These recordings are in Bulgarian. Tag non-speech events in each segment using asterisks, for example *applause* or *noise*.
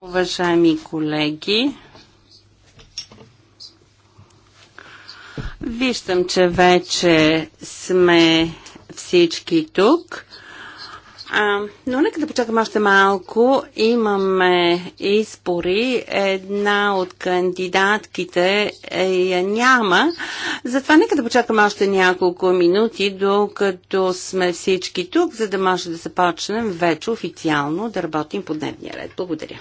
Уважаеми колеги, виждам, че вече сме всички тук. А, но нека да почакаме още малко. Имаме избори. Една от кандидатките е, я няма. Затова нека да почакаме още няколко минути, докато сме всички тук, за да може да започнем вече официално да работим по дневния ред. Благодаря.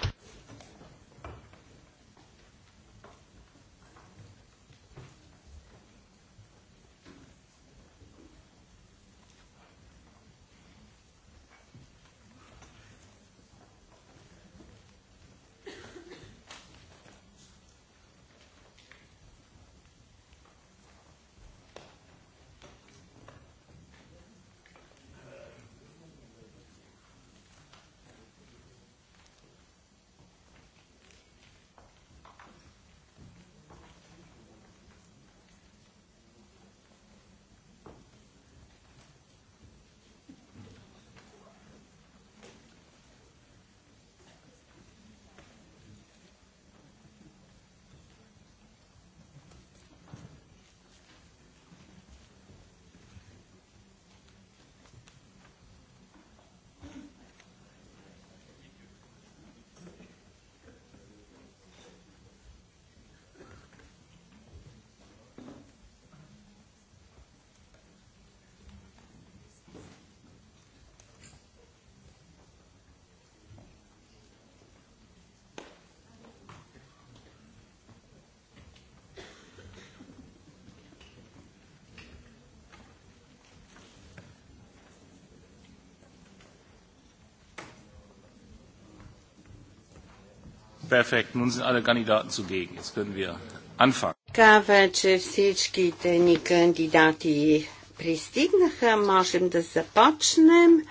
Perfekt, nun sind alle Kandidaten zugegen. Jetzt können wir anfangen. Така вече всичките ни кандидати пристигнаха. Можем да започнем.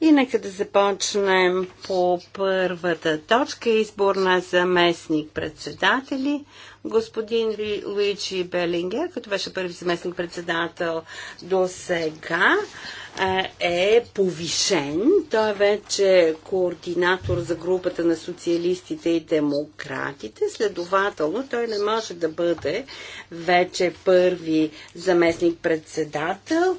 И нека да започнем по първата точка избор на заместник председатели. Господин Луичи Белингер, който беше първи заместник председател до сега, е повишен. Той е вече координатор за групата на социалистите и демократите. Следователно, той не може да бъде вече първи заместник-председател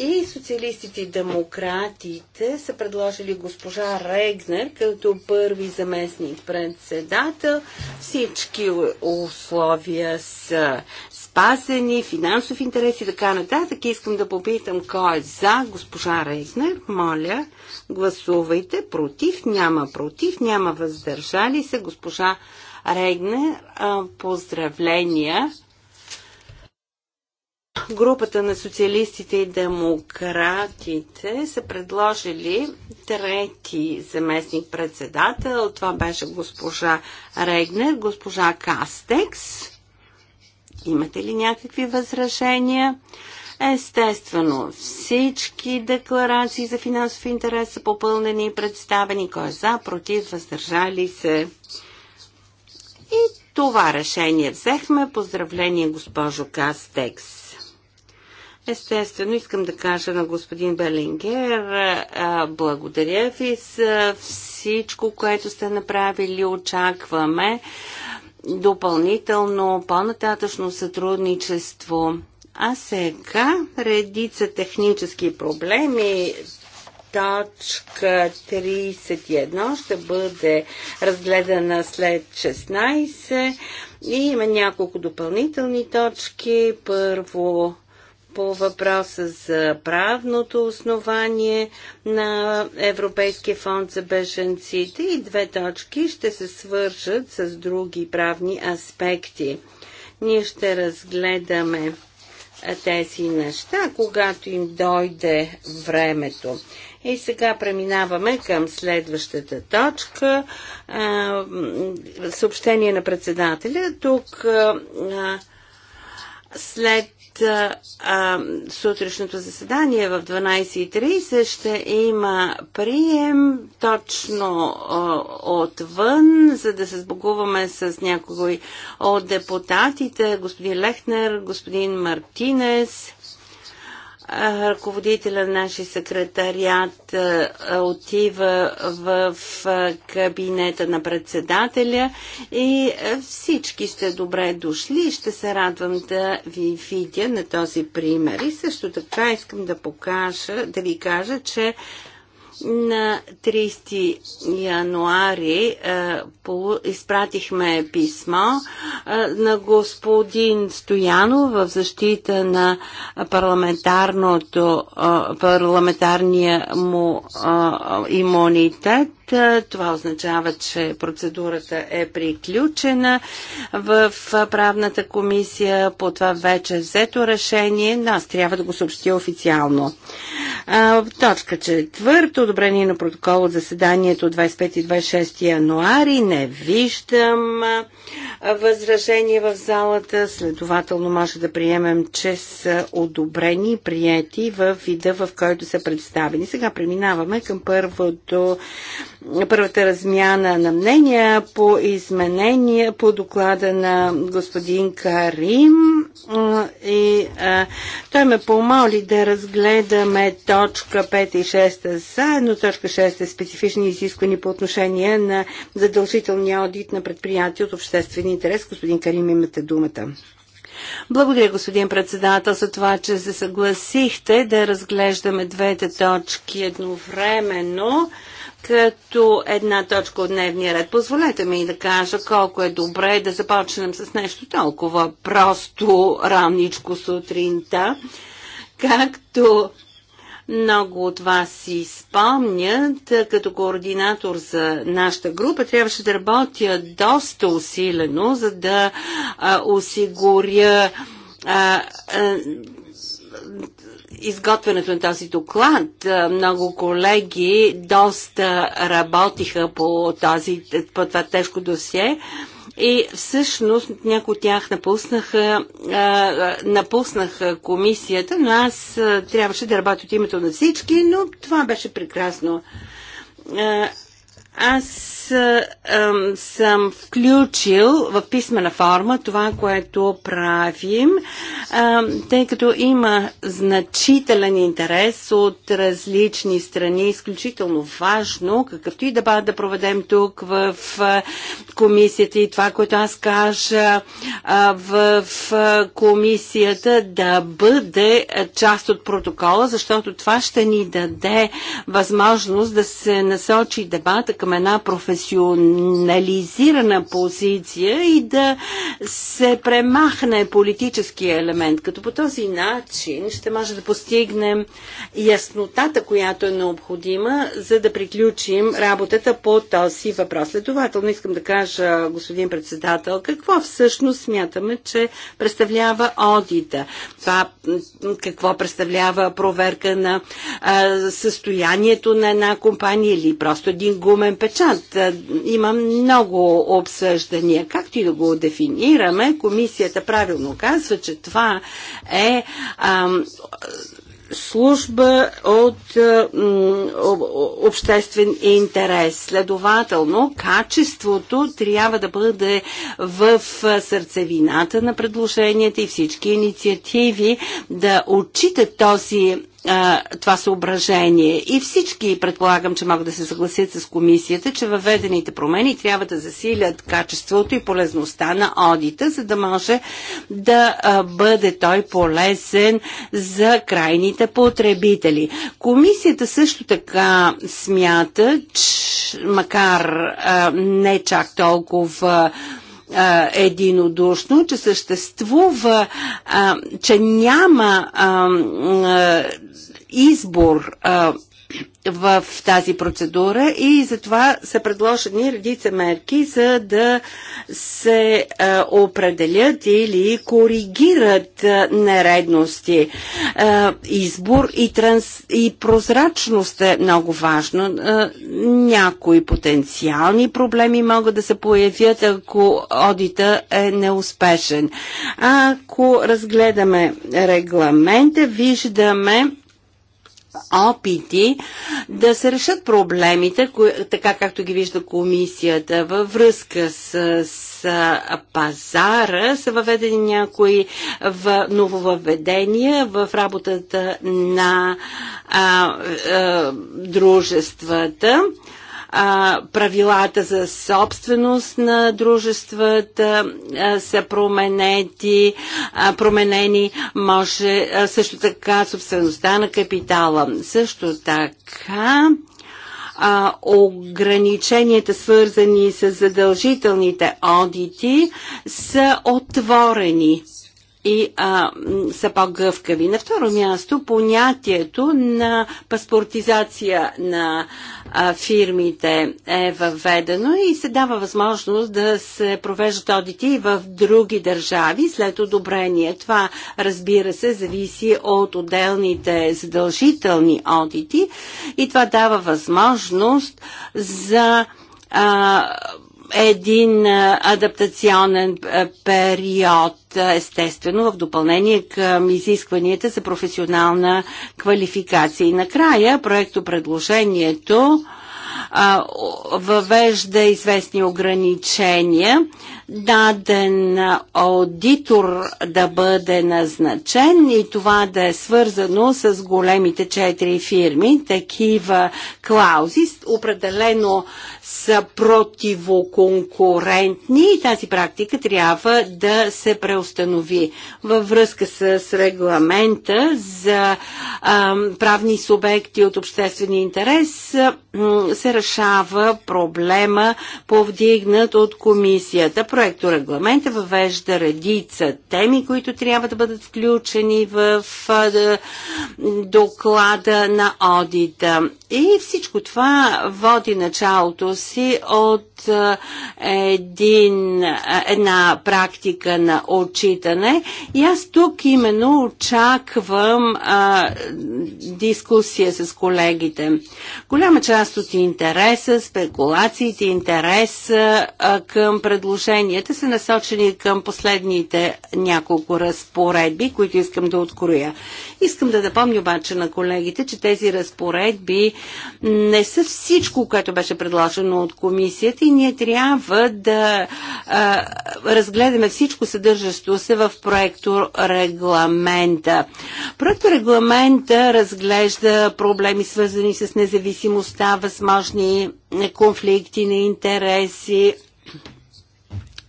и социалистите и демократите са предложили госпожа Регнер като първи заместник председател. Всички условия са спазени, финансов интерес и така нататък. Искам да попитам кой е за госпожа Регнер. Моля, гласувайте. Против няма против, няма въздържали се. Госпожа Регнер, поздравления групата на социалистите и демократите са предложили трети заместник председател. Това беше госпожа Регнер, госпожа Кастекс. Имате ли някакви възражения? Естествено, всички декларации за финансов интерес са попълнени и представени. Кой е за, против, въздържали се. И това решение взехме. Поздравление, госпожо Кастекс. Естествено, искам да кажа на господин Белингер, благодаря ви за всичко, което сте направили. Очакваме допълнително по-нататъчно сътрудничество. А сега редица технически проблеми. Точка 31 ще бъде разгледана след 16 и има няколко допълнителни точки. Първо по въпроса за правното основание на Европейския фонд за беженците и две точки ще се свържат с други правни аспекти. Ние ще разгледаме тези неща, когато им дойде времето. И сега преминаваме към следващата точка. Съобщение на председателя. Тук след а, сутрешното заседание в 12.30 ще има прием точно а, отвън, за да се сбогуваме с някой от депутатите, господин Лехнер, господин Мартинес ръководителя на нашия секретариат отива в кабинета на председателя и всички сте добре дошли. Ще се радвам да ви видя на този пример. И също така искам да покажа, да ви кажа, че на 30 януари е, изпратихме писмо е, на господин Стоянов в защита на парламентарното, е, парламентарния му е, имунитет това означава, че процедурата е приключена. В правната комисия по това вече е взето решение. Но аз трябва да го съобщя официално. А, точка четвърто. Одобрение на протокол от заседанието 25 и 26 януари. Не виждам възражение в залата. Следователно може да приемем, че са одобрени и приети в вида, в който са представени. Сега преминаваме към първото първата размяна на мнения по изменения по доклада на господин Карим и а, той ме помоли да разгледаме точка 5 и 6 заедно. Точка 6 е специфични изисквани по отношение на задължителния одит на предприятия от обществен интерес. Господин Карим, имате думата. Благодаря, господин председател, за това, че се съгласихте да разглеждаме двете точки едновременно като една точка от дневния ред. Позволете ми да кажа колко е добре да започнем с нещо толкова просто равничко сутринта, както много от вас си спомнят, като координатор за нашата група трябваше да работя доста усилено, за да а, осигуря а, а, изготвянето на този доклад много колеги доста работиха по, тази, по това тежко досие. И всъщност някои от тях напуснаха, напуснаха комисията, но аз трябваше да работя от името на всички, но това беше прекрасно. аз аз ам, съм включил в писмена форма това, което правим, ам, тъй като има значителен интерес от различни страни, изключително важно, какъвто и дебат да проведем тук в а, комисията и това, което аз кажа а, в а, комисията, да бъде част от протокола, защото това ще ни даде възможност да се насочи дебата към една професионална национализирана позиция и да се премахне политическия елемент, като по този начин ще може да постигнем яснотата, която е необходима, за да приключим работата по този въпрос. Следователно искам да кажа, господин председател, какво всъщност смятаме, че представлява одита. Това какво представлява проверка на а, състоянието на една компания или просто един гумен печат има много обсъждания. Както и да го дефинираме, комисията правилно казва, че това е а, служба от а, е, обществен интерес. Следователно, качеството трябва да бъде в сърцевината на предложенията и всички инициативи да отчитат този а, това съображение. И всички, предполагам, че могат да се съгласят с комисията, че въведените промени трябва да засилят качеството и полезността на одита, за да може да а, бъде той полезен за крайните потребители. Комисията също така смята, че, макар а, не чак толкова а, единодушно, че съществува, а, че няма а, избор а, в тази процедура и затова са предложени редица мерки, за да се а, е, определят или коригират а, е, нередности. А, е, избор и, транс, и прозрачност е много важно. А, някои потенциални проблеми могат да се появят, ако одита е неуспешен. Ако разгледаме регламента, виждаме, опити да се решат проблемите, така както ги вижда комисията във връзка с, с пазара, са въведени някои в нововъведения в работата на а, а, дружествата а, правилата за собственост на дружествата а, са променети, а, променени, може а, също така собствеността на капитала. Също така а, ограниченията, свързани с задължителните одити, са отворени и а, са по-гъвкави. На второ място понятието на паспортизация на фирмите е въведено и се дава възможност да се провеждат одити и в други държави след одобрение. Това, разбира се, зависи от отделните задължителни одити и това дава възможност за а, един адаптационен период, естествено, в допълнение към изискванията за професионална квалификация. И накрая проекто предложението въвежда известни ограничения, даден аудитор да бъде назначен и това да е свързано с големите четири фирми. Такива клаузи определено са противоконкурентни и тази практика трябва да се преустанови. Във връзка с регламента за а, правни субекти от обществен интерес а, се решава проблема повдигнат от комисията. Проекто регламента въвежда редица теми, които трябва да бъдат включени в а, доклада на одита. И всичко това води началото си от е, един, е, една практика на отчитане. И аз тук именно очаквам а, е, дискусия с колегите. Голяма част от интереса, спекулациите, интерес а, към предложенията са насочени към последните няколко разпоредби, които искам да откроя. Искам да напомня обаче на колегите, че тези разпоредби не са всичко, което беше предложено предложено от комисията и ние трябва да а, разгледаме всичко съдържащо се в проекто регламента. Проекто регламента разглежда проблеми свързани с независимостта, възможни конфликти на интереси,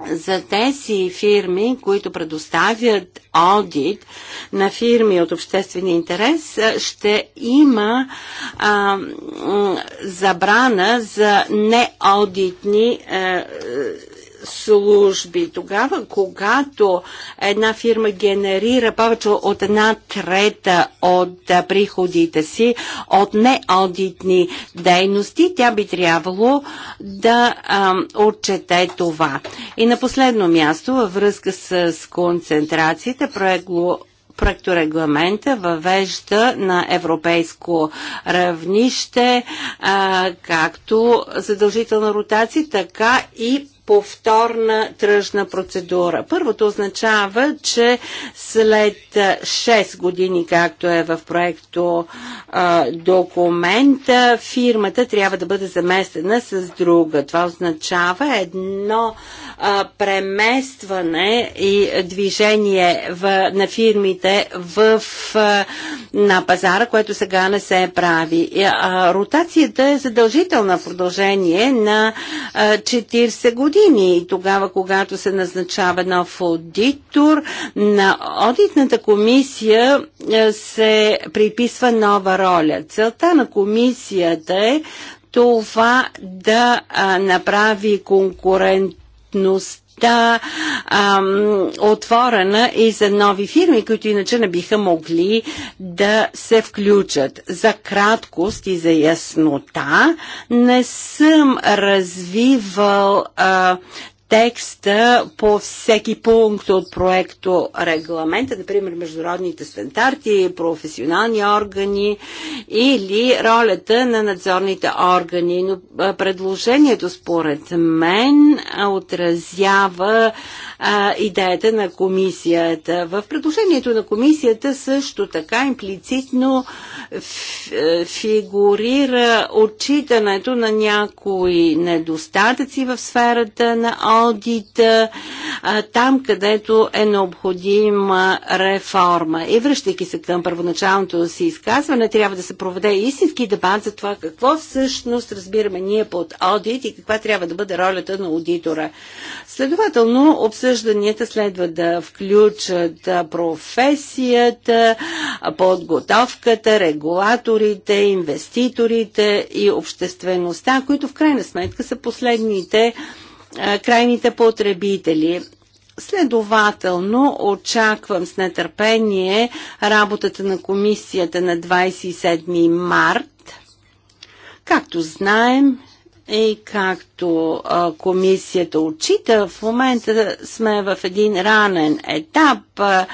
за тези фирми, които предоставят аудит на фирми от обществен интерес, ще има а, забрана за неаудитни. а, служби. Тогава, когато една фирма генерира повече от една трета от приходите си от неаудитни дейности, тя би трябвало да отчете това. И на последно място, във връзка с концентрацията, проекло проекторегламента въвежда на европейско равнище а, както задължителна ротация, така и повторна тръжна процедура. Първото означава, че след 6 години, както е в проекто а, документа, фирмата трябва да бъде заместена с друга. Това означава едно а, преместване и движение в, на фирмите в, а, на пазара, което сега не се прави. А, ротацията е задължителна в продължение на а, 40 години години. И тогава, когато се назначава нов аудитор, на аудитната комисия е, се приписва нова роля. Целта на комисията е това да направи конкурентността да, ам, отворена и за нови фирми, които иначе не биха могли да се включат. За краткост и за яснота не съм развивал а, текста по всеки пункт от проекто регламента, например международните стандарти, професионални органи или ролята на надзорните органи. Но предложението според мен отразява а, идеята на комисията. В предложението на комисията също така имплицитно е, фигурира отчитането на някои недостатъци в сферата на аудита, а, там където е необходима реформа. И връщайки се към първоначалното си изказване, трябва да се проведе истински дебат за това какво всъщност разбираме ние под аудит и каква трябва да бъде ролята на аудитора. Следователно, обсъждаме обсъжданията следва да включат професията, подготовката, регулаторите, инвеститорите и обществеността, които в крайна сметка са последните крайните потребители. Следователно очаквам с нетърпение работата на комисията на 27 март. Както знаем, и както а, комисията отчита, в момента сме в един ранен етап. А,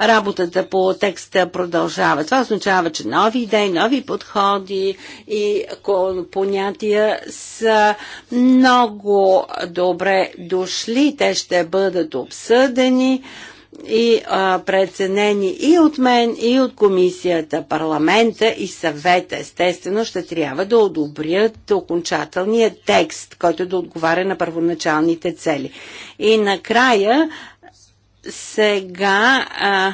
работата по текста продължава. Това означава, че нови идеи, нови подходи и понятия са много добре дошли. Те ще бъдат обсъдени и а, преценени и от мен, и от комисията, парламента и съвета. Естествено, ще трябва да одобрят окончателния текст, който да отговаря на първоначалните цели. И накрая, сега. А,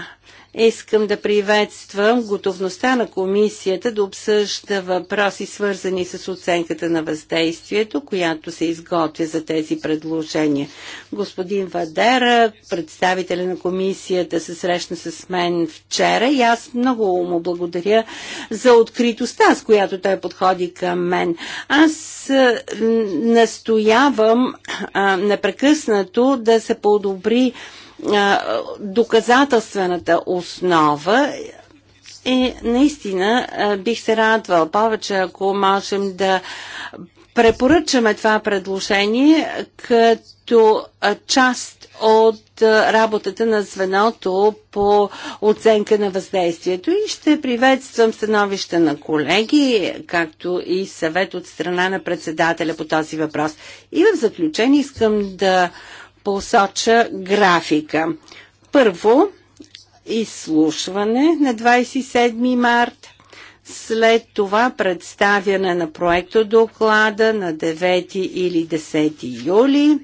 Искам да приветствам готовността на комисията да обсъжда въпроси, свързани с оценката на въздействието, която се изготвя за тези предложения. Господин Вадера, представителя на комисията, се срещна с мен вчера и аз много му благодаря за откритостта, с която той подходи към мен. Аз е, настоявам а, непрекъснато да се подобри доказателствената основа и е наистина бих се радвал повече, ако можем да препоръчаме това предложение като част от работата на звеното по оценка на въздействието и ще приветствам становища на колеги, както и съвет от страна на председателя по този въпрос. И в заключение искам да посоча графика. Първо, изслушване на 27 март, след това представяне на проекта доклада на 9 или 10 юли,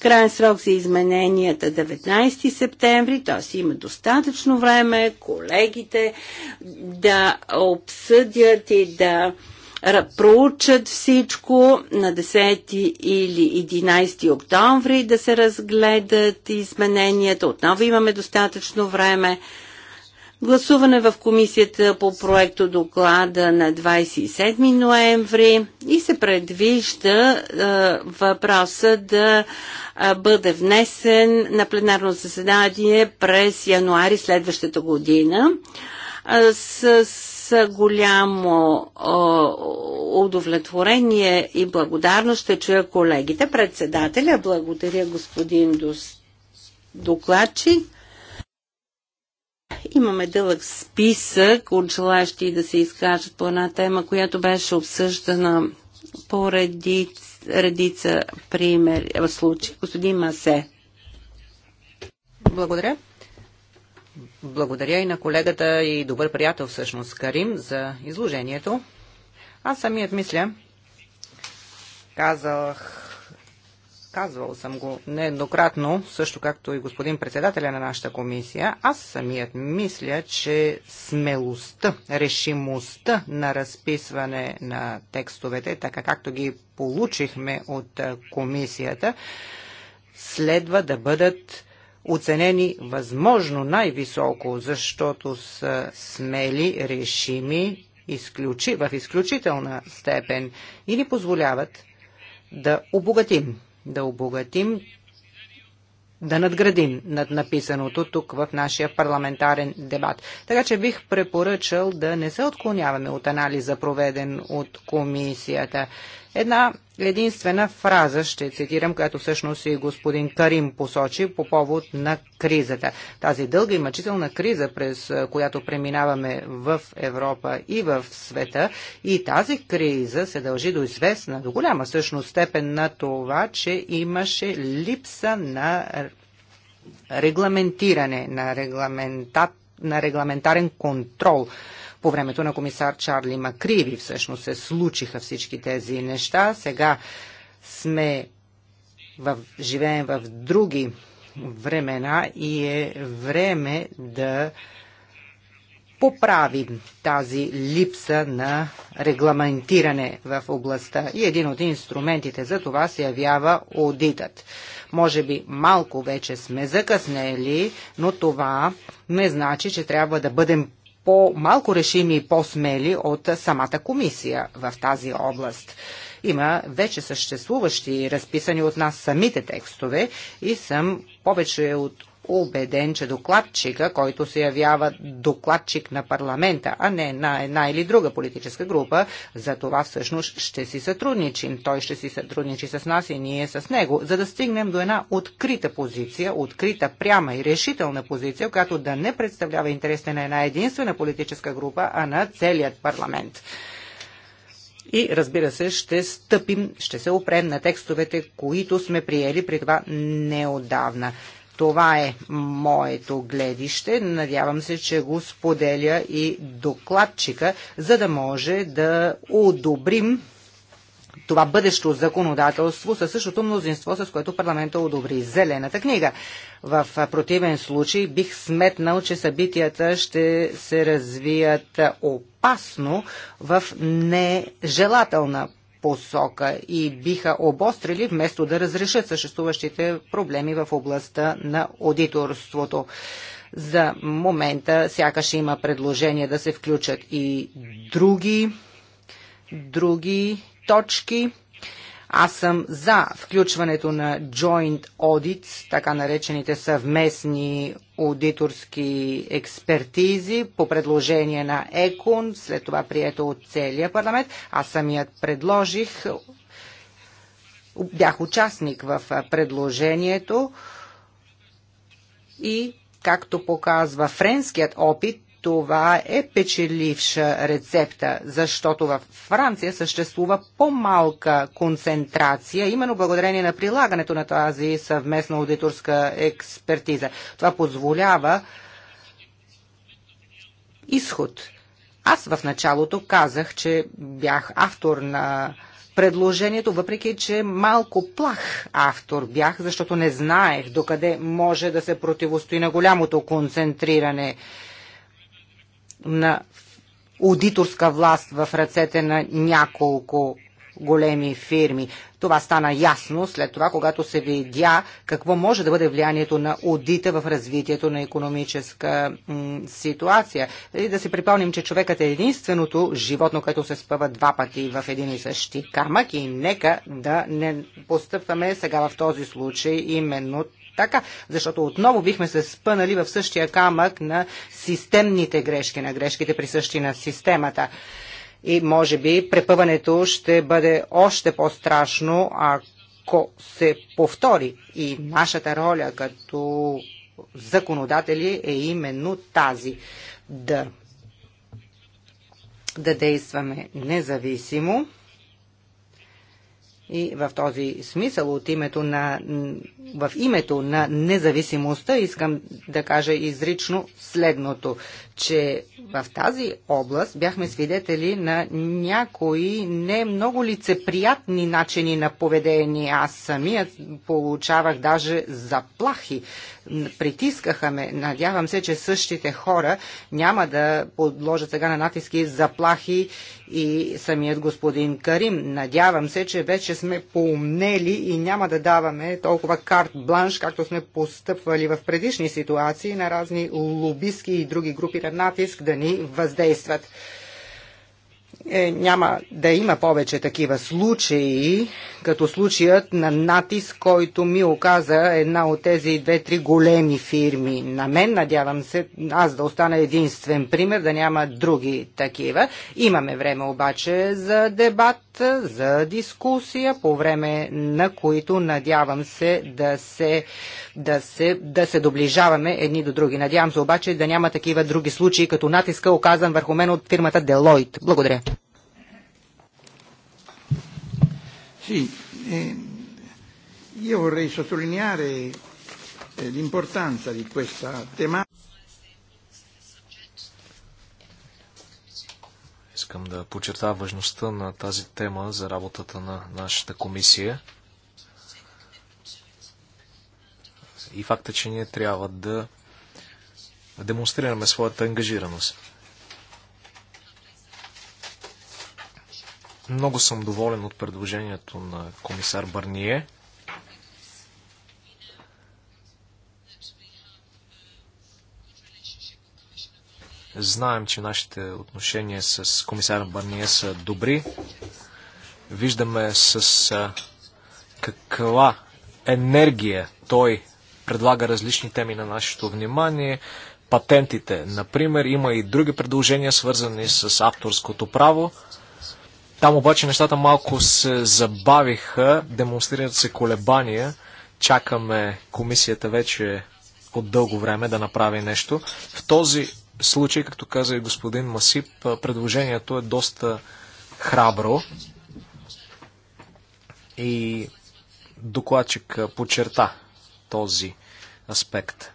крайен срок за измененията 19 септември, т.е. има достатъчно време колегите да обсъдят и да проучат всичко на 10 или 11 октомври да се разгледат измененията. Отново имаме достатъчно време. Гласуване в комисията по проекто доклада на 27 ноември и се предвижда е, въпроса да е, бъде внесен на пленарно заседание през януари следващата година. Е, с, с с голямо удовлетворение и благодарност ще чуя колегите. Председателя, благодаря господин докладчик. Имаме дълъг списък от желащи да се изкажат по една тема, която беше обсъждана по редица, редица пример, случаи. Господин Масе. Благодаря. Благодаря и на колегата и добър приятел всъщност Карим за изложението. Аз самият мисля, казах, казвал съм го нееднократно, също както и господин председателя на нашата комисия, аз самият мисля, че смелостта, решимостта на разписване на текстовете, така както ги получихме от комисията, следва да бъдат оценени възможно най-високо, защото са смели, решими изключи, в изключителна степен и ни позволяват да обогатим, да обогатим, да надградим над написаното тук в нашия парламентарен дебат. Така че бих препоръчал да не се отклоняваме от анализа, проведен от комисията. Една единствена фраза ще цитирам, която всъщност и господин Карим посочи по повод на кризата. Тази дълга и мъчителна криза, през която преминаваме в Европа и в света, и тази криза се дължи до известна, до голяма всъщност степен на това, че имаше липса на регламентиране, на, регламентат, на регламентарен контрол по времето на комисар Чарли Макриви всъщност се случиха всички тези неща. Сега сме в, живеем в други времена и е време да поправи тази липса на регламентиране в областта. И един от инструментите за това се явява аудитът. Може би малко вече сме закъснели, но това не значи, че трябва да бъдем по-малко решими и по-смели от самата комисия в тази област. Има вече съществуващи, разписани от нас самите текстове и съм повече от убеден, че докладчика, който се явява докладчик на парламента, а не на една или друга политическа група, за това всъщност ще си сътрудничим. Той ще си сътрудничи с нас и ние с него, за да стигнем до една открита позиция, открита, пряма и решителна позиция, която да не представлява интересите на една единствена политическа група, а на целият парламент. И разбира се, ще стъпим, ще се опрем на текстовете, които сме приели при това неодавна. Това е моето гледище. Надявам се, че го споделя и докладчика, за да може да одобрим това бъдещо законодателство със същото мнозинство, с което парламента одобри зелената книга. В противен случай бих сметнал, че събитията ще се развият опасно в нежелателна посока и биха обострили вместо да разрешат съществуващите проблеми в областта на аудиторството. За момента сякаш има предложение да се включат и други, други точки. Аз съм за включването на joint audits, така наречените съвместни аудиторски експертизи по предложение на ЕКОН, след това прието от целия парламент. Аз самият предложих, бях участник в предложението и както показва френският опит, това е печеливша рецепта, защото в Франция съществува по-малка концентрация, именно благодарение на прилагането на тази съвместна аудиторска експертиза. Това позволява изход. Аз в началото казах, че бях автор на предложението, въпреки че малко плах автор бях, защото не знаех докъде може да се противостои на голямото концентриране на аудиторска власт в ръцете на няколко големи фирми. Това стана ясно след това, когато се видя какво може да бъде влиянието на аудита в развитието на економическа ситуация. И нали, да си припомним, че човекът е единственото животно, което се спъва два пъти в един и същи камък и нека да не постъпваме сега в този случай именно така, защото отново бихме се спънали в същия камък на системните грешки, на грешките присъщи на системата. И може би препъването ще бъде още по-страшно, ако се повтори. И нашата роля като законодатели е именно тази да да действаме независимо и в този смисъл, от името на, в името на независимостта, искам да кажа изрично следното, че в тази област бяхме свидетели на някои не много лицеприятни начини на поведение. Аз самият получавах даже заплахи. Притискаха ме. Надявам се, че същите хора няма да подложат сега на натиски заплахи и самият господин Карим. Надявам се, че вече сме поумнели и няма да даваме толкова карт бланш, както сме постъпвали в предишни ситуации на разни лобистки и други групи на натиск да ни въздействат е, няма да има повече такива случаи, като случаят на натиск, който ми оказа една от тези две-три големи фирми. На мен, надявам се, аз да остана единствен пример, да няма други такива. Имаме време обаче за дебат, за дискусия, по време на които надявам се да се, да се, да се доближаваме едни до други. Надявам се обаче да няма такива други случаи, като натиска оказан върху мен от фирмата Deloitte. Благодаря. Sì, eh, io vorrei sottolineare eh, l'importanza di questa tematica. Искам да подчертая важността на тази тема за работата на нашата комисия и факта, че ние трябва да демонстрираме своята ангажираност. Много съм доволен от предложението на комисар Барние. Знаем, че нашите отношения с комисар Барния са добри. Виждаме с каква енергия той предлага различни теми на нашето внимание. Патентите, например, има и други предложения, свързани с авторското право. Там обаче нещата малко се забавиха, демонстрират се колебания. Чакаме комисията вече от дълго време да направи нещо. В този случай, както каза и господин Масип, предложението е доста храбро и докладчик подчерта този аспект.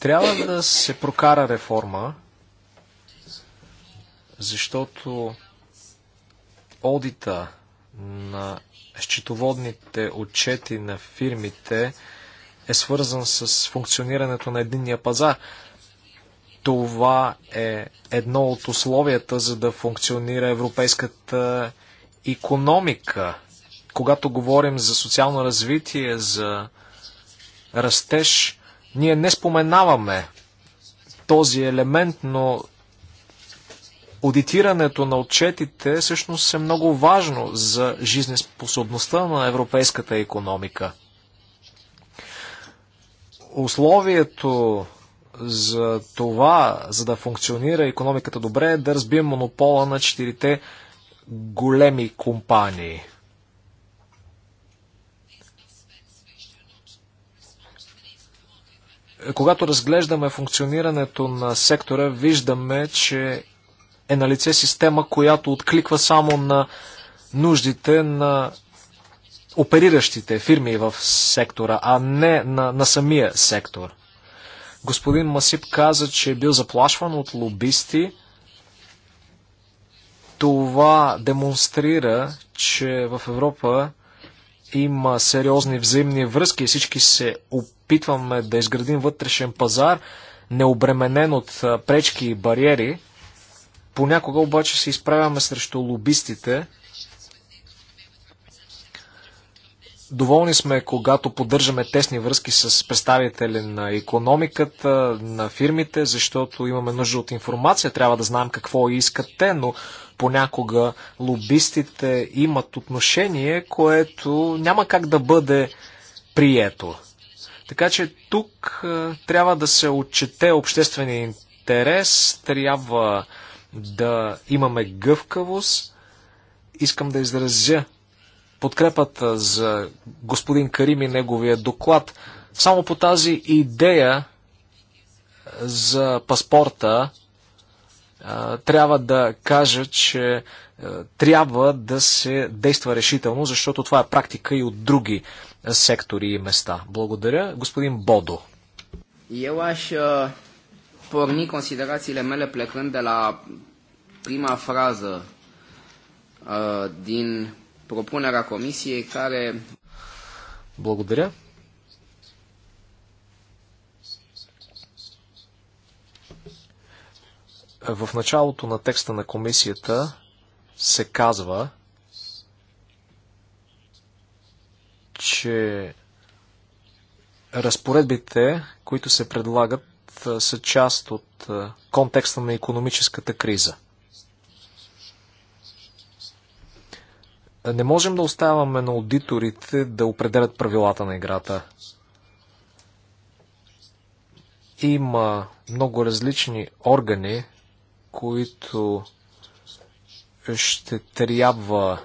Трябва да се прокара реформа, защото одита на счетоводните отчети на фирмите е свързан с функционирането на единния пазар. Това е едно от условията за да функционира европейската економика. Когато говорим за социално развитие, за растеж, ние не споменаваме този елемент, но Аудитирането на отчетите всъщност е много важно за жизнеспособността на европейската економика. Условието за това, за да функционира економиката добре, е да разбием монопола на четирите големи компании. Когато разглеждаме функционирането на сектора, виждаме, че е на лице система, която откликва само на нуждите на опериращите фирми в сектора, а не на, на самия сектор. Господин Масип каза, че е бил заплашван от лобисти. Това демонстрира, че в Европа има сериозни взаимни връзки и всички се опитваме да изградим вътрешен пазар, необременен от пречки и бариери. Понякога обаче се изправяме срещу лобистите. Доволни сме, когато поддържаме тесни връзки с представители на економиката, на фирмите, защото имаме нужда от информация, трябва да знаем какво искат те, но понякога лобистите имат отношение, което няма как да бъде прието. Така че тук е, трябва да се отчете обществения интерес, трябва да имаме гъвкавост. Искам да изразя подкрепата за господин Карим и неговия доклад. Само по тази идея за паспорта трябва да кажа, че трябва да се действа решително, защото това е практика и от други сектори и места. Благодаря. Господин Бодо. E porni considerațiile mele plecând de la prima frază uh, din propunerea comisiei care... Благодаря. В началото на текста на комисията се казва, че разпоредбите, които се предлагат, са част от контекста на економическата криза. Не можем да оставаме на аудиторите да определят правилата на играта. Има много различни органи, които ще трябва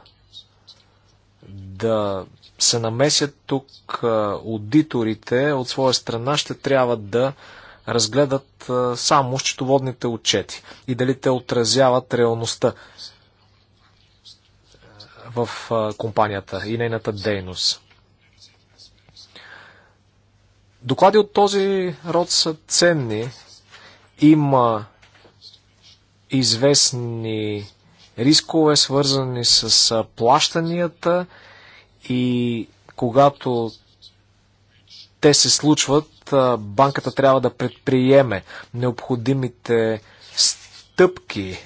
да се намесят тук аудиторите от своя страна ще трябва да разгледат само счетоводните отчети и дали те отразяват реалността в компанията и нейната дейност. Доклади от този род са ценни. Има известни рискове, свързани с плащанията и когато те се случват, банката трябва да предприеме необходимите стъпки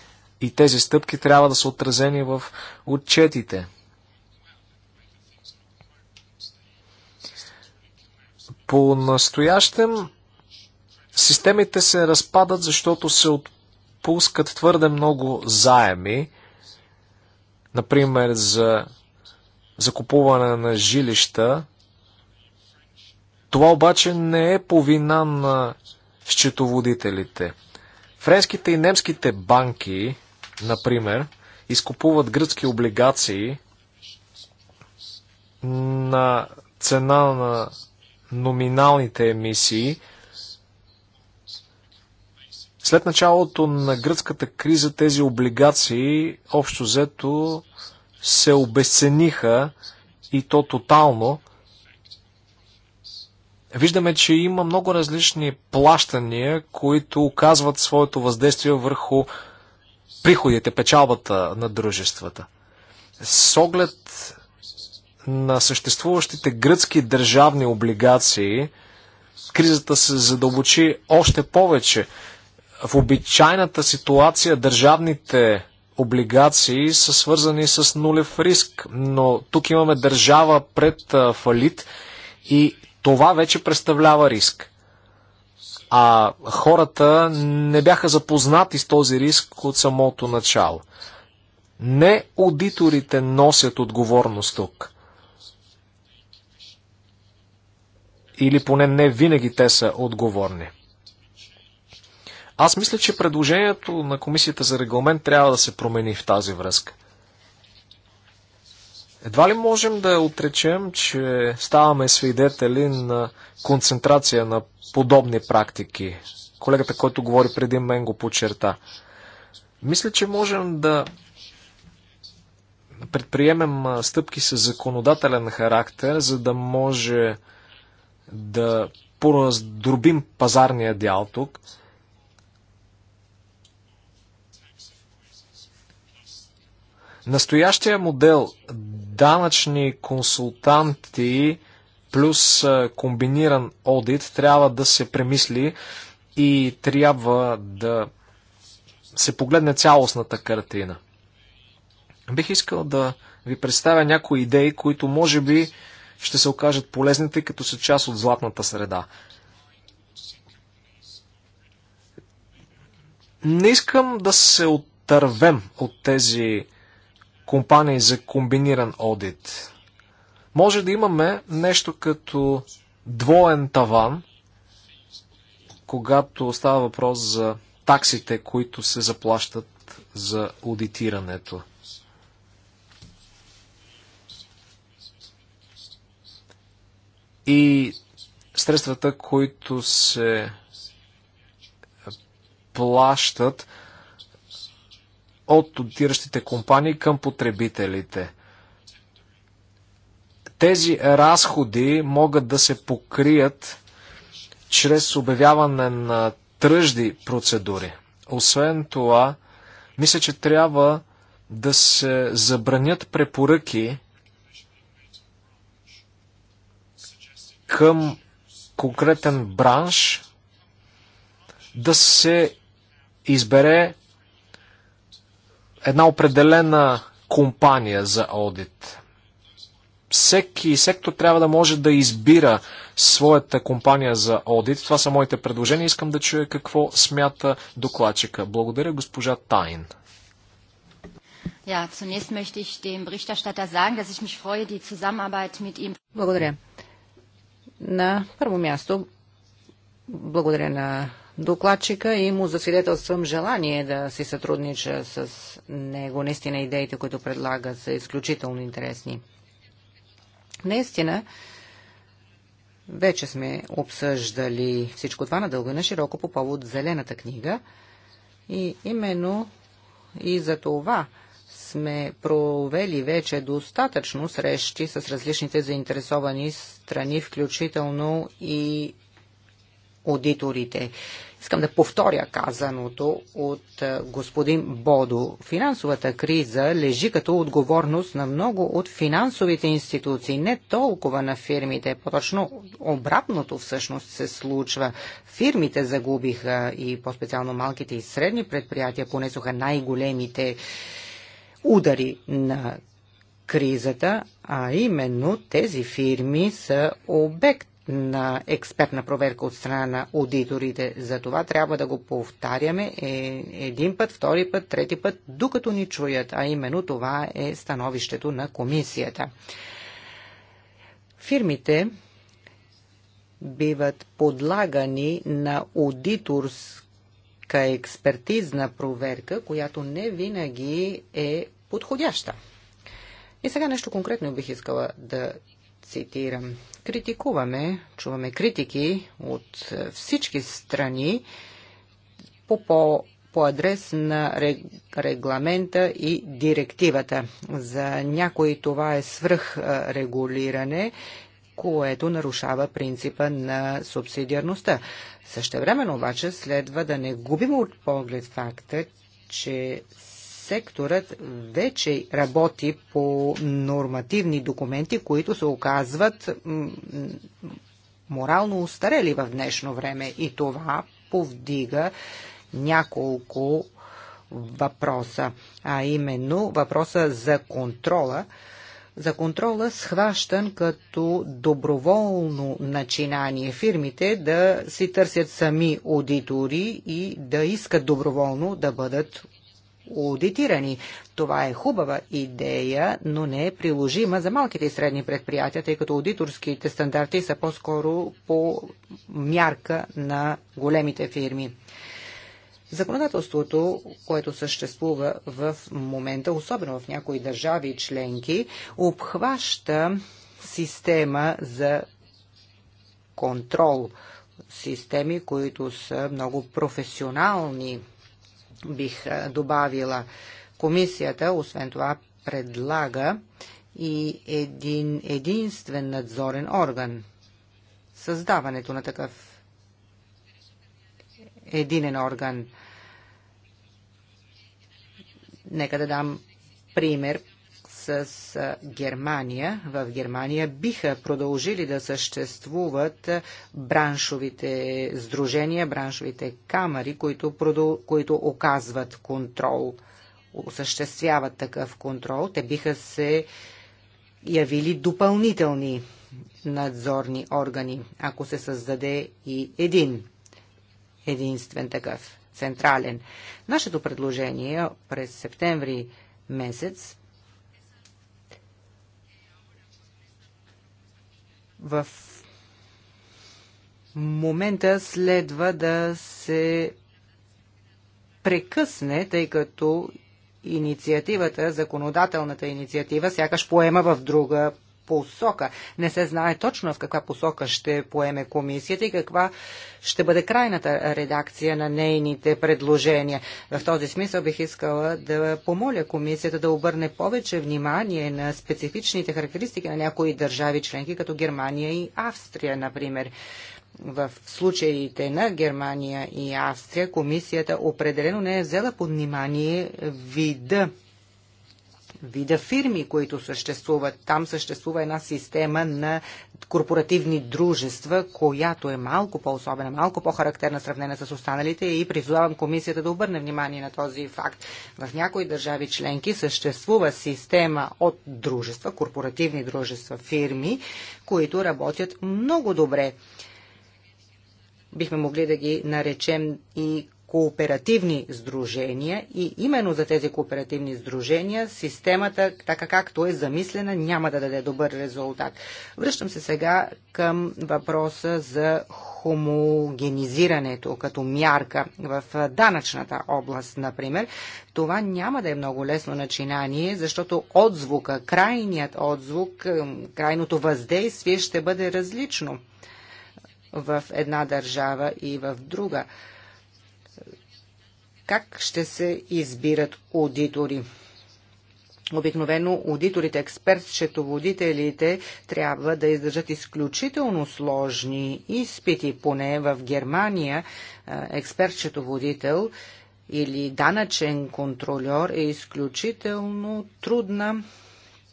и тези стъпки трябва да са отразени в отчетите. По настоящем системите се разпадат, защото се отпускат твърде много заеми, например за закупуване на жилища, това обаче не е по вина на счетоводителите. Френските и немските банки, например, изкупуват гръцки облигации на цена на номиналните емисии. След началото на гръцката криза тези облигации общо взето се обесцениха и то тотално – виждаме, че има много различни плащания, които оказват своето въздействие върху приходите, печалбата на дружествата. С оглед на съществуващите гръцки държавни облигации, кризата се задълбочи още повече. В обичайната ситуация държавните облигации са свързани с нулев риск, но тук имаме държава пред фалит и това вече представлява риск. А хората не бяха запознати с този риск от самото начало. Не аудиторите носят отговорност тук. Или поне не винаги те са отговорни. Аз мисля, че предложението на Комисията за регламент трябва да се промени в тази връзка – едва ли можем да отречем, че ставаме свидетели на концентрация на подобни практики? Колегата, който говори преди мен, го подчерта. Мисля, че можем да предприемем стъпки с законодателен характер, за да може да пораздробим пазарния дял тук – Настоящия модел данъчни консултанти плюс комбиниран одит трябва да се премисли и трябва да се погледне цялостната картина. Бих искал да ви представя някои идеи, които може би ще се окажат полезните, като са част от златната среда. Не искам да се оттървем от тези компании за комбиниран одит. Може да имаме нещо като двоен таван, когато става въпрос за таксите, които се заплащат за аудитирането. И средствата, които се плащат, от отиращите компании към потребителите. Тези разходи могат да се покрият чрез обявяване на тръжди процедури. Освен това, мисля, че трябва да се забранят препоръки към конкретен бранш, да се избере една определена компания за аудит. Всеки сектор трябва да може да избира своята компания за аудит. Това са моите предложения. Искам да чуя какво смята докладчика. Благодаря, госпожа Тайн. Благодаря. На първо място, благодаря на докладчика и му засвидетелствам желание да си сътруднича с него. Наистина идеите, които предлага, са изключително интересни. Наистина, вече сме обсъждали всичко това надълго и на широко по повод Зелената книга и именно и за това сме провели вече достатъчно срещи с различните заинтересовани страни, включително и аудиторите. Искам да повторя казаното от е, господин Бодо. Финансовата криза лежи като отговорност на много от финансовите институции, не толкова на фирмите. По-точно обратното всъщност се случва. Фирмите загубиха и по-специално малките и средни предприятия понесоха най-големите удари на кризата, а именно тези фирми са обект на експертна проверка от страна на аудиторите. За това трябва да го повтаряме е, един път, втори път, трети път, докато ни чуят, а именно това е становището на комисията. Фирмите биват подлагани на аудиторска експертизна проверка, която не винаги е подходяща. И сега нещо конкретно бих искала да цитирам. Критикуваме, чуваме критики от е, всички страни по, по, по адрес на регламента и директивата. За някои това е свръхрегулиране, което нарушава принципа на субсидиарността. Същевременно обаче следва да не губим от поглед факта, че секторът вече работи по нормативни документи, които се оказват морално устарели в днешно време и това повдига няколко въпроса, а именно въпроса за контрола, за контрола схващан като доброволно начинание фирмите да си търсят сами аудитори и да искат доброволно да бъдат аудитирани. Това е хубава идея, но не е приложима за малките и средни предприятия, тъй като аудиторските стандарти са по-скоро по мярка на големите фирми. Законодателството, което съществува в момента, особено в някои държави членки, обхваща система за контрол. Системи, които са много професионални бих добавила. Комисията, освен това, предлага и един единствен надзорен орган. Създаването на такъв единен орган. Нека да дам пример с Германия. В Германия биха продължили да съществуват браншовите сдружения, браншовите камери, които, продъл... които оказват контрол, осъществяват такъв контрол. Те биха се явили допълнителни надзорни органи, ако се създаде и един единствен такъв централен. Нашето предложение през септември месец в момента следва да се прекъсне, тъй като инициативата, законодателната инициатива, сякаш поема в друга посока. Не се знае точно в каква посока ще поеме комисията и каква ще бъде крайната редакция на нейните предложения. В този смисъл бих искала да помоля комисията да обърне повече внимание на специфичните характеристики на някои държави членки, като Германия и Австрия, например. В случаите на Германия и Австрия комисията определено не е взела под внимание вида вида фирми, които съществуват. Там съществува една система на корпоративни дружества, която е малко по-особена, малко по-характерна сравнена с останалите и призовавам комисията да обърне внимание на този факт. В някои държави членки съществува система от дружества, корпоративни дружества, фирми, които работят много добре бихме могли да ги наречем и кооперативни сдружения и именно за тези кооперативни сдружения системата, така както е замислена, няма да даде добър резултат. Връщам се сега към въпроса за хомогенизирането като мярка в данъчната област, например. Това няма да е много лесно начинание, защото отзвука, крайният отзвук, крайното въздействие ще бъде различно в една държава и в друга как ще се избират аудитори. Обикновено аудиторите, експерт-счетоводителите трябва да издържат изключително сложни изпити, поне в Германия експерт-счетоводител или данъчен контролер е изключително трудна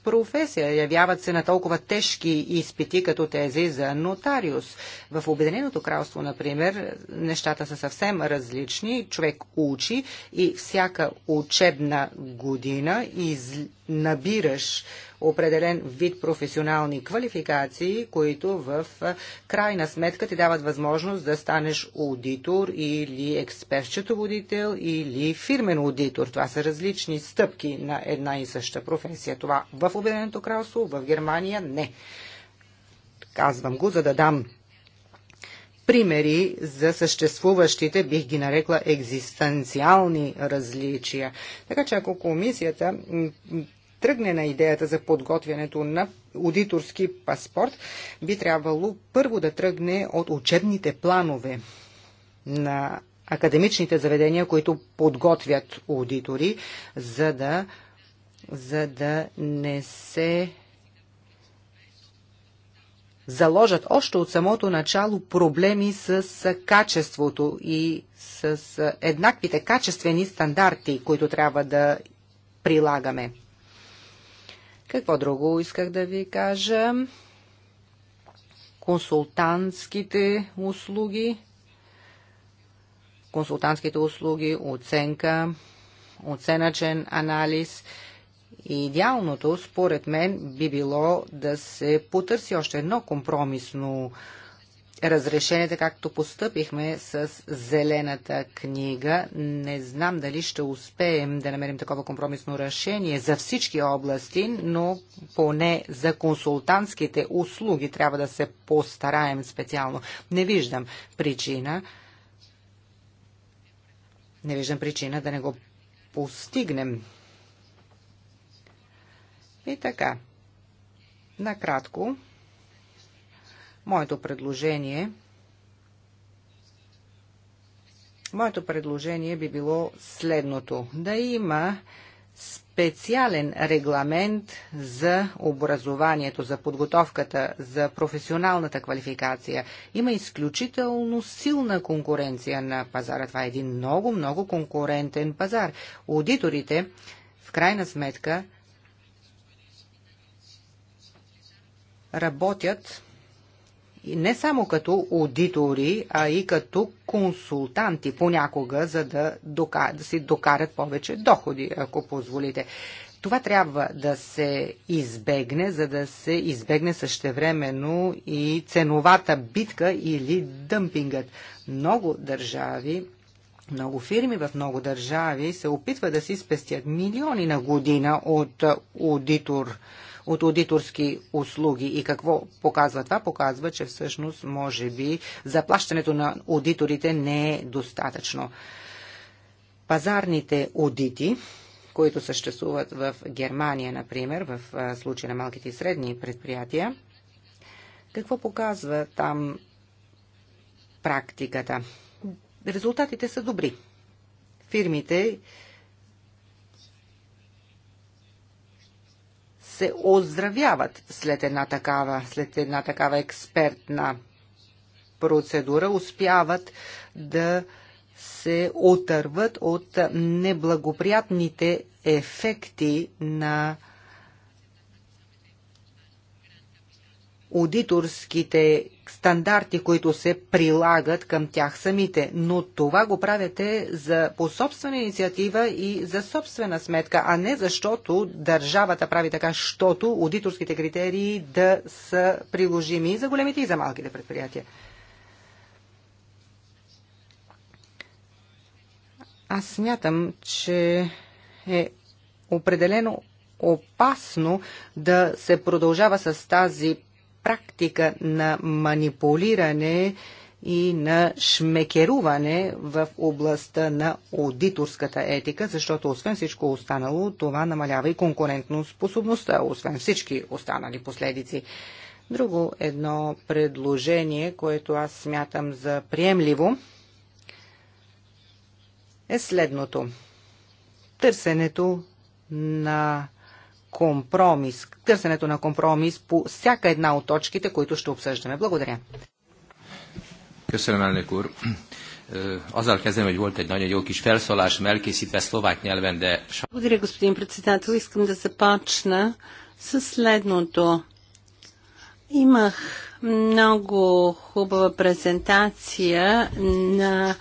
професия. Явяват се на толкова тежки изпити, като тези за нотариус. В Обединеното кралство, например, нещата са съвсем различни. Човек учи и всяка учебна година из набираш определен вид професионални квалификации, които в крайна сметка ти дават възможност да станеш аудитор или експерт водител или фирмен аудитор. Това са различни стъпки на една и съща професия. Това в Обединеното кралство, в Германия не. Казвам го, за да дам примери за съществуващите, бих ги нарекла, екзистенциални различия. Така че ако комисията тръгне на идеята за подготвянето на аудиторски паспорт, би трябвало първо да тръгне от учебните планове на академичните заведения, които подготвят аудитори, за да, за да не се заложат още от самото начало проблеми с качеството и с еднаквите качествени стандарти, които трябва да прилагаме. Какво друго исках да ви кажа? Консултантските услуги. Консултантските услуги, оценка, оценъчен анализ. И идеалното, според мен, би било да се потърси още едно компромисно разрешенията, както постъпихме с зелената книга. Не знам дали ще успеем да намерим такова компромисно решение за всички области, но поне за консултантските услуги трябва да се постараем специално. Не виждам причина. Не виждам причина да не го постигнем. И така. Накратко Моето предложение Моето предложение би било следното. Да има специален регламент за образованието, за подготовката, за професионалната квалификация. Има изключително силна конкуренция на пазара. Това е един много, много конкурентен пазар. Аудиторите, в крайна сметка, работят не само като аудитори, а и като консултанти понякога, за да, дока, да си докарат повече доходи, ако позволите. Това трябва да се избегне, за да се избегне същевременно и ценовата битка или дъмпингът. Много държави много фирми в много държави се опитват да си спестят милиони на година от аудитор от аудиторски услуги. И какво показва това? Показва, че всъщност може би заплащането на аудиторите не е достатъчно. Пазарните аудити които съществуват в Германия, например, в случая на малките и средни предприятия. Какво показва там практиката? Резултатите са добри. Фирмите се оздравяват след една такава, след една такава експертна процедура, успяват да се отърват от неблагоприятните ефекти на аудиторските стандарти, които се прилагат към тях самите, но това го правите за, по собствена инициатива и за собствена сметка, а не защото държавата прави така, защото аудиторските критерии да са приложими и за големите и за малките предприятия. Аз смятам, че е определено опасно да се продължава с тази практика на манипулиране и на шмекеруване в областта на аудиторската етика, защото освен всичко останало, това намалява и конкурентно способността, освен всички останали последици. Друго едно предложение, което аз смятам за приемливо, е следното. Търсенето на компромис, търсенето на компромис по всяка една от точките, които ще обсъждаме. Благодаря. Köszönöm, elnök úr. Azzal kezdem, hogy volt egy nagyon jó kis elkészítve szlovák nyelven, de... Благодаря, господин председател. Искам да започна с следното. Имах много хубава презентация на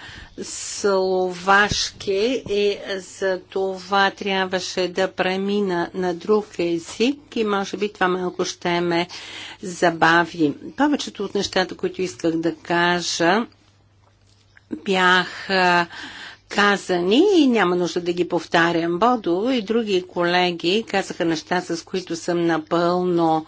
словашки и за това трябваше да премина на друг език и може би това малко ще ме забави. Повечето от нещата, които исках да кажа, бяха казани и няма нужда да ги повтарям. Бодо и други колеги казаха неща, с които съм напълно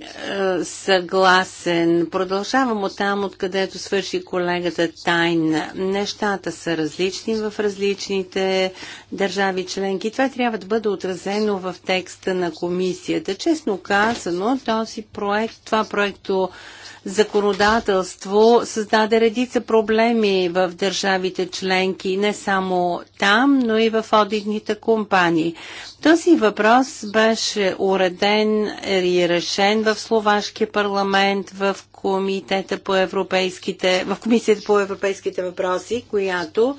е, съгласен. Продължавам от там, откъдето свърши колегата Тайна. Нещата са различни в различните държави членки. Това трябва да бъде отразено в текста на комисията. Честно казано, този проект, това проекто законодателство създаде редица проблеми в държавите членки, не само там, но и в одитните компании. Този въпрос беше уреден и решен в Словашкия парламент, в комитета по европейските, в комисията по европейските въпроси, която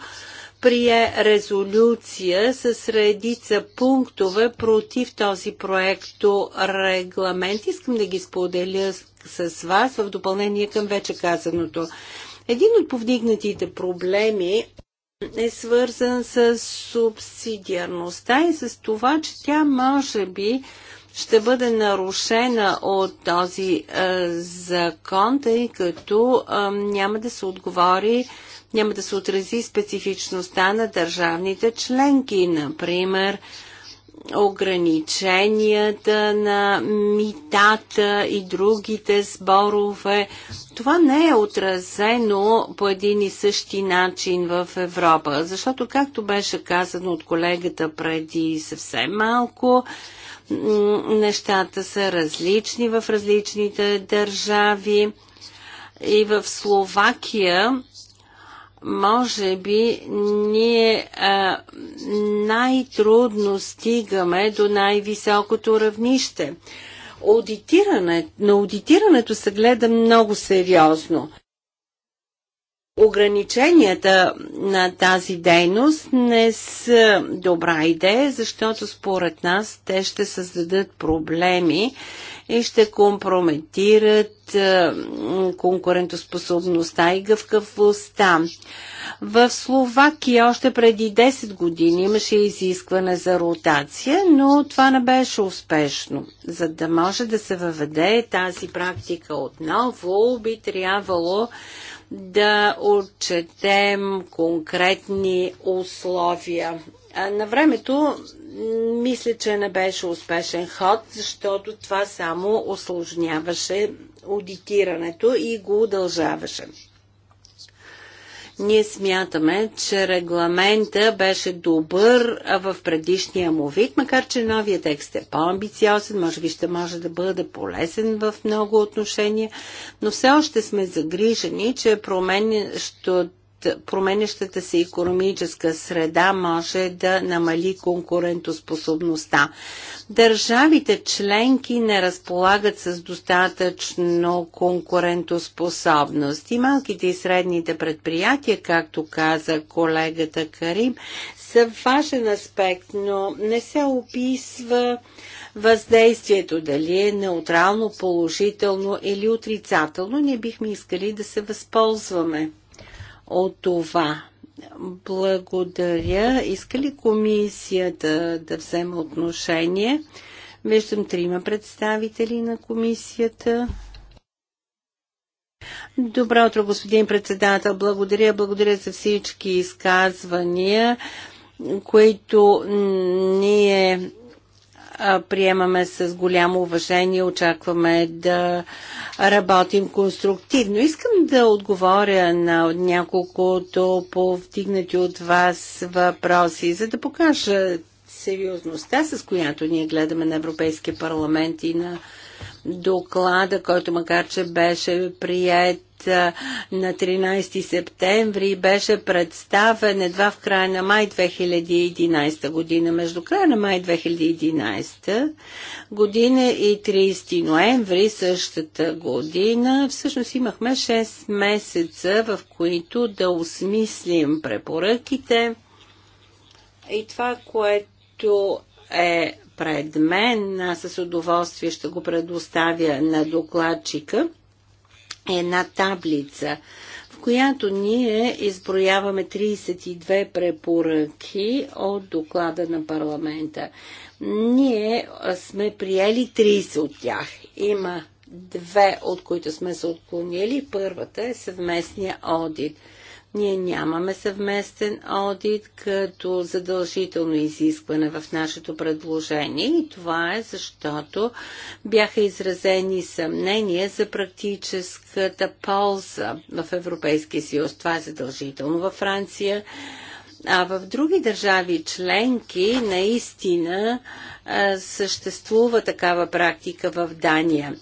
прие резолюция с редица пунктове против този проекто регламент. Искам да ги споделя с, с вас в допълнение към вече казаното. Един от повдигнатите проблеми е свързан с субсидиарността и с това, че тя може би ще бъде нарушена от този е, закон, тъй като е, няма да се отговори няма да се отрази специфичността на държавните членки, например ограниченията на митата и другите сборове. Това не е отразено по един и същи начин в Европа, защото, както беше казано от колегата преди съвсем малко, нещата са различни в различните държави. И в Словакия може би ние най-трудно стигаме до най-високото равнище. Аудитиране, на аудитирането се гледа много сериозно. Ограниченията на тази дейност не са добра идея, защото според нас те ще създадат проблеми и ще компрометират е, конкурентоспособността и гъвкавостта. В Словакия още преди 10 години имаше изискване за ротация, но това не беше успешно. За да може да се въведе тази практика отново, би трябвало да отчетем конкретни условия. На времето мисля, че не беше успешен ход, защото това само осложняваше аудитирането и го удължаваше. Ние смятаме, че регламента беше добър в предишния му вид, макар че новия текст е по-амбициозен, може би ще може да бъде полезен в много отношения, но все още сме загрижени, че променящото променящата се економическа среда може да намали конкурентоспособността. Държавите членки не разполагат с достатъчно конкурентоспособност и малките и средните предприятия, както каза колегата Карим, са важен аспект, но не се описва въздействието, дали е неутрално, положително или отрицателно. Ние бихме искали да се възползваме от това. Благодаря. Иска ли комисията да вземе отношение? Виждам трима представители на комисията. Добро утро, господин председател. Благодаря, благодаря за всички изказвания, които ние приемаме с голямо уважение, очакваме да работим конструктивно. Искам да отговоря на няколкото повдигнати от вас въпроси, за да покажа сериозността, с която ние гледаме на Европейския парламент и на доклада, който макар, че беше прият на 13 септември беше представен едва в края на май 2011 година. Между края на май 2011 година и 30 ноември същата година всъщност имахме 6 месеца, в които да осмислим препоръките и това, което е пред мен. Аз с удоволствие ще го предоставя на докладчика. Е една таблица, в която ние изброяваме 32 препоръки от доклада на парламента. Ние сме приели 30 от тях. Има две, от които сме се отклонили. Първата е съвместния одит – ние нямаме съвместен одит като задължително изискване в нашето предложение и това е защото бяха изразени съмнения за практическата полза в Европейския съюз. Това е задължително във Франция. А в други държави членки наистина съществува такава практика в Дания.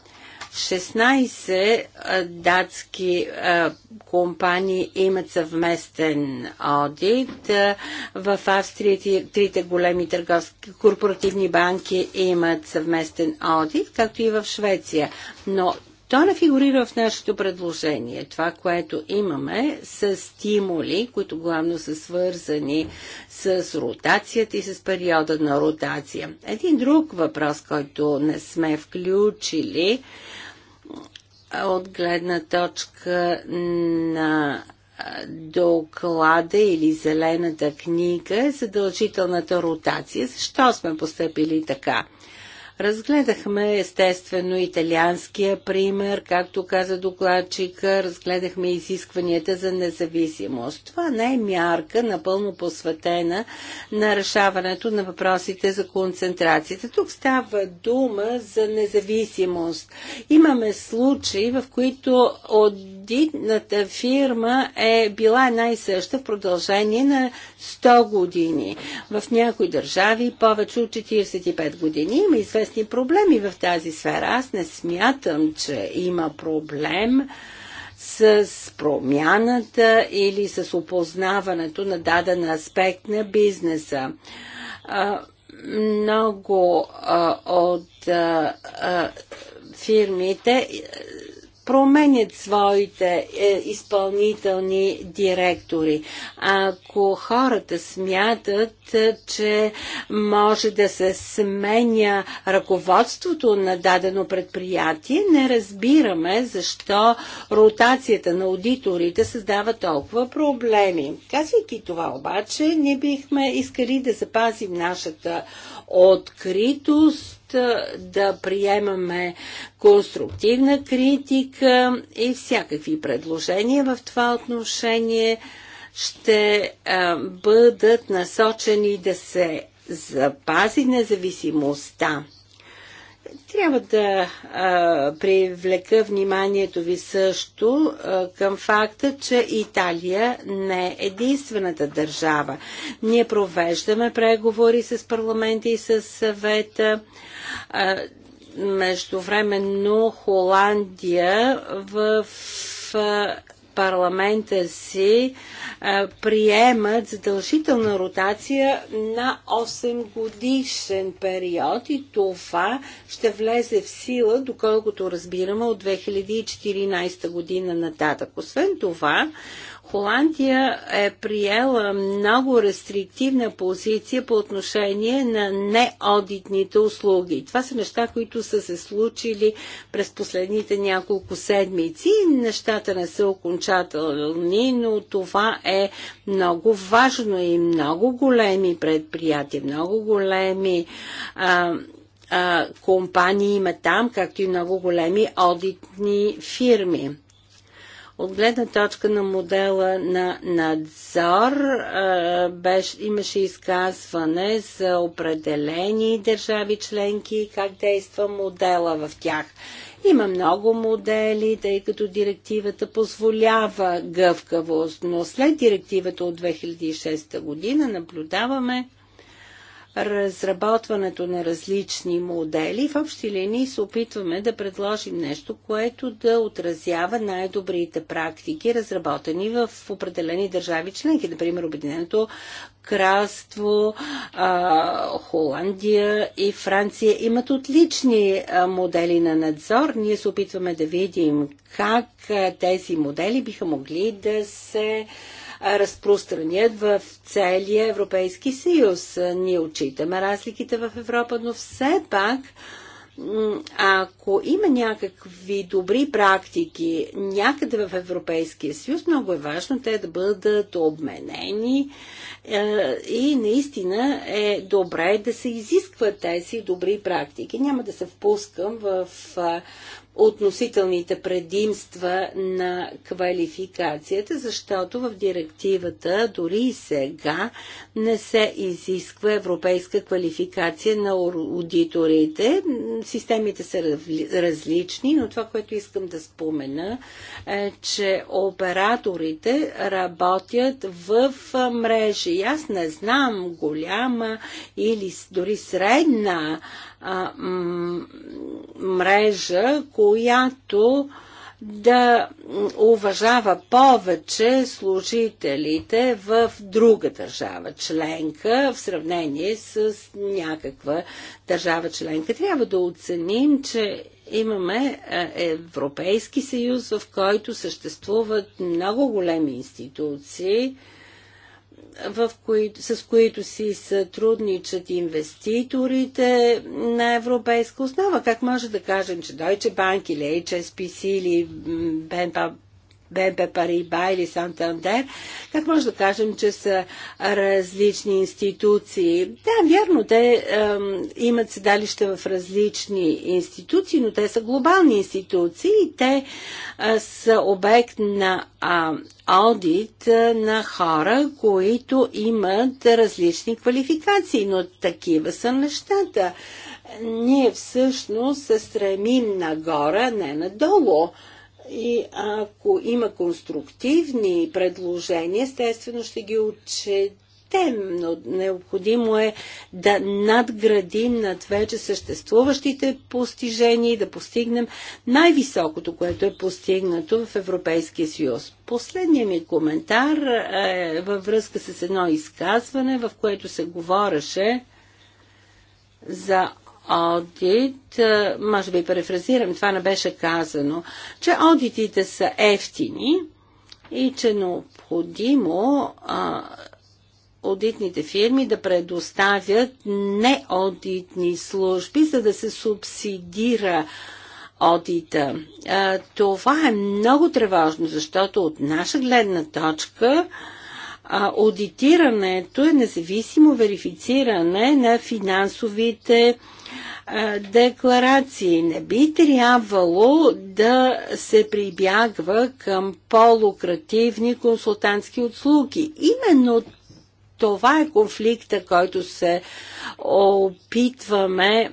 16 датски компании имат съвместен одит. В Австрия трите големи търговски корпоративни банки имат съвместен одит, както и в Швеция. Но то не фигурира в нашето предложение. Това, което имаме, са стимули, които главно са свързани с ротацията и с периода на ротация. Един друг въпрос, който не сме включили от гледна точка на доклада или зелената книга е задължителната ротация. Защо сме поступили така? Разгледахме естествено италианския пример, както каза докладчика, разгледахме изискванията за независимост. Това не е мярка напълно посветена на решаването на въпросите за концентрацията. Тук става дума за независимост. Имаме случаи, в които одитната фирма е била най съща в продължение на 100 години. В някои държави повече от 45 години. Има известно известни проблеми в тази сфера. Аз не смятам, че има проблем с промяната или с опознаването на даден аспект на бизнеса. Много от фирмите променят своите е, изпълнителни директори. Ако хората смятат, е, че може да се сменя ръководството на дадено предприятие, не разбираме защо ротацията на аудиторите създава толкова проблеми. Казвайки това обаче, ние бихме искали да запазим нашата откритост да приемаме конструктивна критика и всякакви предложения в това отношение ще бъдат насочени да се запази независимостта трябва да а, привлека вниманието ви също а, към факта, че Италия не е единствената държава. Ние провеждаме преговори с парламента и с съвета. междувременно Холандия в парламента си е, приемат задължителна ротация на 8 годишен период и това ще влезе в сила, доколкото разбираме, от 2014 година нататък. Освен това, Холандия е приела много рестриктивна позиция по отношение на неодитните услуги. Това са неща, които са се случили през последните няколко седмици. Нещата не са окончателни, но това е много важно и много големи предприятия, много големи а, а, компании има там, както и много големи одитни фирми. От гледна точка на модела на надзор беше, имаше изказване за определени държави членки и как действа модела в тях. Има много модели, тъй като директивата позволява гъвкавост, но след директивата от 2006 година наблюдаваме разработването на различни модели. В общи линии се опитваме да предложим нещо, което да отразява най-добрите практики, разработени в определени държави членки, например Обединеното кралство, Холандия и Франция имат отлични модели на надзор. Ние се опитваме да видим как тези модели биха могли да се разпространят в целия Европейски съюз. Ние отчитаме разликите в Европа, но все пак ако има някакви добри практики някъде в Европейския съюз, много е важно те да бъдат обменени е, и наистина е добре да се изискват тези добри практики. Няма да се впускам в е, относителните предимства на квалификацията, защото в директивата дори и сега не се изисква европейска квалификация на аудиторите. Системите са различни, но това, което искам да спомена е, че операторите работят в мрежи. Аз не знам голяма или дори средна мрежа, която да уважава повече служителите в друга държава членка в сравнение с някаква държава членка. Трябва да оценим, че имаме Европейски съюз, в който съществуват много големи институции, в кои, с които си сътрудничат инвеститорите на европейска основа. Как може да кажем, че Deutsche Bank или HSBC или БМП Париба или Сантандер, как може да кажем, че са различни институции? Да, вярно, те е, имат седалище в различни институции, но те са глобални институции и те е, са обект на е, аудит е, на хора, които имат различни квалификации, но такива са нещата ние всъщност се стремим нагоре, не надолу. И ако има конструктивни предложения, естествено ще ги отчетем, но необходимо е да надградим над вече съществуващите постижения и да постигнем най-високото, което е постигнато в Европейския съюз. Последният ми коментар е във връзка с едно изказване, в което се говореше за одит, може би перефразирам, това не беше казано, че одитите са ефтини и че необходимо а, аудитните фирми да предоставят неодитни служби, за да се субсидира одита. А, това е много тревожно, защото от наша гледна точка а, а, аудитирането е независимо верифициране на финансовите декларации. Не би трябвало да се прибягва към по-лукративни консултантски услуги. Именно това е конфликта, който се опитваме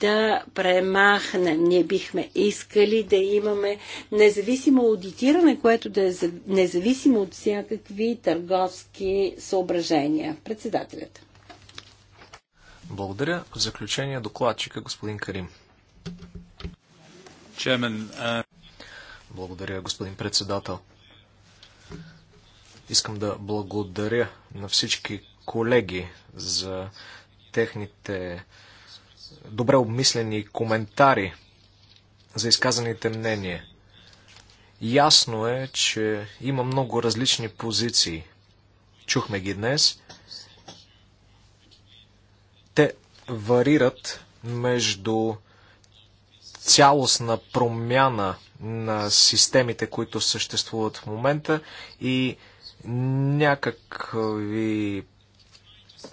да премахнем. Ние бихме искали да имаме независимо аудитиране, което да е независимо от всякакви търговски съображения. Председателят. Благодаря. В заключение докладчика господин Карим. Чемен, а... Uh, благодаря, господин председател. Искам да благодаря на всички колеги за техните добре обмислени коментари за изказаните мнения. Ясно е, че има много различни позиции. Чухме ги днес. Те варират между цялостна промяна на системите, които съществуват в момента и някакви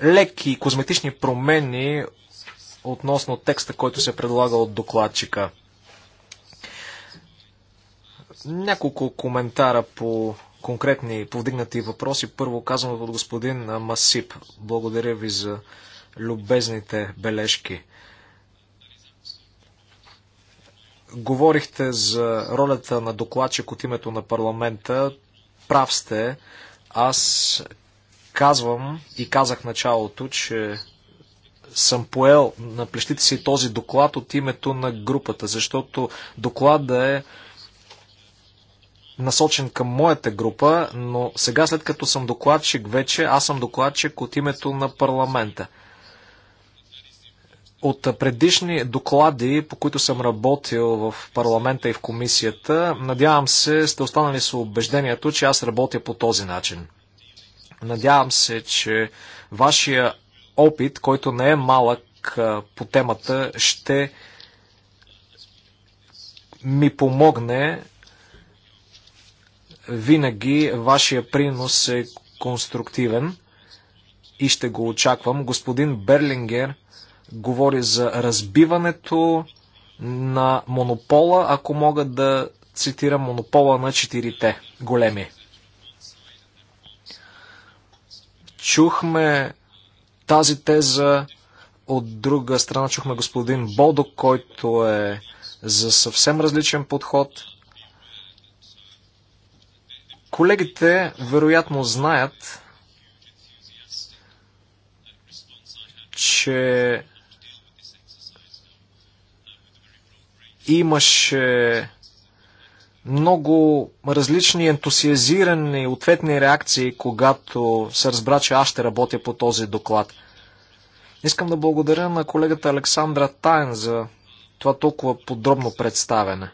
леки козметични промени относно текста, който се предлага от докладчика. Няколко коментара по конкретни повдигнати въпроси. Първо казвам от господин Масип. Благодаря ви за любезните бележки. Говорихте за ролята на докладчик от името на парламента. Прав сте. Аз казвам и казах началото, че съм поел на плещите си този доклад от името на групата, защото докладът е насочен към моята група, но сега след като съм докладчик вече, аз съм докладчик от името на парламента. От предишни доклади, по които съм работил в парламента и в комисията, надявам се сте останали с убеждението, че аз работя по този начин. Надявам се, че вашия опит, който не е малък по темата, ще ми помогне. Винаги вашия принос е конструктивен и ще го очаквам. Господин Берлингер говори за разбиването на монопола, ако мога да цитирам монопола на четирите големи. Чухме тази теза. От друга страна чухме господин Бодо, който е за съвсем различен подход. Колегите вероятно знаят, че имаше много различни ентусиазирани ответни реакции, когато се разбра, че аз ще работя по този доклад. Искам да благодаря на колегата Александра Тайн за това толкова подробно представяне.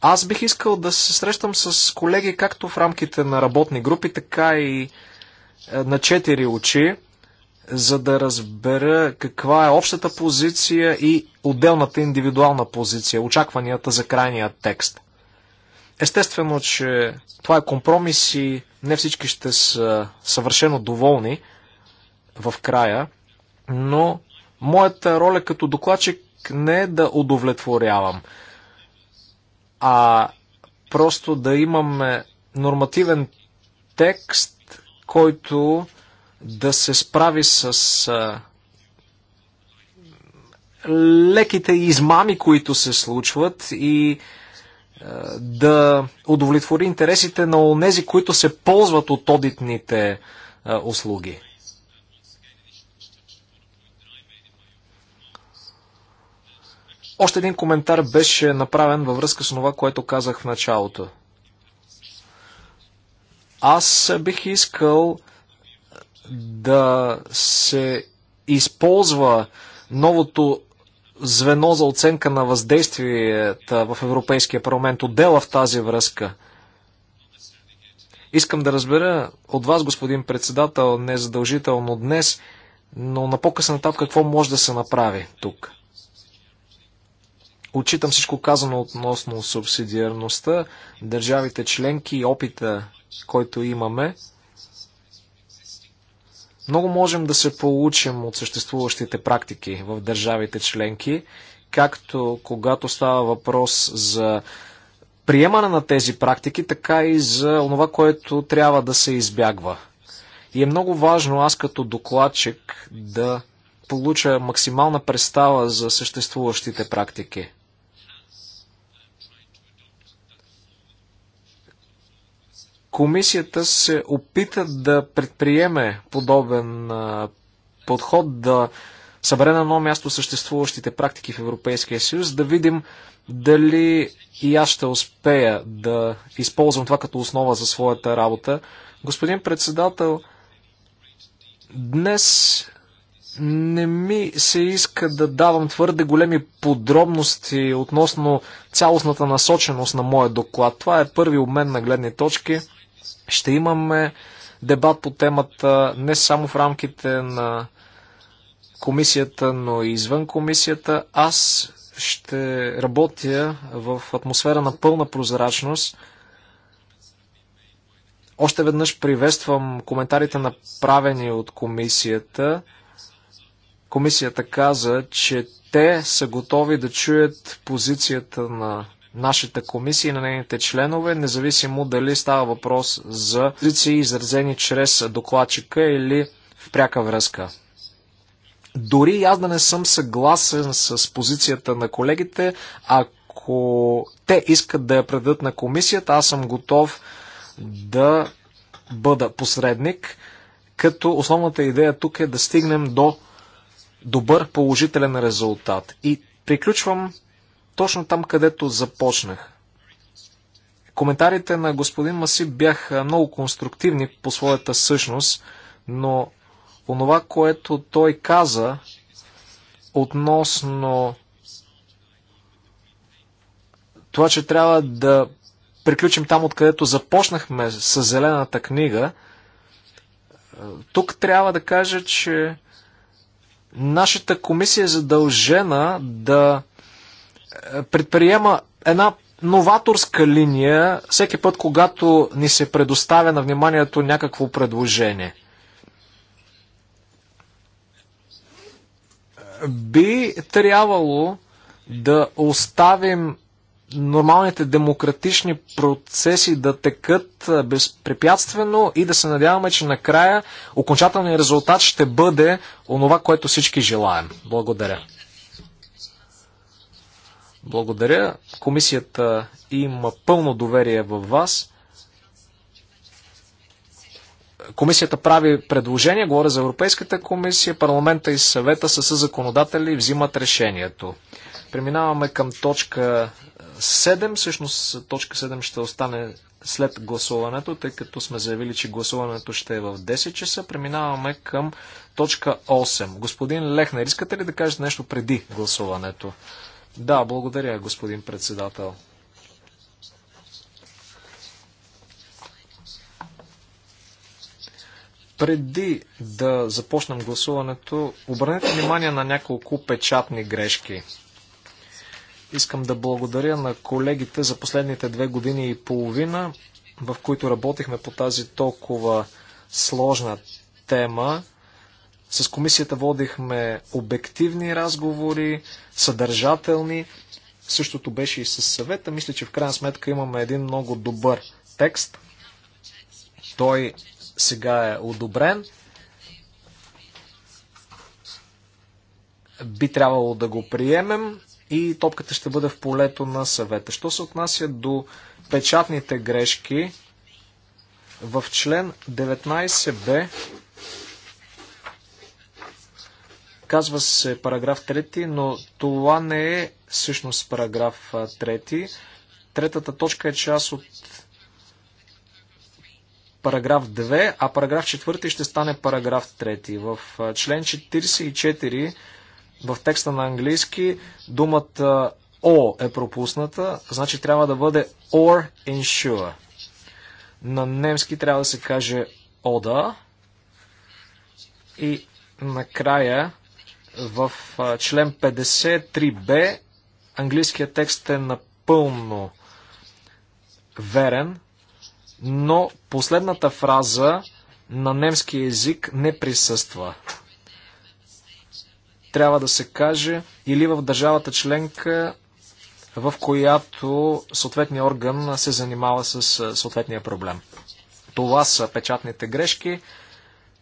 Аз бих искал да се срещам с колеги както в рамките на работни групи, така и е, на четири очи за да разбера каква е общата позиция и отделната индивидуална позиция, очакванията за крайния текст. Естествено, че това е компромис и не всички ще са съвършено доволни в края, но моята роля като докладчик не е да удовлетворявам, а просто да имаме нормативен текст, който да се справи с леките измами, които се случват и да удовлетвори интересите на онези, които се ползват от одитните услуги. Още един коментар беше направен във връзка с това, което казах в началото. Аз бих искал да се използва новото звено за оценка на въздействията в Европейския парламент, отдела в тази връзка. Искам да разбера от вас, господин председател, не задължително днес, но на по-късен етап какво може да се направи тук. Отчитам всичко казано относно субсидиарността, държавите членки и опита, който имаме. Много можем да се получим от съществуващите практики в държавите членки, както когато става въпрос за приемане на тези практики, така и за това, което трябва да се избягва. И е много важно аз като докладчик да получа максимална представа за съществуващите практики. Комисията се опита да предприеме подобен подход, да събере на едно място съществуващите практики в Европейския съюз, да видим дали и аз ще успея да използвам това като основа за своята работа. Господин председател, днес не ми се иска да давам твърде големи подробности относно цялостната насоченост на моя доклад. Това е първи обмен на гледни точки. Ще имаме дебат по темата не само в рамките на комисията, но и извън комисията. Аз ще работя в атмосфера на пълна прозрачност. Още веднъж приветствам коментарите направени от комисията. Комисията каза, че те са готови да чуят позицията на нашата комисия и на нейните членове, независимо дали става въпрос за позиции, изразени чрез докладчика или в пряка връзка. Дори аз да не съм съгласен с позицията на колегите, ако те искат да я предадат на комисията, аз съм готов да бъда посредник, като основната идея тук е да стигнем до добър положителен резултат. И приключвам точно там, където започнах. Коментарите на господин Маси бяха много конструктивни по своята същност, но онова, което той каза относно това, че трябва да приключим там, откъдето започнахме с зелената книга, тук трябва да кажа, че нашата комисия е задължена да предприема една новаторска линия всеки път, когато ни се предоставя на вниманието някакво предложение. Би трябвало да оставим нормалните демократични процеси да текат безпрепятствено и да се надяваме, че накрая окончателният резултат ще бъде онова, което всички желаем. Благодаря. Благодаря. Комисията има пълно доверие в вас. Комисията прави предложения, говоря за Европейската комисия, парламента и съвета са със законодатели и взимат решението. Преминаваме към точка 7. Всъщност точка 7 ще остане след гласуването, тъй като сме заявили, че гласуването ще е в 10 часа. Преминаваме към точка 8. Господин Лехнер, искате ли да кажете нещо преди гласуването? Да, благодаря, господин председател. Преди да започнем гласуването, обърнете внимание на няколко печатни грешки. Искам да благодаря на колегите за последните две години и половина, в които работихме по тази толкова сложна тема. С комисията водихме обективни разговори, съдържателни. Същото беше и с съвета. Мисля, че в крайна сметка имаме един много добър текст. Той сега е одобрен. Би трябвало да го приемем и топката ще бъде в полето на съвета. Що се отнася до печатните грешки, в член 19б Казва се параграф 3, но това не е всъщност параграф 3. Третата точка е част от параграф 2, а параграф 4 ще стане параграф 3. В член 44 в текста на английски думата O е пропусната, значи трябва да бъде or ensure. На немски трябва да се каже ODA и накрая в член 53 b английският текст е напълно верен, но последната фраза на немски език не присъства. Трябва да се каже или в държавата членка, в която съответния орган се занимава с съответния проблем. Това са печатните грешки.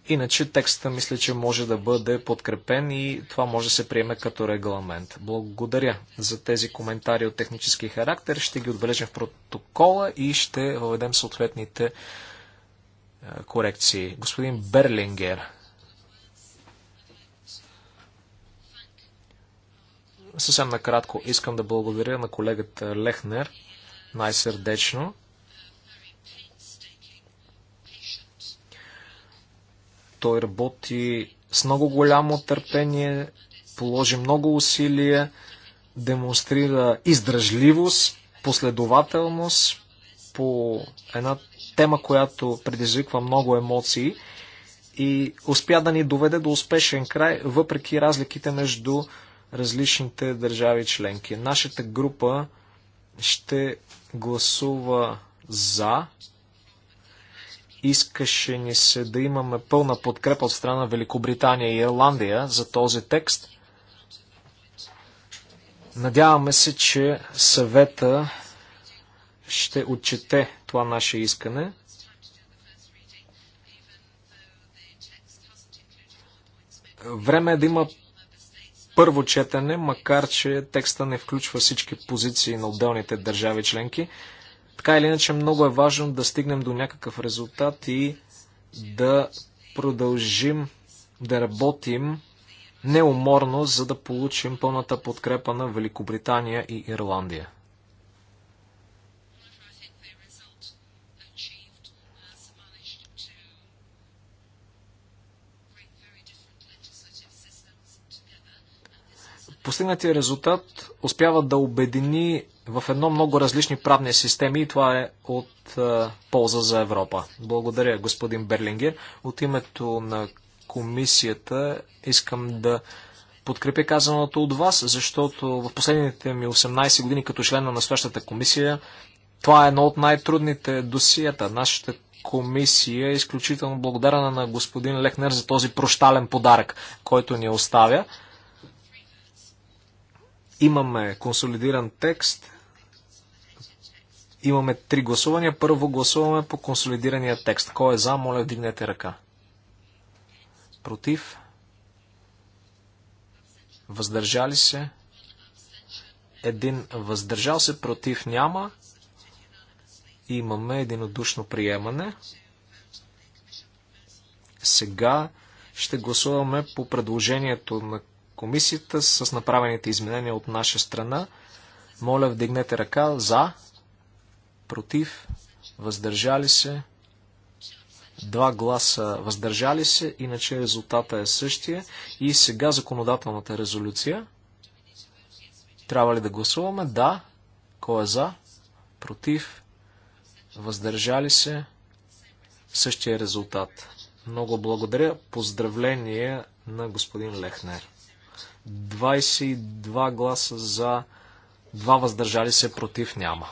Иначе текста мисля, че може да бъде подкрепен и това може да се приеме като регламент. Благодаря за тези коментари от технически характер. Ще ги отбележим в протокола и ще въведем съответните е, корекции. Господин Берлингер. Съвсем накратко искам да благодаря на колегата Лехнер най-сърдечно. Той работи с много голямо търпение, положи много усилия, демонстрира издръжливост, последователност по една тема, която предизвиква много емоции и успя да ни доведе до успешен край, въпреки разликите между различните държави членки. Нашата група ще гласува за Искаше ни се да имаме пълна подкрепа от страна на Великобритания и Ирландия за този текст. Надяваме се, че съвета ще отчете това наше искане. Време е да има първо четене, макар че текста не включва всички позиции на отделните държави членки. Така или иначе много е важно да стигнем до някакъв резултат и да продължим да работим неуморно, за да получим пълната подкрепа на Великобритания и Ирландия. Постигнатия резултат успява да обедини в едно много различни правни системи и това е от е, полза за Европа. Благодаря, господин Берлингер. От името на комисията искам да подкрепя казаното от вас, защото в последните ми 18 години като член на настоящата комисия това е едно от най-трудните досията. Нашата комисия е изключително благодарена на господин Лехнер за този прощален подарък, който ни оставя. Имаме консолидиран текст, Имаме три гласувания. Първо гласуваме по консолидирания текст. Кой е за, моля вдигнете ръка. Против? Въздържали се? Един въздържал се, против няма. Имаме единодушно приемане. Сега ще гласуваме по предложението на комисията с направените изменения от наша страна. Моля, вдигнете ръка за, против, въздържали се, два гласа въздържали се, иначе резултата е същия. И сега законодателната резолюция. Трябва ли да гласуваме? Да. Кой е за? Против? Въздържали се? Същия е резултат. Много благодаря. Поздравление на господин Лехнер. 22 гласа за, 2 въздържали се, против няма.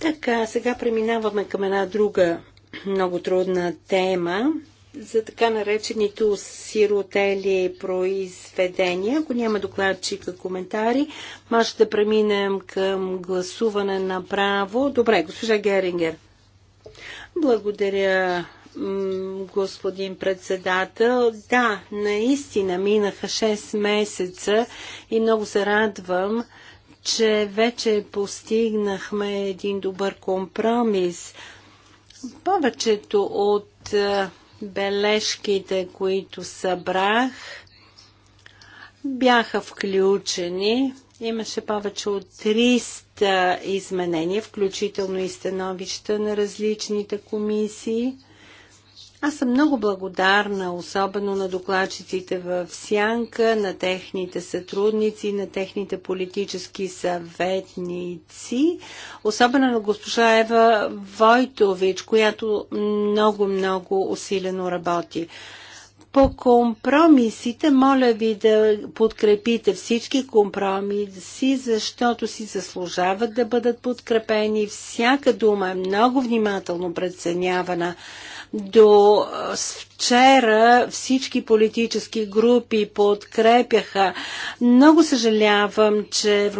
Така, сега преминаваме към една друга много трудна тема за така наречените сиротели произведения. Ако няма докладчика коментари, може да преминем към гласуване направо. Добре, госпожа Герингер. Благодаря, господин председател. Да, наистина минаха 6 месеца и много се радвам, че вече постигнахме един добър компромис. Повечето от е, бележките, които събрах, бяха включени. Имаше повече от 300 изменения, включително и становища на различните комисии. Аз съм много благодарна, особено на докладчиците в Сянка, на техните сътрудници, на техните политически съветници, особено на госпожа Ева Войтович, която много-много усилено работи. По компромисите, моля ви да подкрепите всички компромиси, защото си заслужават да бъдат подкрепени. Всяка дума е много внимателно преценявана до Вчера всички политически групи подкрепяха. Много съжалявам, че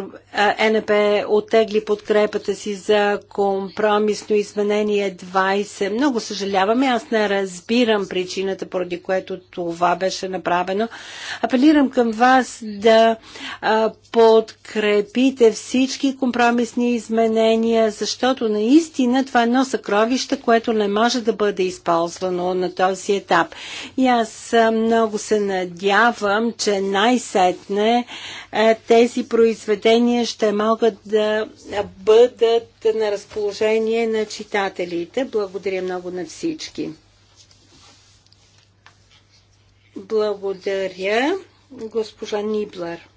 НП отегли подкрепата си за компромисно изменение 20. Много съжаляваме. Аз не разбирам причината, поради което това беше направено. Апелирам към вас да подкрепите всички компромисни изменения, защото наистина това е едно съкровище, което не може да бъде използвано на този етап мащаб. И аз много се надявам, че най-сетне тези произведения ще могат да бъдат на разположение на читателите. Благодаря много на всички. Благодаря, госпожа Ниблер.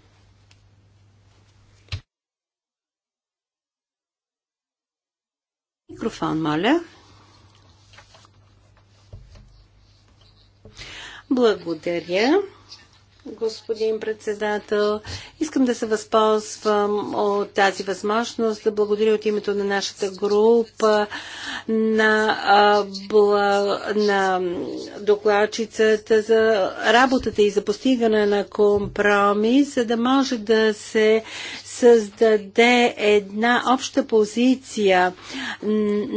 Микрофон, моля. Благодаря, господин председател. Искам да се възползвам от тази възможност да благодаря от името на нашата група на, на докладчицата за работата и за постигане на компромис, за да може да се създаде една обща позиция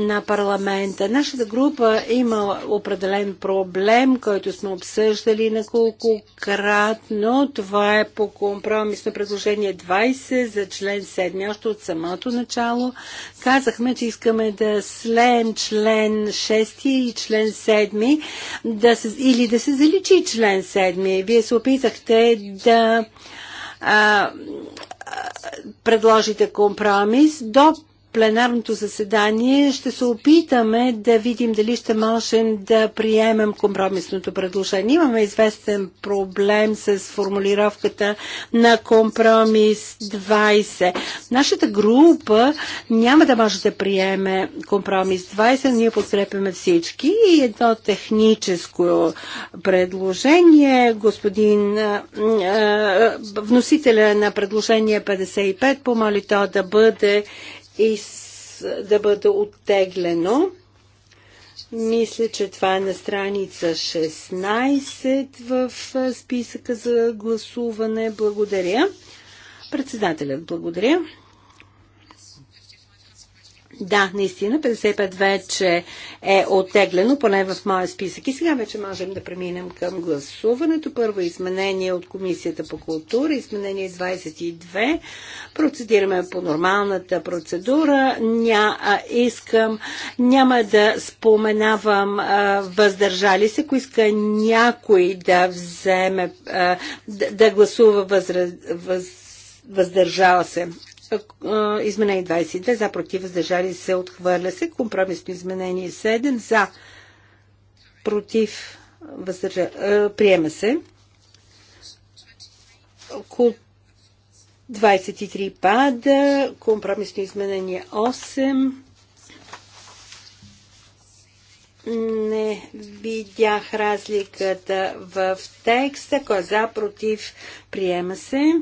на парламента. Нашата група има определен проблем, който сме обсъждали неколкократно. Това е по компромисно предложение 20 за член 7. Още от самото начало казахме, че искаме да слеем член 6 и член 7 да се, или да се заличи член 7. Вие се опитахте да а, предложите компромис до пленарното заседание ще се опитаме да видим дали ще можем да приемем компромисното предложение. Имаме известен проблем с формулировката на компромис 20. Нашата група няма да може да приеме компромис 20, но ние подкрепяме всички и едно техническо предложение. Господин вносителя на предложение 55 помоли то да бъде и да бъде оттеглено. Мисля, че това е на страница 16 в списъка за гласуване. Благодаря. Председателят, благодаря. Да, наистина, 55 вече е оттеглено, поне в моя списък. И сега вече можем да преминем към гласуването. Първо изменение от Комисията по култура, изменение 22. Процедираме по нормалната процедура. Ня, а, искам, няма да споменавам а, въздържали се, ако иска някой да вземе, а, да, да гласува възраз, въз, въздържала се. Изменение 22 за против въздържали се отхвърля се. Компромисно изменение 7 за против въздържа, приема се. 23 пада. Компромисно изменение 8 не видях разликата в текста. Кой е за, против, приема се.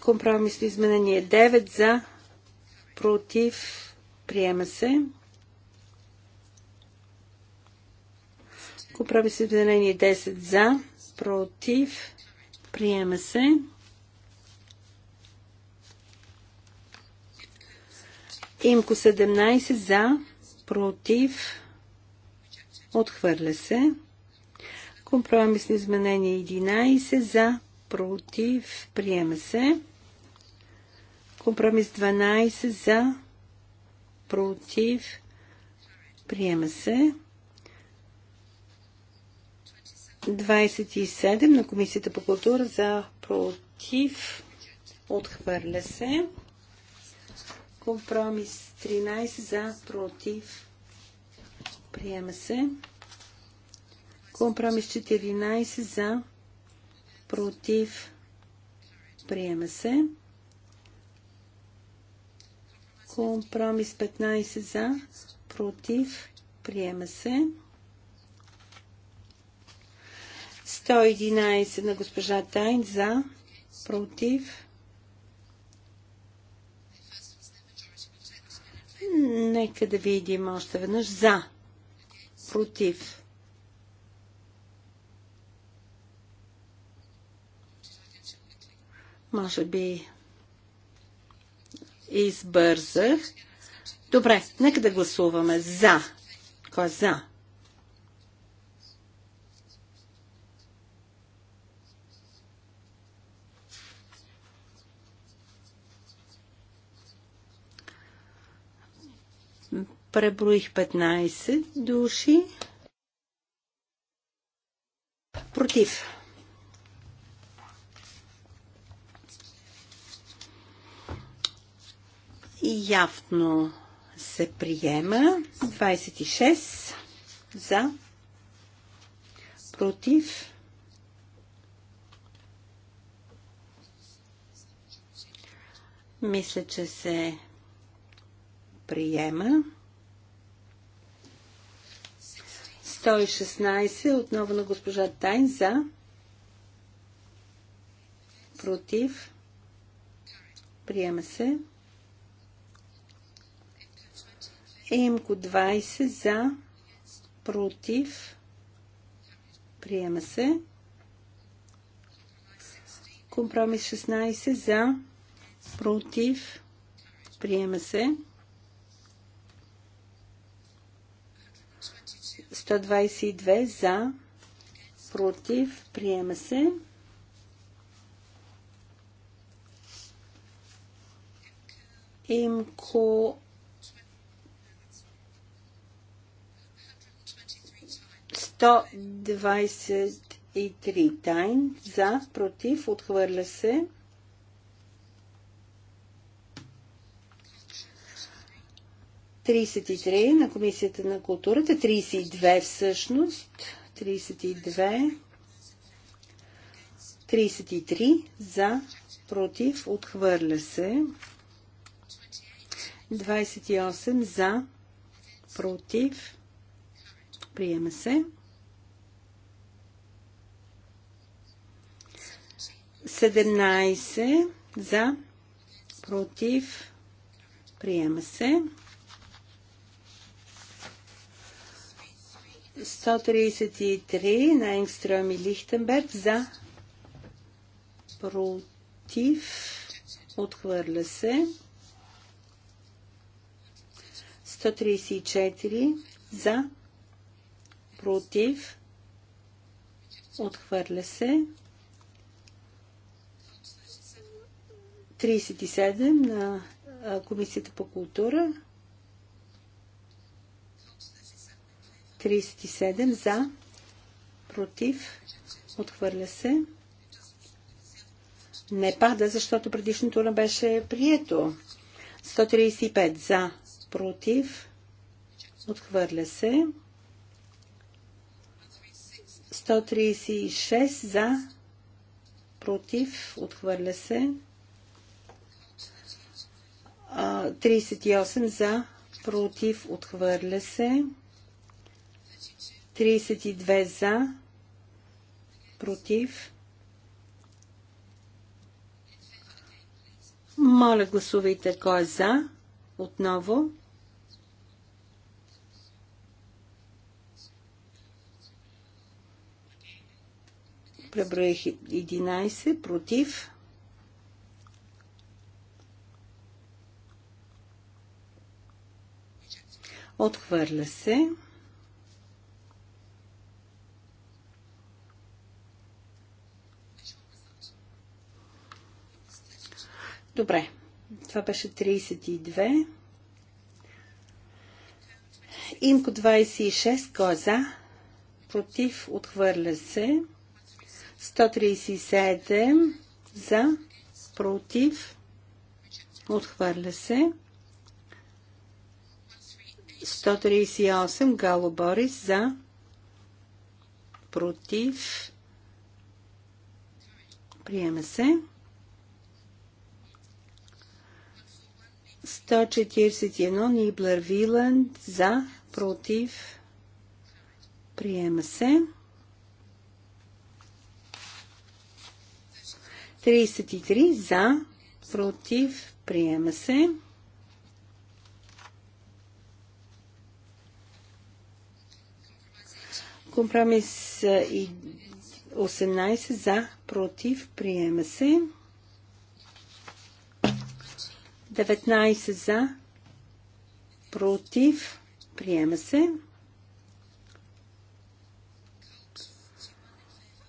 Компромисно изменение 9 за, против, приема се. Компромисно изменение 10 за, против, приема се. Имко 17 за, против, отхвърля се. Компромисно изменение 11 за, против, приема се. Компромис 12 за, против, приема се. 27 на Комисията по култура за, против, отхвърля се. Компромис 13 за, против, приема се. Компромис 14 за, против против, приема се. Компромис 15 за, против, приема се. 111 на госпожа Тайн за, против. Нека да видим още веднъж за, против. Може би избързах. Добре, нека да гласуваме за. Кой е за? преброих 15 души. Против. явно се приема. 26 за, против, мисля, че се приема. 116 отново на госпожа Тайн за, против, приема се. Имко 20 за, против, приема се. Компромис 16 за, против, приема се. 122 за, против, приема се. Имко 123 тайн за, против, отхвърля се. Тридесет три на Комисията на културата, 32 всъщност, 32, 33 за, против, отхвърля се. 28 за, против, приема се. 17 за, против, приема се. 133 на Енгстрем и Лихтенберг за, против, отхвърля се. 134 за, против, отхвърля се. 37 на Комисията по култура. 37 за, против, отхвърля се. Не пада, защото предишното не беше прието. 135 за, против, отхвърля се. 136 за, против, отхвърля се. 38 за, против, отхвърля се. 32 за, против. Моля, гласувайте кой е за. Отново. Преброих 11 против. Отхвърля се. Добре. Това беше 32. Имко 26. Кой е за? Против. Отхвърля се. 137. За. Против. Отхвърля се. 138 Гало Борис за против приема се 141 Нибър Виланд за против приема се 33 за против приема се Компромис 18 за, против, приема се. 19 за, против, приема се.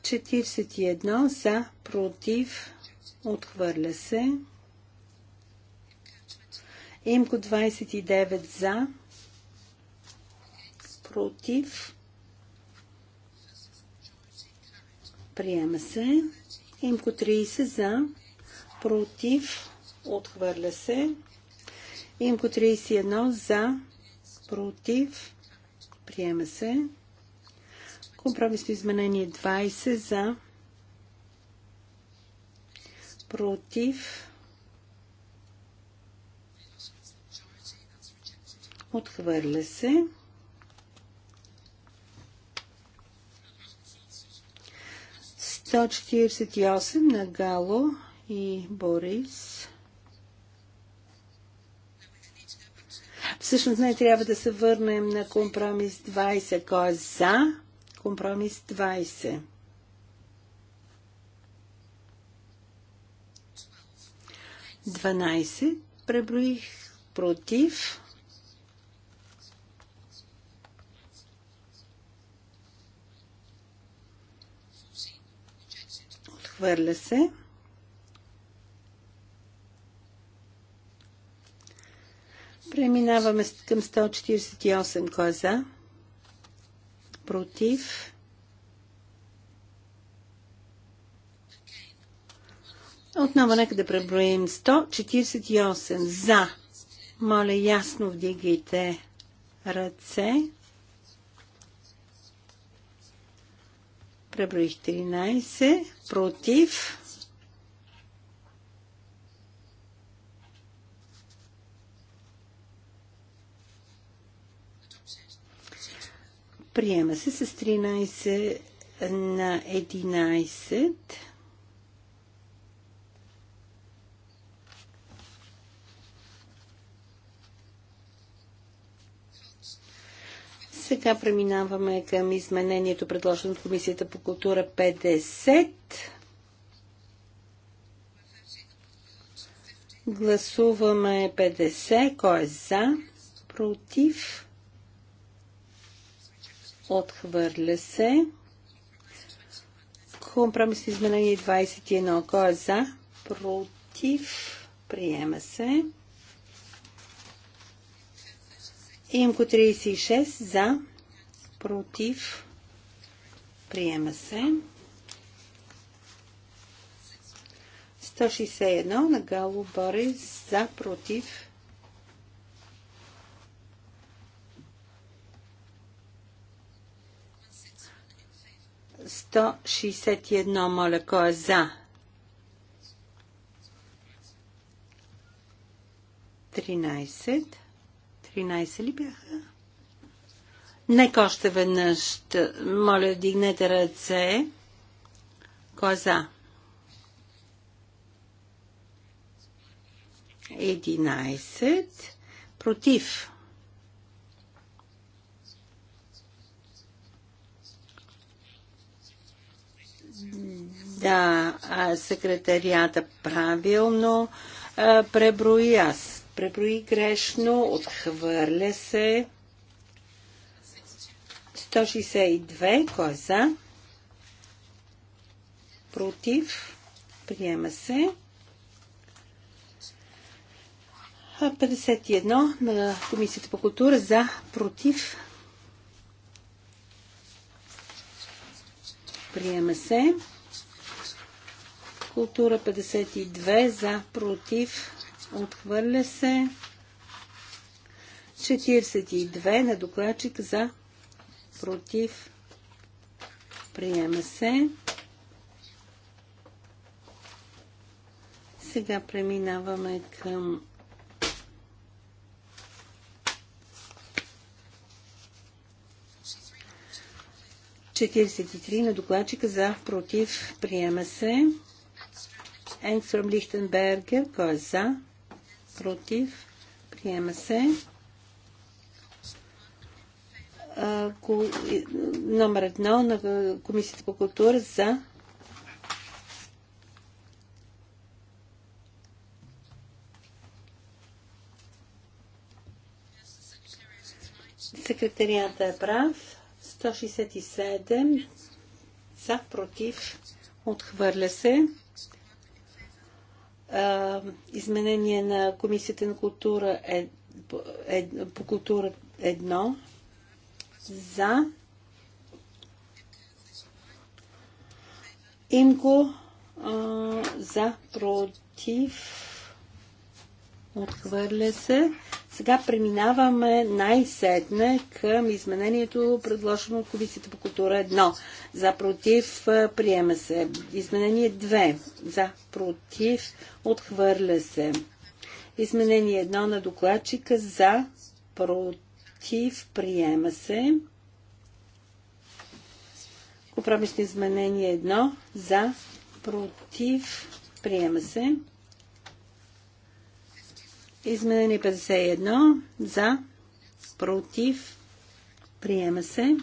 41 за, против, отхвърля се. Имко 29 за, против, Приема се. Имко 30 за. Против. Отхвърля се. Имко 31 за. Против. Приема се. Компромисно изменение 20 за. Против. Отхвърля се. 148 на Гало и Борис. Всъщност не трябва да се върнем на компромис 20. Кой е за? Компромис 20. 12. Преброих против. Отхвърля се. Преминаваме към 148. Кой е за? Против. Отново нека да преброим. 148 за. Моля ясно вдигайте ръце. Преброих 13. Против. Приема се с 13 на 11. Сега преминаваме към изменението, предложено от Комисията по култура 50. Гласуваме 50. Кой е за? Против? Отхвърля се. Компромисно изменение 21. Кой е за? Против? Приема се. Имко 36 за, против, приема се. 161 на Гало Борис за, против, Сто шестдесет едно, моля, кой е за? 13. 13 ли бяха? Нека още веднъж, моля, дигнете ръце. Кой е за? 11. Против. Да, секретарията правилно преброи. Аз преброи грешно, отхвърля се. 162, кой е за? Против, приема се. 51 на Комисията по култура за, против, приема се. Култура 52 за, против, Отхвърля се. 42 на докладчик за против. Приема се. Сега преминаваме към три на докладчика за против приема се. Енстром Лихтенбергер, кой е за? против, приема се. Номер едно на Комисията по култура за Секретарията е прав. 167 за, против, отхвърля се изменение на Комисията на култура е, е, по култура едно за Имко а, за против отхвърля се сега преминаваме най-сетне към изменението, предложено от Комисията по култура 1. За против приема се. Изменение 2. За против отхвърля се. Изменение 1 на докладчика за против приема се. Компромисно изменение 1 за против приема се. Изменени 51 за, против, приема се.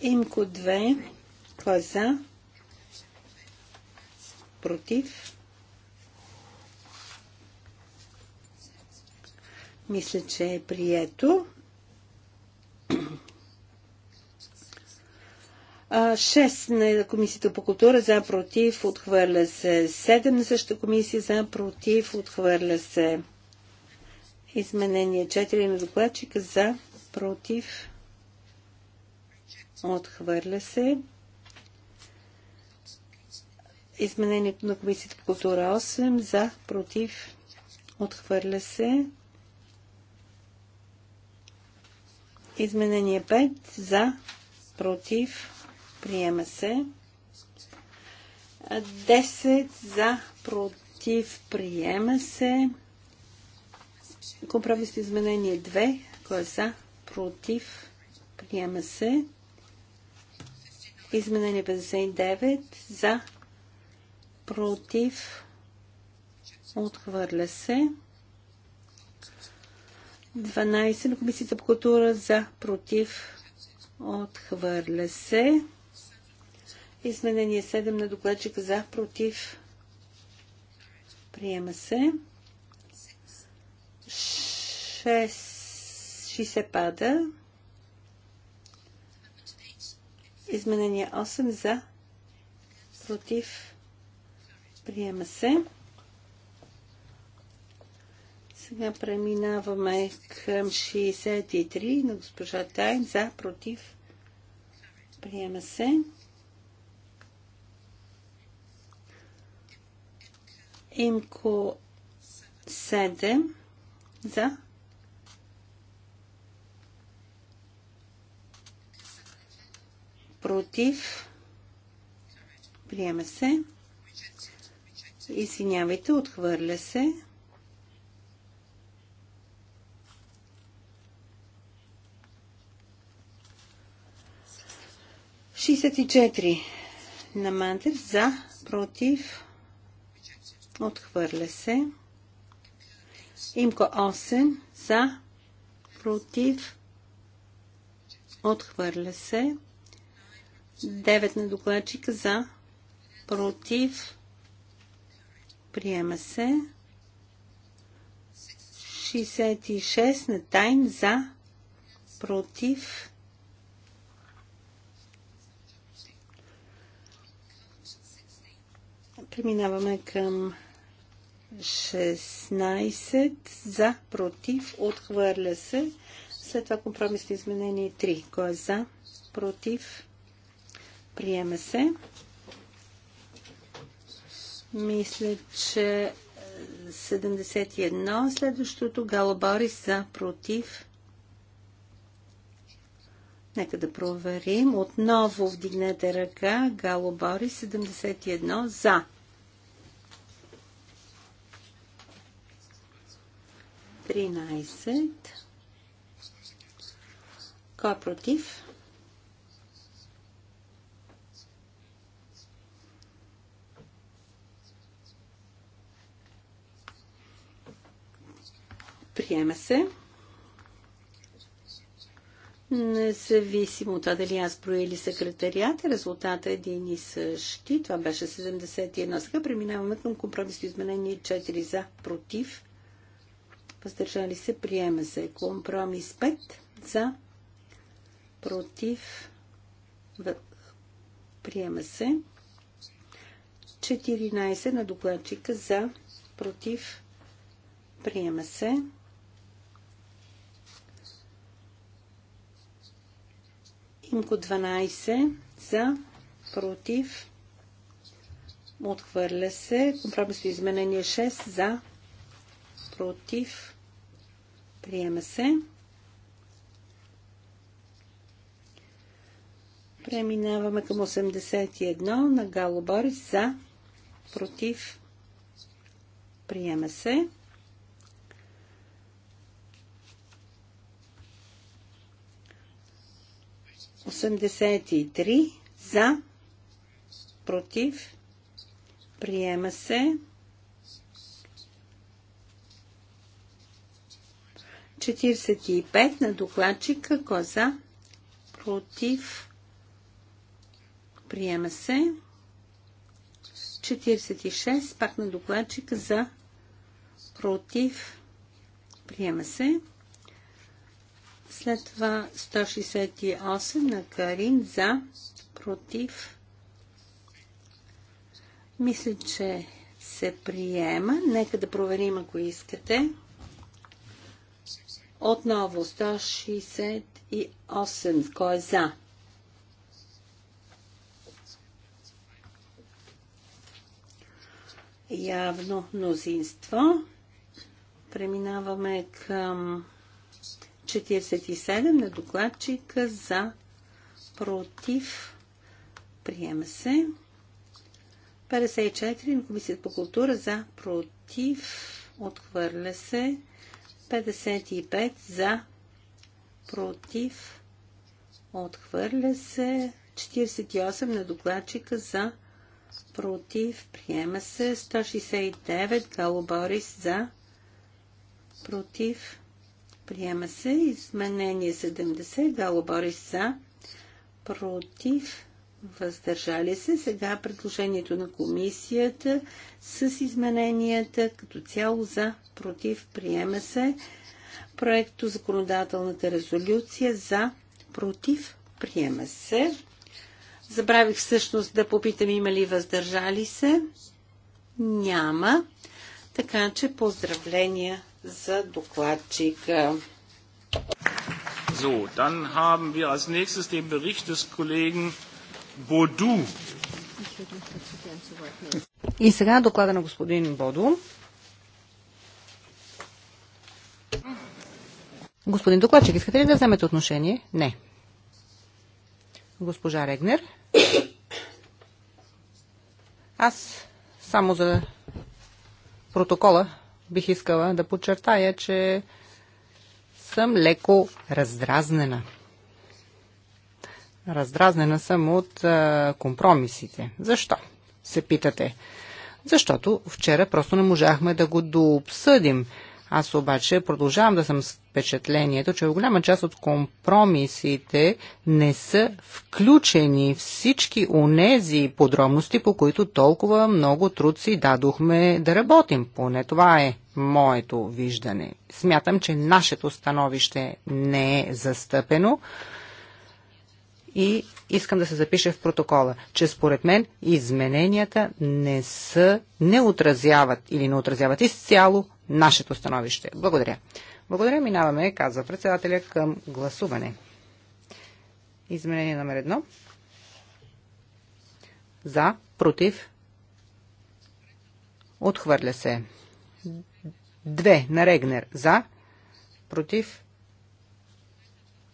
Имко 2, кой е за, против. Мисля, че е прието. 6 на Комисията по култура за против, отхвърля се. 7 на същата комисия за против, отхвърля се. Изменение 4 на докладчика за против, отхвърля се. Изменението на Комисията по култура 8 за против, отхвърля се. Изменение 5 за против, Приема се. 10 за, против, приема се. Компромисно изменение 2. Кой е за, против, приема се. Изменение 59 за, против, отхвърля се. 12 на Комисията по култура за, против, отхвърля се. Изменение 7 на докладчика за, против. Приема се. 6. се пада. Изменение 8 за, против. Приема се. Сега преминаваме към 63 на госпожа Тайн за, против. Приема се. Имко 7 за. Против. Приема се. Извинявайте, отхвърля се. Шестдесет и четири на мантер за, против, Отхвърля се. Имко 8 за, против, отхвърля се. 9 на докладчика за, против, приема се. 66 на тайн за, против, Преминаваме към 16 за, против, отхвърля се. След това компромисно изменение 3. Кой е за, против, приема се. Мисля, че 71. Е, Следващото Галаборис за, против. Нека да проверим. Отново вдигнете ръка. Галоборис 71 за. 13. Кой е против? Приема се. Независимо от това дали аз броя или секретарията, резултата е един и същи. Това беше 71. Сега преминаваме към компромисно изменение 4 за, против, въздържали се, приема се. Компромис 5 за, против, приема се. 14 на докладчика за, против, приема се. Имко 12 за, против, отхвърля се. Компромисно изменение 6 за, против, приема се. Преминаваме към 81 на Гало Борис за, против, приема се. Осемдесет и три за, против, приема се. 45 на докладчика. Коза е за? Против. Приема се. 46 пак на докладчика за. Против. Приема се. След това 168 на Карин за. Против. Мисля, че се приема. Нека да проверим, ако искате. Отново 168. Кой е за? Явно мнозинство. Преминаваме към 47 на докладчика за против. Приема се. 54 на Комисията по култура за против. Отхвърля се. 55 за, против, отхвърля се. 48 на докладчика за, против, приема се. 169 Гало за, против, приема се. Изменение 70 Гало за, против, въздържали се. Сега предложението на комисията с измененията като цяло за, против, приема се. Проекто законодателната резолюция за, против, приема се. Забравих всъщност да попитам има ли въздържали се. Няма. Така че поздравления за докладчика. So, dann haben wir als nächstes den Bericht des Kollegen Боду. И сега доклада на господин Боду. Господин докладчик, искате ли да вземете отношение? Не. Госпожа Регнер. Аз само за протокола бих искала да подчертая, че съм леко раздразнена. Раздразнена съм от а, компромисите. Защо? Се питате. Защото вчера просто не можахме да го дообсъдим. Аз обаче продължавам да съм с впечатлението, че голяма част от компромисите не са включени всички онези подробности, по които толкова много труд си дадохме да работим. Поне това е моето виждане. Смятам, че нашето становище не е застъпено и искам да се запише в протокола, че според мен измененията не са, не отразяват или не отразяват изцяло нашето становище. Благодаря. Благодаря, минаваме, казва председателя, към гласуване. Изменение номер едно. За, против, отхвърля се. Две на Регнер. За, против,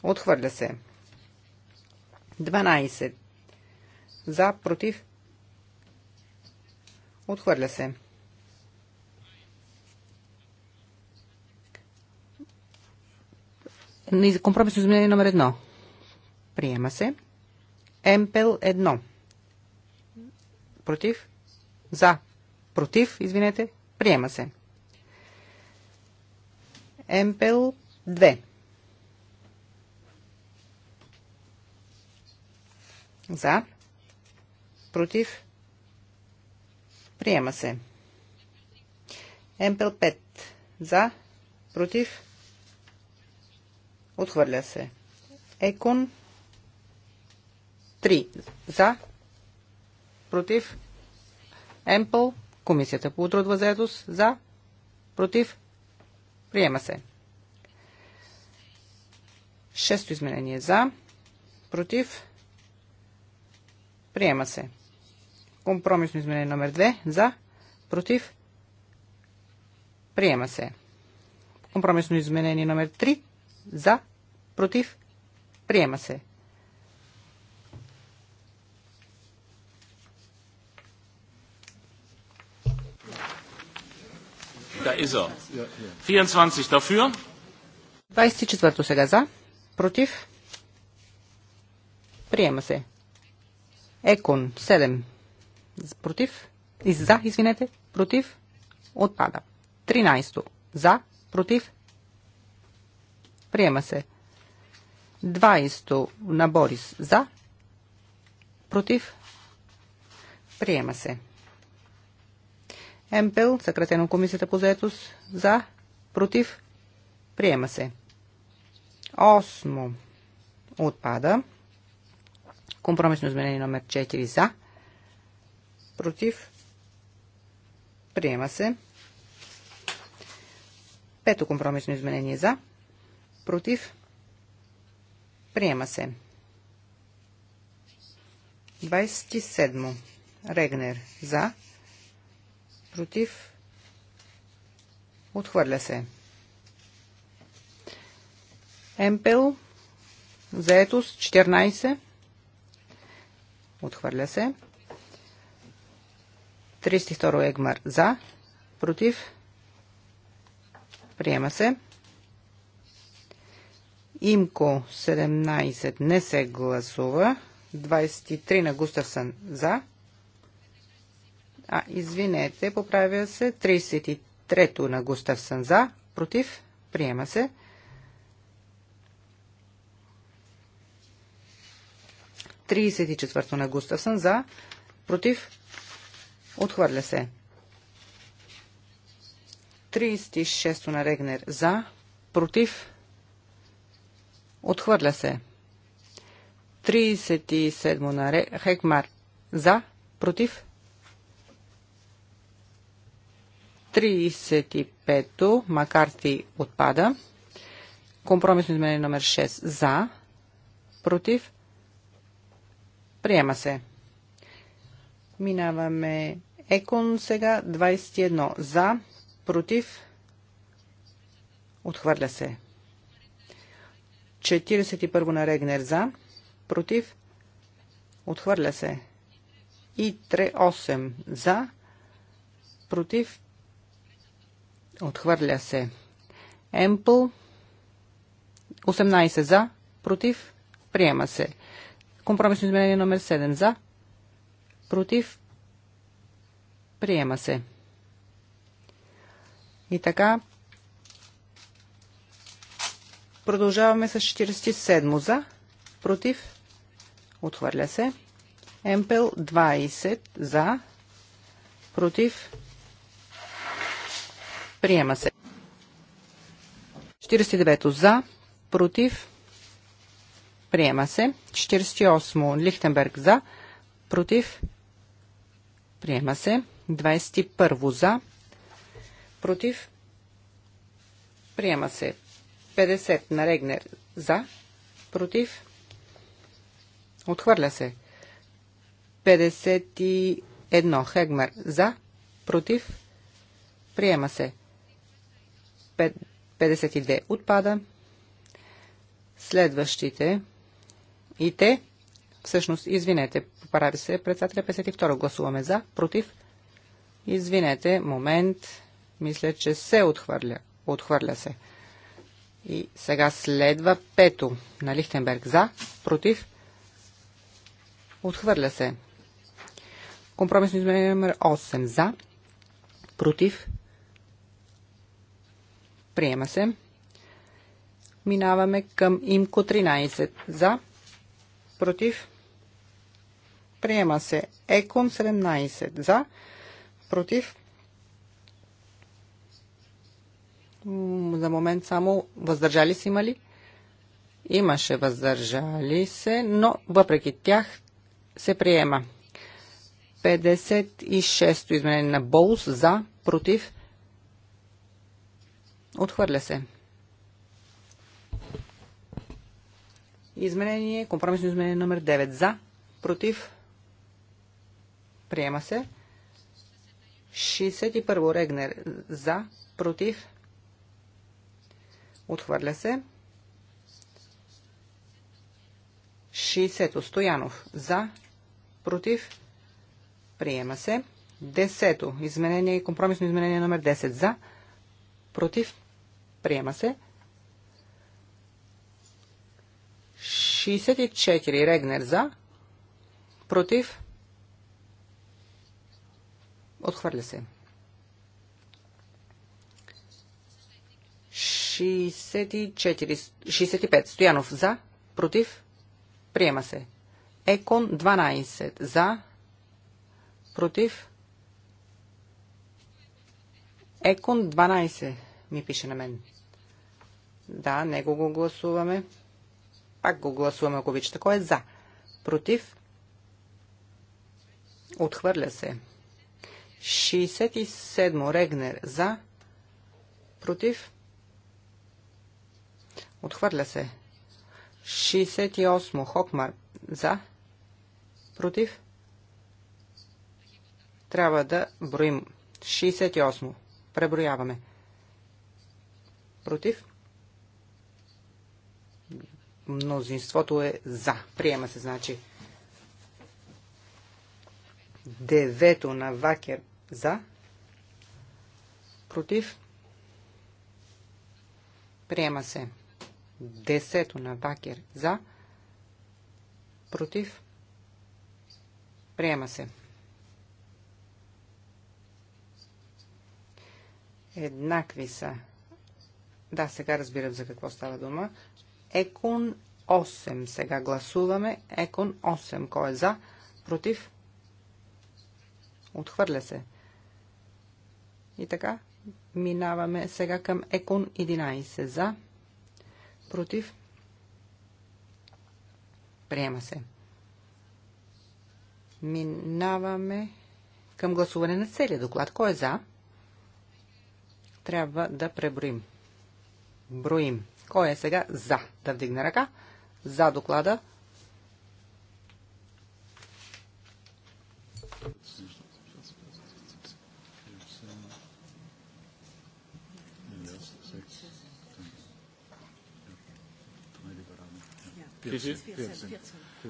отхвърля се. 12. За, против. Отхвърля се. Компромисно изменение номер 1. Приема се. МПЛ 1. Против. За. Против, извинете. Приема се. МПЛ 2. За. Против. Приема се. Емпел 5. За. Против. Отхвърля се. Екон 3. За. Против. Емпл. Комисията по трудва заедост. За. Против. Приема се. Шесто изменение. За. Против. Приема се. Компромисно изменение номер 2. За. Против. Приема се. Компромисно изменение номер 3. За. Против. Приема се. Да, ist er. 24 dafür. 24 сега за. Против. Приема се. Екон 7. Против. За, извинете. Против. Отпада. 13. За. Против. Приема се. 20 на Борис. За. Против. Приема се. Емпел, съкратено Комисията по заетост. За. Против. Приема се. Осмо. Отпада. Компромисно изменение номер 4 за. Против. Приема се. Пето компромисно изменение за. Против. Приема се. 27. Регнер за. Против. Отхвърля се. Емпел. Заетост 14. Отхвърля се. 32 Егмар за. Против. Приема се. Имко 17 не се гласува. 23 на Густавсън за. А, извинете, поправя се. 33 на Густавсън за. Против. Приема се. 34 на Густавсън за, против, отхвърля се. 36 на Регнер за, против, отхвърля се. 37 на Хекмар за, против, 35-то Макарти отпада. Компромисно изменение номер 6 за, против, Приема се. Минаваме Екон сега 21 за, против, отхвърля се. 41 на Регнер за, против, отхвърля се. И 38 за, против, отхвърля се. Емпл 18 за, против, приема се. Компромисно изменение номер 7 за. Против. Приема се. И така. Продължаваме с 47 за. Против. Отхвърля се. Емпел 20 за. Против. Приема се. 49 за. Против. Приема се. 48. Лихтенберг за. Против. Приема се. 21. За. Против. Приема се. 50 на Регнер за. Против. Отхвърля се. 51 Хегмер за. Против. Приема се. 52 отпада. Следващите и те, всъщност, извинете, поправи се председателя 52. Гласуваме за, против. Извинете, момент. Мисля, че се отхвърля. Отхвърля се. И сега следва пето на Лихтенберг. За, против. Отхвърля се. Компромисно изменение номер 8. За, против. Приема се. Минаваме към имко 13. За, против, приема се. Екон 17 за, против, за момент само въздържали си има ли? Имаше въздържали се, но въпреки тях се приема. 56-то изменение на Боус за, против, отхвърля се. Изменение, компромисно изменение номер 9. За, против, приема се. 61. Регнер. За, против, отхвърля се. 60. Стоянов. За, против, приема се. 10. Изменение, компромисно изменение номер 10. За, против, приема се. 64 Регнер за. Против. Отхвърля се. 64, 65 Стоянов за. Против. Приема се. Екон 12 за. Против. Екон 12 ми пише на мен. Да, него го гласуваме. Пак го гласуваме, ако обичате. Кой е за? Против? Отхвърля се. 67. Регнер. За? Против? Отхвърля се. 68. Хокмар. За? Против? Трябва да броим. 68. Преброяваме. Против? Мнозинството е за. Приема се, значи. Девето на Вакер за. Против. Приема се. Десето на Вакер за. Против. Приема се. Еднакви са. Да, сега разбирам за какво става дума. Екон 8. Сега гласуваме Екон 8. Кой е за? Против? Отхвърля се. И така, минаваме сега към Екон 11. За? Против? Приема се. Минаваме към гласуване на целия доклад. Кой е за? Трябва да преброим. Броим. Кой е сега за? Да вдигне ръка. За доклада.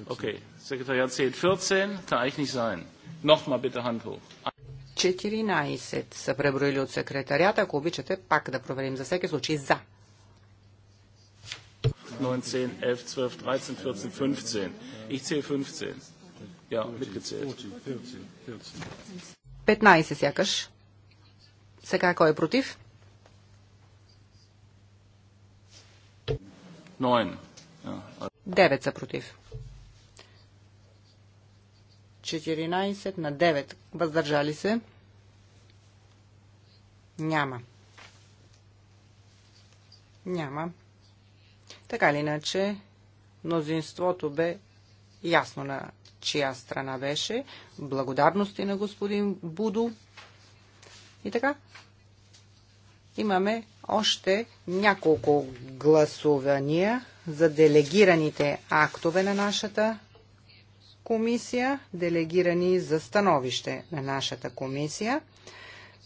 Okay, 14, 14 са преброили от секретарята. Ако обичате, пак да проверим за всеки случай за. 8, 9, 10, 11, 12, 13, 14, 15. Ich zähle 15. Ja, mitgezählt. 15 сякаш. Сега кой е против? 9. 9 са против. 14 на 9. Въздържали се? Няма. Няма. Така или иначе, мнозинството бе ясно на чия страна беше. Благодарности на господин Будо. И така, имаме още няколко гласувания за делегираните актове на нашата комисия, делегирани за становище на нашата комисия.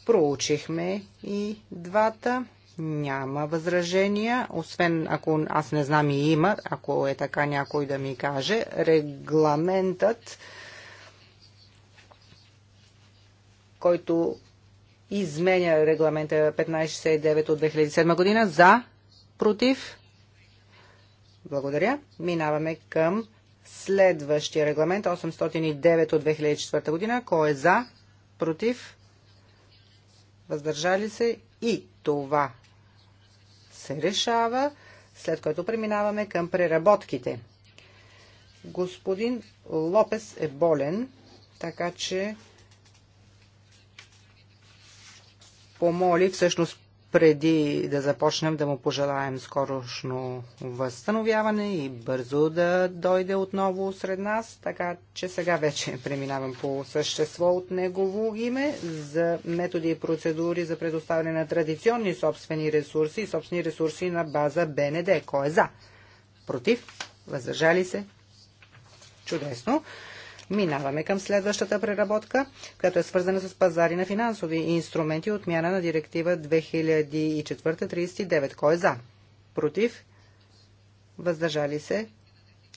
Проучихме и двата. Няма възражения, освен ако аз не знам и има, ако е така някой да ми каже. Регламентът, който изменя регламента 1569 от 2007 година за, против. Благодаря. Минаваме към следващия регламент 809 от 2004 година. Кой е за, против, въздържали се и това се решава, след което преминаваме към преработките. Господин Лопес е болен, така че помоли всъщност преди да започнем да му пожелаем скорошно възстановяване и бързо да дойде отново сред нас, така че сега вече *laughs* преминавам по същество от негово име за методи и процедури за предоставяне на традиционни собствени ресурси и собствени ресурси на база БНД. Кой е за? Против? Въздържали се? Чудесно. Минаваме към следващата преработка, която е свързана с пазари на финансови инструменти, отмяна на директива 2004-39. Кой е за? Против? Въздържали се?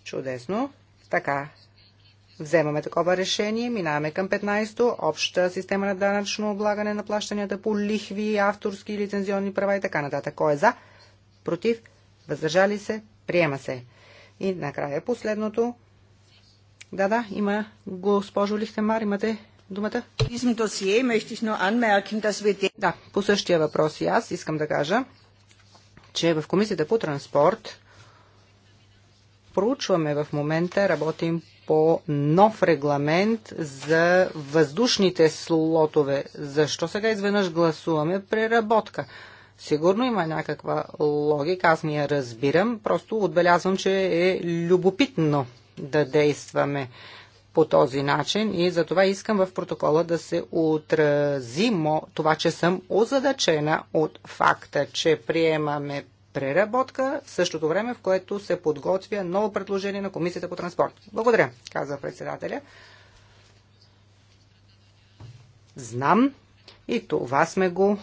Чудесно. Така. Вземаме такова решение. Минаваме към 15-то. Обща система на данъчно облагане на плащанията по лихви, авторски и лицензионни права и така нататък. Кой е за? Против? Въздържали се? Приема се. И накрая последното да, да, има госпожо Лихтемар, имате думата. Да, по същия въпрос и аз искам да кажа, че в Комисията по транспорт проучваме в момента, работим по нов регламент за въздушните слотове. Защо сега изведнъж гласуваме преработка? Сигурно има някаква логика, аз не я разбирам, просто отбелязвам, че е любопитно да действаме по този начин и затова искам в протокола да се отрази това, че съм озадачена от факта, че приемаме преработка в същото време, в което се подготвя ново предложение на Комисията по транспорт. Благодаря, каза председателя. Знам и това сме го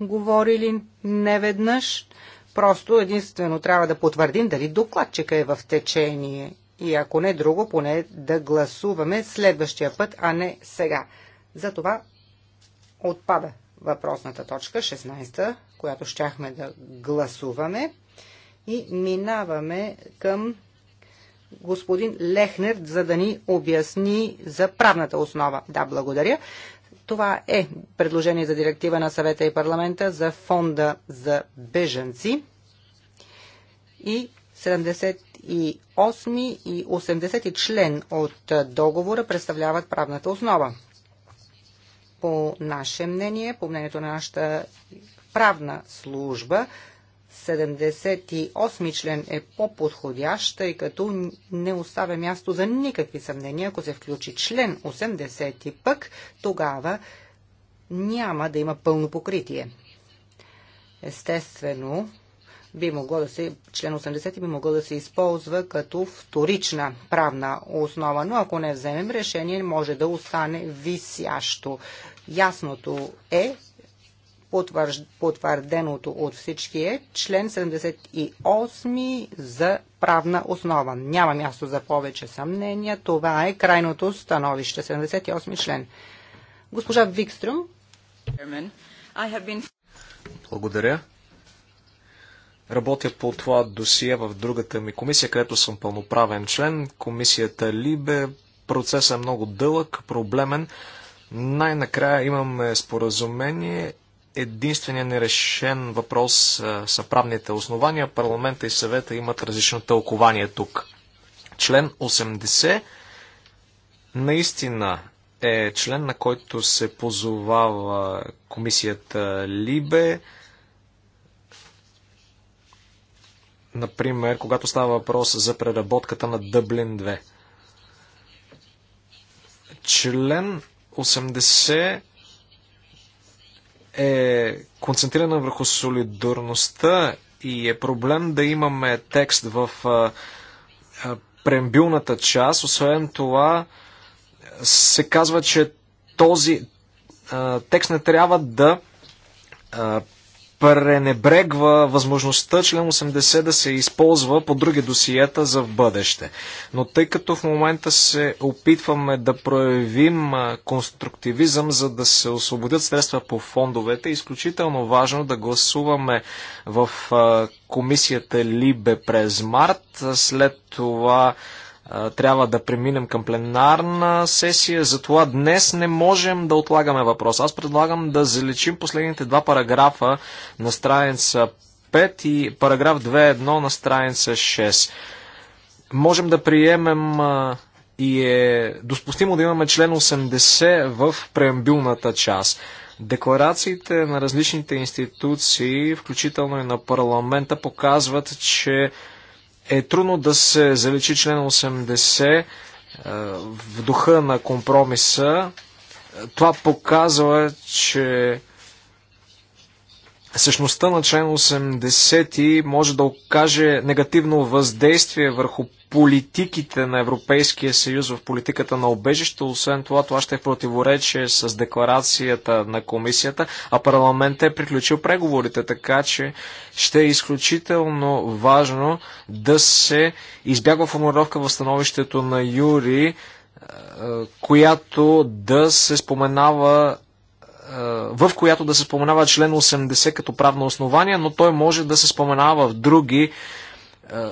говорили неведнъж. Просто единствено трябва да потвърдим дали докладчика е в течение и ако не друго, поне да гласуваме следващия път, а не сега. Затова отпада въпросната точка, 16-та, която щяхме да гласуваме. И минаваме към господин Лехнер, за да ни обясни за правната основа. Да, благодаря. Това е предложение за директива на съвета и парламента за фонда за бежанци и и 8 и 80 член от договора представляват правната основа. По наше мнение, по мнението на нашата правна служба, 78 член е по-подходящ, тъй като не оставя място за никакви съмнения. Ако се включи член 80 пък, тогава няма да има пълно покритие. Естествено, би могло да се, член 80 би могло да се използва като вторична правна основа, но ако не вземем решение, може да остане висящо. Ясното е, потвърденото от всички е член 78 за правна основа. Няма място за повече съмнения. Това е крайното становище. 78 член. Госпожа Викстрюм. Благодаря. Работя по това досие в другата ми комисия, където съм пълноправен член. Комисията Либе. Процесът е много дълъг, проблемен. Най-накрая имаме споразумение. Единственият нерешен въпрос са правните основания. Парламента и съвета имат различно тълкование тук. Член 80 наистина е член, на който се позовава комисията Либе Например, когато става въпрос за преработката на Дъблин 2. Член 80 е концентрирана върху солидарността и е проблем да имаме текст в прембилната част. Освен това, се казва, че този а, текст не трябва да а, пренебрегва възможността член 80 да се използва по други досиета за в бъдеще. Но тъй като в момента се опитваме да проявим конструктивизъм, за да се освободят средства по фондовете, е изключително важно да гласуваме в комисията Либе през март, след това трябва да преминем към пленарна сесия, затова днес не можем да отлагаме въпрос. Аз предлагам да заличим последните два параграфа на страница 5 и параграф 2.1 на страница 6. Можем да приемем и е допустимо да имаме член 80 в преамбилната част. Декларациите на различните институции, включително и на парламента, показват, че е трудно да се заличи член 80 е, в духа на компромиса. Е, това показва, че същността на член 80 може да окаже негативно въздействие върху политиките на Европейския съюз в политиката на обежище. Освен това, това ще е противоречие с декларацията на комисията, а парламентът е приключил преговорите, така че ще е изключително важно да се избягва формулировка в становището на Юри, е, която да се споменава е, в която да се споменава член 80 като правно основание, но той може да се споменава в други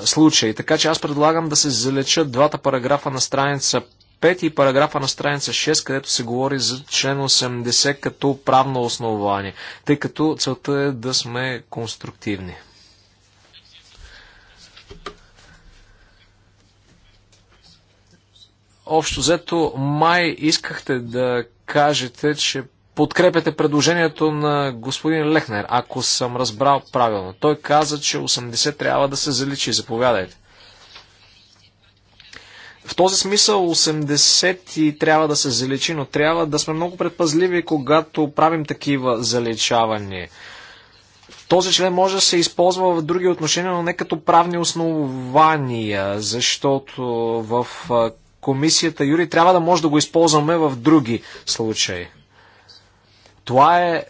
е, случаи. Така че аз предлагам да се залечат двата параграфа на страница 5 и параграфа на страница 6, където се говори за член 80 като правно основание, тъй като целта е да сме конструктивни. Общо взето, май искахте да кажете, че подкрепяте предложението на господин Лехнер, ако съм разбрал правилно. Той каза, че 80 трябва да се заличи. Заповядайте. В този смисъл 80 и трябва да се заличи, но трябва да сме много предпазливи, когато правим такива заличавания. Този член може да се използва в други отношения, но не като правни основания, защото в комисията Юри трябва да може да го използваме в други случаи. Това е, е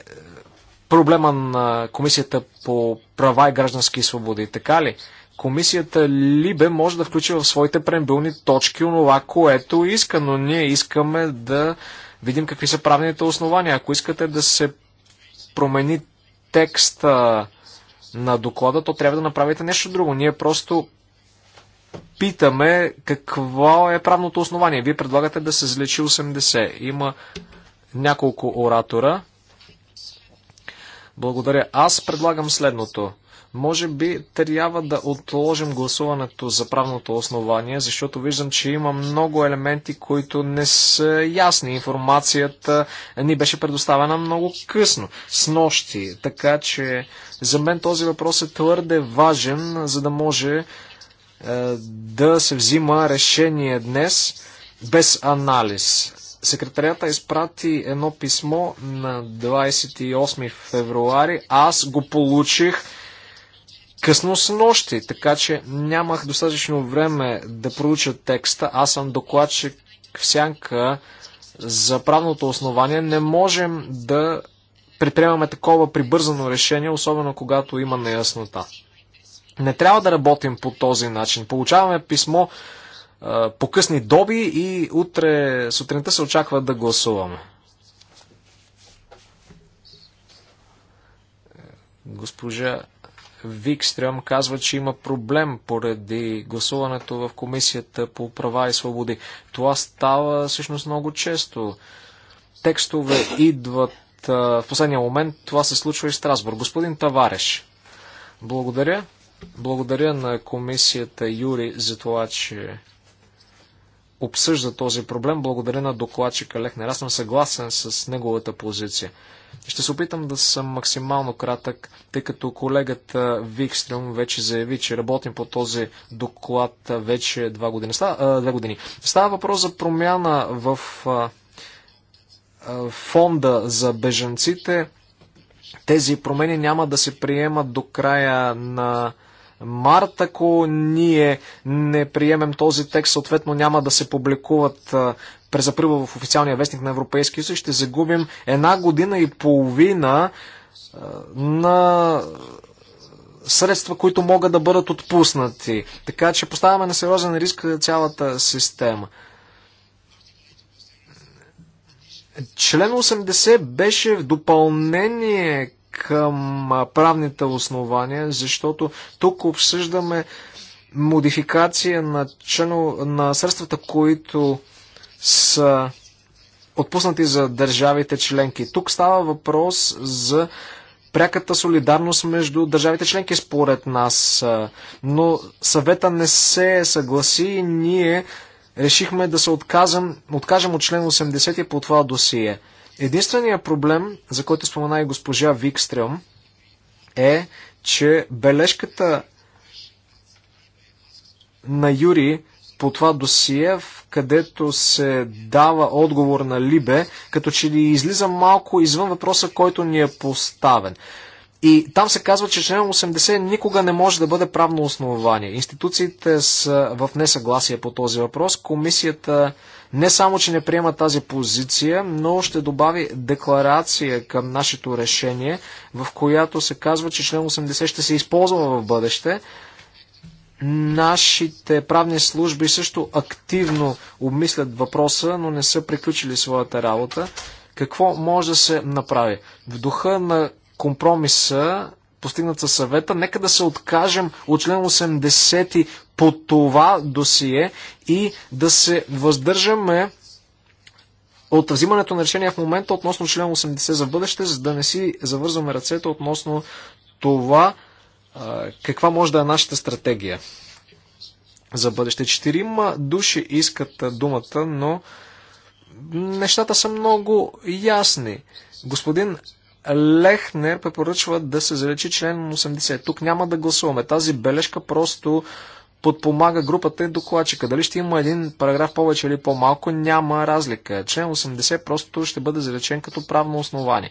проблема на Комисията по права и граждански свободи, така ли? Комисията Либе може да включи в своите прембилни точки онова, което иска, но ние искаме да видим какви са правните основания. Ако искате да се промени текста на доклада, то трябва да направите нещо друго. Ние просто питаме какво е правното основание. Вие предлагате да се излечи 80. Има няколко оратора. Благодаря. Аз предлагам следното. Може би трябва да отложим гласуването за правното основание, защото виждам, че има много елементи, които не са ясни. Информацията ни беше предоставена много късно, с нощи. Така че за мен този въпрос е твърде важен, за да може е, да се взима решение днес без анализ. Секретарията изпрати едно писмо на 28 февруари. Аз го получих късно с нощи, така че нямах достатъчно време да проуча текста. Аз съм докладчик в сянка за правното основание. Не можем да предприемаме такова прибързано решение, особено когато има неяснота. Не трябва да работим по този начин. Получаваме писмо по късни доби и утре сутринта се очаква да гласуваме. Госпожа Викстрем казва, че има проблем поради гласуването в Комисията по права и свободи. Това става всъщност много често. Текстове идват в последния момент. Това се случва и в Страсбург. Господин Тавареш, благодаря. Благодаря на комисията Юри за това, че обсъжда този проблем. Благодаря на докладчика Лехнер. Аз съм съгласен с неговата позиция. Ще се опитам да съм максимално кратък, тъй като колегата Викстрюм вече заяви, че работим по този доклад вече два години. Става, две години. Става въпрос за промяна в а, а, фонда за бежанците. Тези промени няма да се приемат до края на март. Ако ние не приемем този текст, съответно няма да се публикуват през април в официалния вестник на Европейския съюз. Ще загубим една година и половина на средства, които могат да бъдат отпуснати. Така че поставяме на сериозен риск цялата система. Член 80 беше в допълнение към правните основания, защото тук обсъждаме модификация на, члено на средствата, които са отпуснати за държавите членки. Тук става въпрос за пряката солидарност между държавите членки според нас. Но съвета не се съгласи и ние решихме да се откажем, откажем от член 80 по това досие. Единственият проблем, за който спомена и госпожа Викстрем, е, че бележката на Юри по това досие, в където се дава отговор на Либе, като че ли излиза малко извън въпроса, който ни е поставен. И там се казва, че член 80 никога не може да бъде правно основание. Институциите са в несъгласие по този въпрос. Комисията не само, че не приема тази позиция, но ще добави декларация към нашето решение, в която се казва, че член 80 ще се използва в бъдеще. Нашите правни служби също активно обмислят въпроса, но не са приключили своята работа. Какво може да се направи? В духа на компромиса постигнат със съвета, нека да се откажем от член 80 по това досие и да се въздържаме от взимането на решение в момента относно член 80 за бъдеще, за да не си завързваме ръцете относно това каква може да е нашата стратегия за бъдеще. Четирима души искат думата, но нещата са много ясни. Господин Лехнер препоръчва да се залечи член 80. Тук няма да гласуваме. Тази бележка просто подпомага групата и докладчика. Дали ще има един параграф повече или по-малко, няма разлика. Член 80 просто ще бъде заречен като правно основание.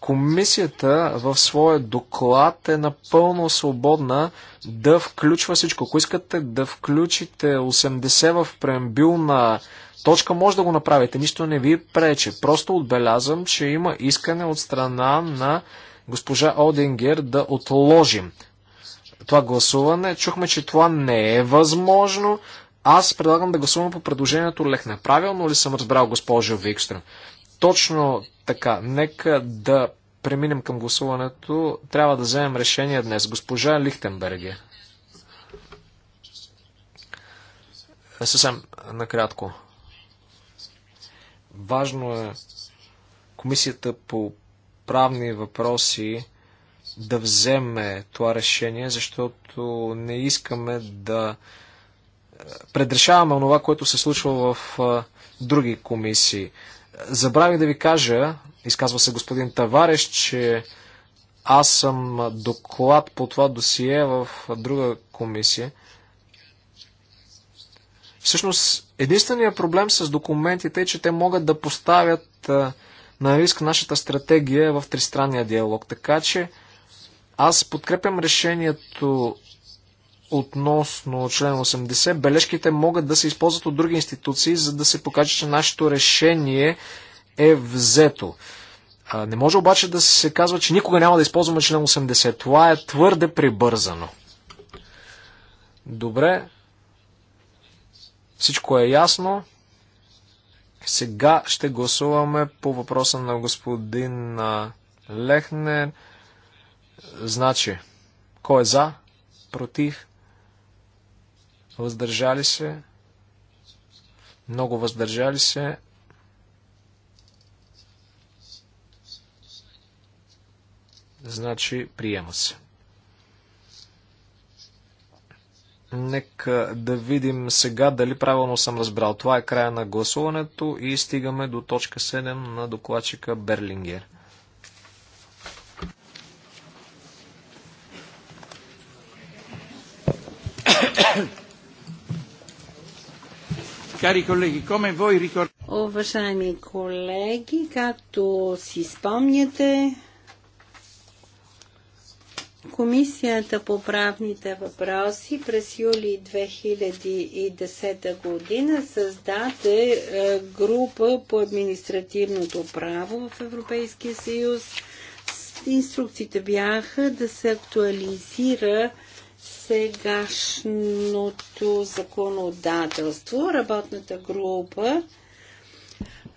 Комисията в своя доклад е напълно свободна да включва всичко. Ако искате да включите 80 в преамбилна точка, може да го направите. Нищо не ви пречи. Просто отбелязвам, че има искане от страна на госпожа Одингер да отложим това гласуване. Чухме, че това не е възможно. Аз предлагам да гласувам по предложението Лехне. Правилно ли съм разбрал госпожа Викстрем? Точно така. Нека да преминем към гласуването. Трябва да вземем решение днес. Госпожа Лихтенберге. Е, съвсем накратко. Важно е комисията по правни въпроси да вземе това решение, защото не искаме да е, предрешаваме това, което се случва в е, други комисии. Забравих да ви кажа, изказва се господин Тавареш, че аз съм доклад по това досие в друга комисия. Всъщност, единственият проблем с документите е, че те могат да поставят е, на риск нашата стратегия в тристранния диалог. Така че аз подкрепям решението относно член 80. Бележките могат да се използват от други институции, за да се покаже, че нашето решение е взето. Не може обаче да се казва, че никога няма да използваме член 80. Това е твърде прибързано. Добре. Всичко е ясно. Сега ще гласуваме по въпроса на господин Лехнер. Значи, кой е за, против, въздържали се, много въздържали се. Значи, приема се. Нека да видим сега дали правилно съм разбрал. Това е края на гласуването и стигаме до точка 7 на докладчика Берлингер. Cari come voi ricordate... Уважаеми колеги, както си спомняте, Комисията по правните въпроси през юли 2010 година създаде е, група по административното право в Европейския съюз. Инструкциите бяха да се актуализира сегашното законодателство. Работната група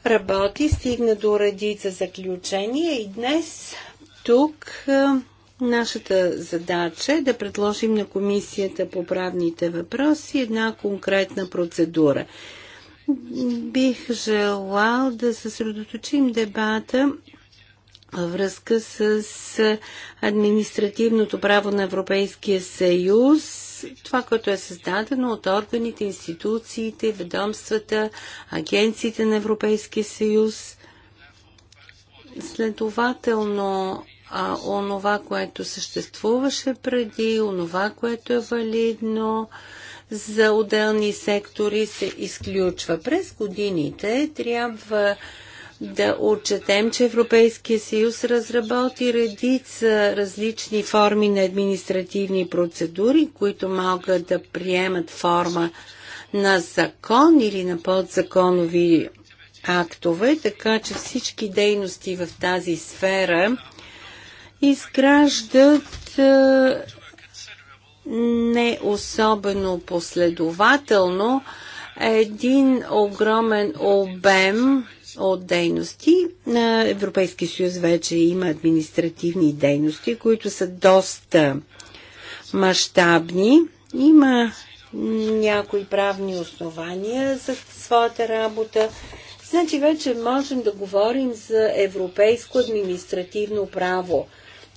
работи, стигна до редица заключения и днес тук Нашата задача е да предложим на Комисията по правните въпроси една конкретна процедура. Бих желал да съсредоточим дебата връзка с административното право на Европейския съюз, това, което е създадено от органите, институциите, ведомствата, агенциите на Европейския съюз. Следователно, а, онова, което съществуваше преди, онова, което е валидно за отделни сектори, се изключва. През годините трябва да отчетем, че Европейския съюз разработи редица различни форми на административни процедури, които могат да приемат форма на закон или на подзаконови актове, така че всички дейности в тази сфера изграждат не особено последователно един огромен обем от дейности. На Европейския съюз вече има административни дейности, които са доста мащабни. Има някои правни основания за своята работа. Значи вече можем да говорим за европейско административно право.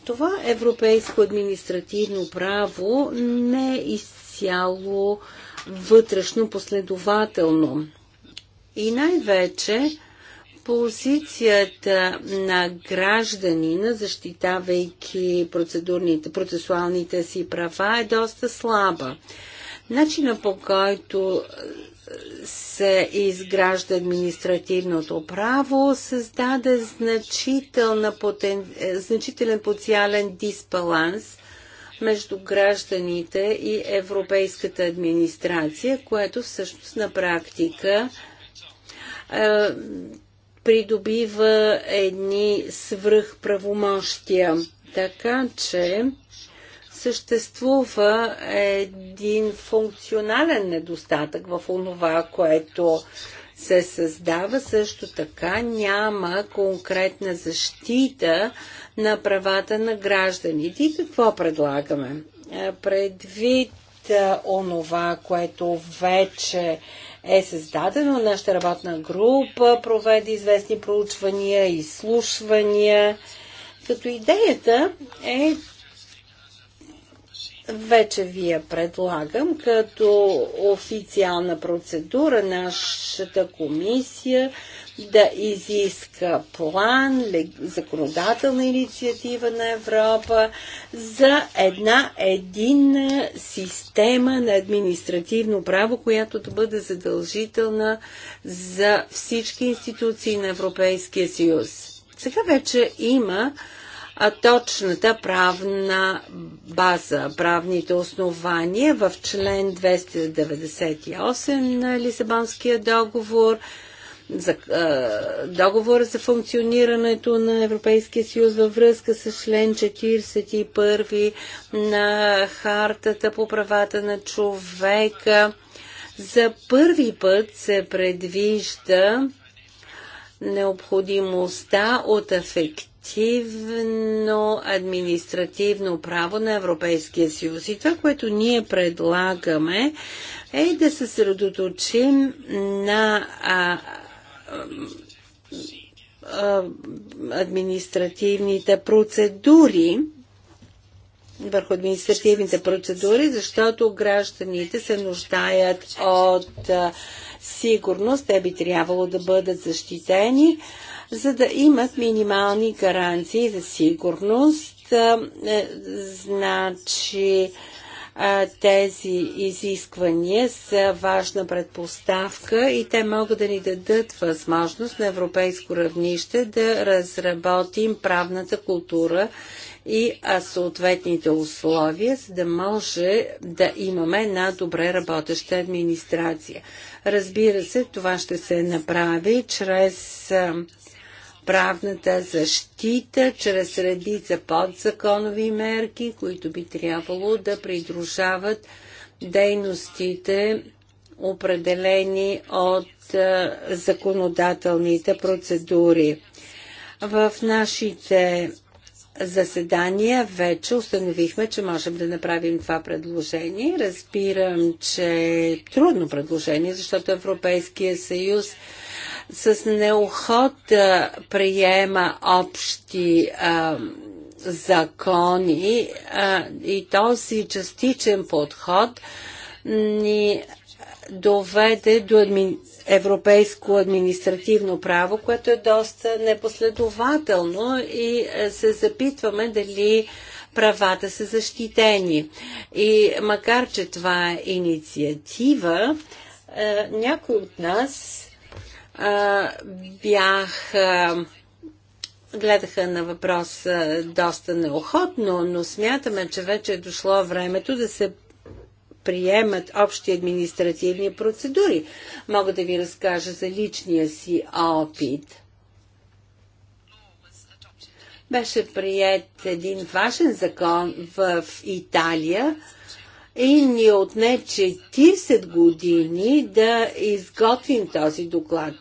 Това европейско административно право не е изцяло вътрешно последователно. И най-вече позицията на гражданина, защитавайки процедурните, процесуалните си права, е доста слаба. Начина по който се изгражда административното право, създаде потен... Е, значителен потенциален дисбаланс между гражданите и европейската администрация, което всъщност на практика е, придобива едни свръхправомощия. Така че съществува един функционален недостатък в онова, което се създава. Също така няма конкретна защита на правата на гражданите. И какво предлагаме? Е, предвид е, онова, което вече е създадено. Нашата работна група проведе известни проучвания, изслушвания, като идеята е вече ви я предлагам като официална процедура нашата комисия да изиска план, законодателна инициатива на Европа за една единна система на административно право, която да бъде задължителна за всички институции на Европейския съюз. Сега вече има а точната правна база, правните основания в член 298 на Лисабонския договор – за, а, договор за функционирането на Европейския съюз във връзка с член 41 на Хартата по правата на човека. За първи път се предвижда необходимостта от ефективно административно право на Европейския съюз. И това, което ние предлагаме, е да се съсредоточим на а, административните процедури, върху административните процедури, защото гражданите се нуждаят от сигурност. Те би трябвало да бъдат защитени, за да имат минимални гаранции за сигурност. Е, значи, тези изисквания са важна предпоставка и те могат да ни дадат възможност на европейско равнище да разработим правната култура и съответните условия, за да може да имаме една добре работеща администрация. Разбира се, това ще се направи чрез правната защита чрез редица подзаконови мерки, които би трябвало да придружават дейностите, определени от законодателните процедури. В нашите заседания вече установихме, че можем да направим това предложение. Разбирам, че е трудно предложение, защото Европейския съюз с неохота приема общи а, закони а, и този частичен подход ни доведе до адми... европейско административно право, което е доста непоследователно и е, се запитваме дали правата са защитени. И макар, че това е инициатива, е, някои от нас бях, гледаха на въпрос доста неохотно, но смятаме, че вече е дошло времето да се приемат общи административни процедури. Мога да ви разкажа за личния си опит. Беше прият един важен закон в Италия, и ни отне 40 години да изготвим този доклад.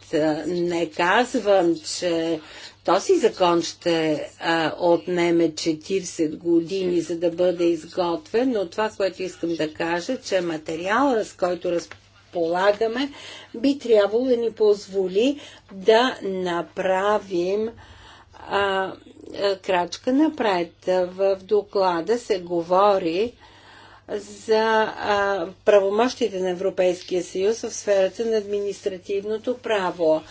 Не казвам, че този закон ще а, отнеме 40 години, за да бъде изготвен, но това, което искам да кажа, че материала, с който разполагаме, би трябвало да ни позволи да направим а, крачка напред. В доклада се говори за правомощите на Европейския съюз в сферата на административното право.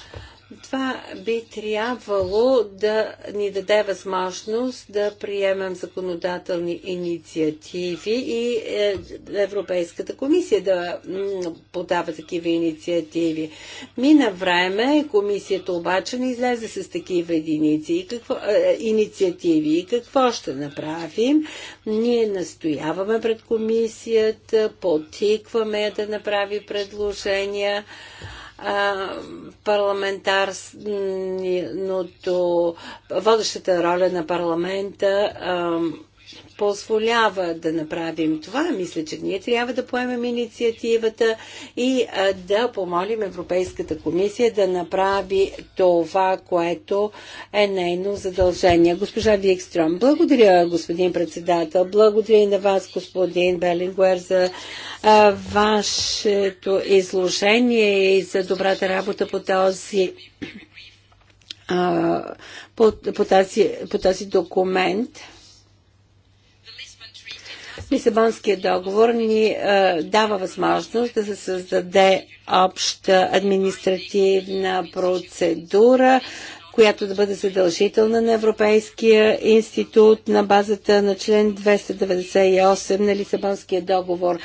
Това би трябвало да ни даде възможност да приемем законодателни инициативи и е, Европейската комисия да подава такива инициативи. Мина време, комисията обаче не излезе с такива единици и какво, е, е инициативи. И какво ще направим? Ние настояваме пред комисията, потикваме да направи предложения парламентарното, водещата роля на парламента позволява да направим това. Мисля, че ние трябва да поемем инициативата и а, да помолим Европейската комисия да направи това, което е нейно задължение. Госпожа Викстром, благодаря, господин председател. Благодаря и на вас, господин Белингуер, за а, вашето изложение и за добрата работа по този по, по, тази, по този документ. Лисабонският договор ни а, дава възможност да се създаде обща административна процедура, която да бъде задължителна на Европейския институт на базата на член 298 на Лисабонския договор.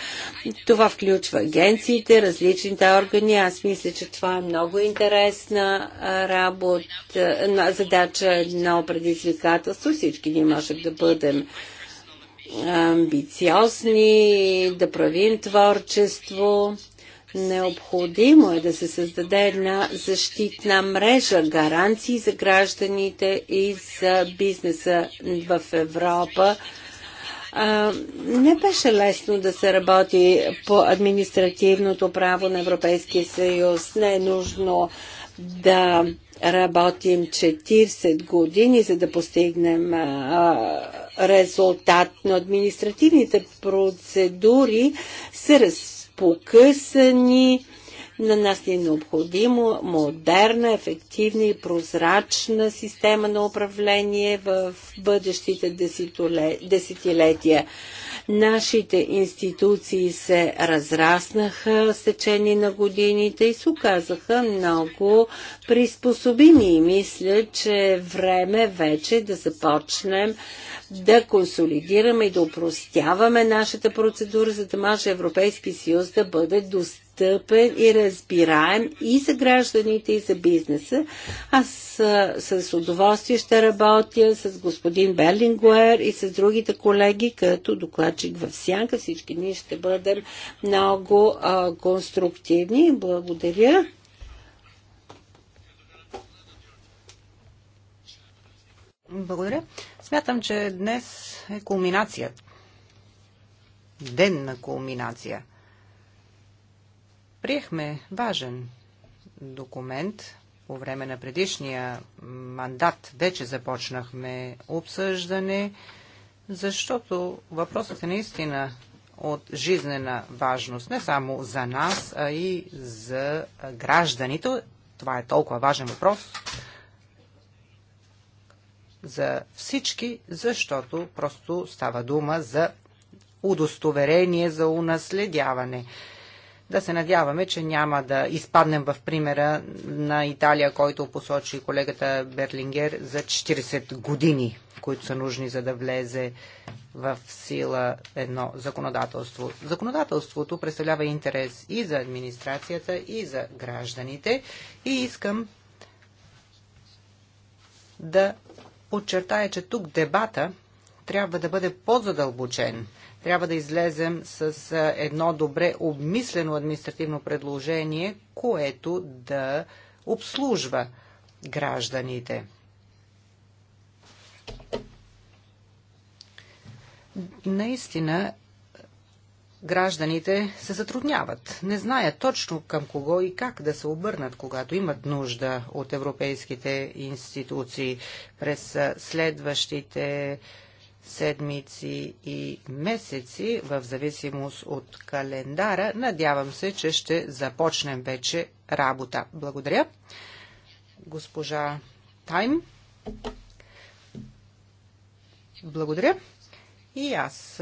Това включва агенциите, различните органи. Аз мисля, че това е много интересна работа, задача, едно предизвикателство. Всички ние можем да бъдем амбициозни, да правим творчество. Необходимо е да се създаде една защитна мрежа, гаранции за гражданите и за бизнеса в Европа. А, не беше лесно да се работи по административното право на Европейския съюз. Не е нужно да работим 40 години, за да постигнем а, резултат, но административните процедури са разпокъсани. На нас ни е необходимо модерна, ефективна и прозрачна система на управление в бъдещите десетилетия. Нашите институции се разраснаха с течение на годините и се оказаха много приспособими. И мисля, че е време вече да започнем да консолидираме и да упростяваме нашата процедура, за да може Европейски съюз да бъде достъпен и разбираем и за гражданите, и за бизнеса. Аз с, с удоволствие ще работя с господин Берлингуер и с другите колеги, като докладчик в сянка. Всички ние ще бъдем много а, конструктивни. Благодаря. Благодаря. Смятам, че днес е кулминация. Ден на кулминация. Приехме важен документ по време на предишния мандат. Вече започнахме обсъждане, защото въпросът е наистина от жизнена важност, не само за нас, а и за гражданите. Това е толкова важен въпрос, за всички, защото просто става дума за удостоверение за унаследяване. Да се надяваме, че няма да изпаднем в примера на Италия, който посочи колегата Берлингер за 40 години, които са нужни за да влезе в сила едно законодателство. Законодателството представлява интерес и за администрацията, и за гражданите и искам да подчертая, че тук дебата трябва да бъде по-задълбочен. Трябва да излезем с едно добре обмислено административно предложение, което да обслужва гражданите. Наистина гражданите се затрудняват. Не знаят точно към кого и как да се обърнат, когато имат нужда от европейските институции през следващите седмици и месеци, в зависимост от календара. Надявам се, че ще започнем вече работа. Благодаря. Госпожа Тайм. Благодаря. И аз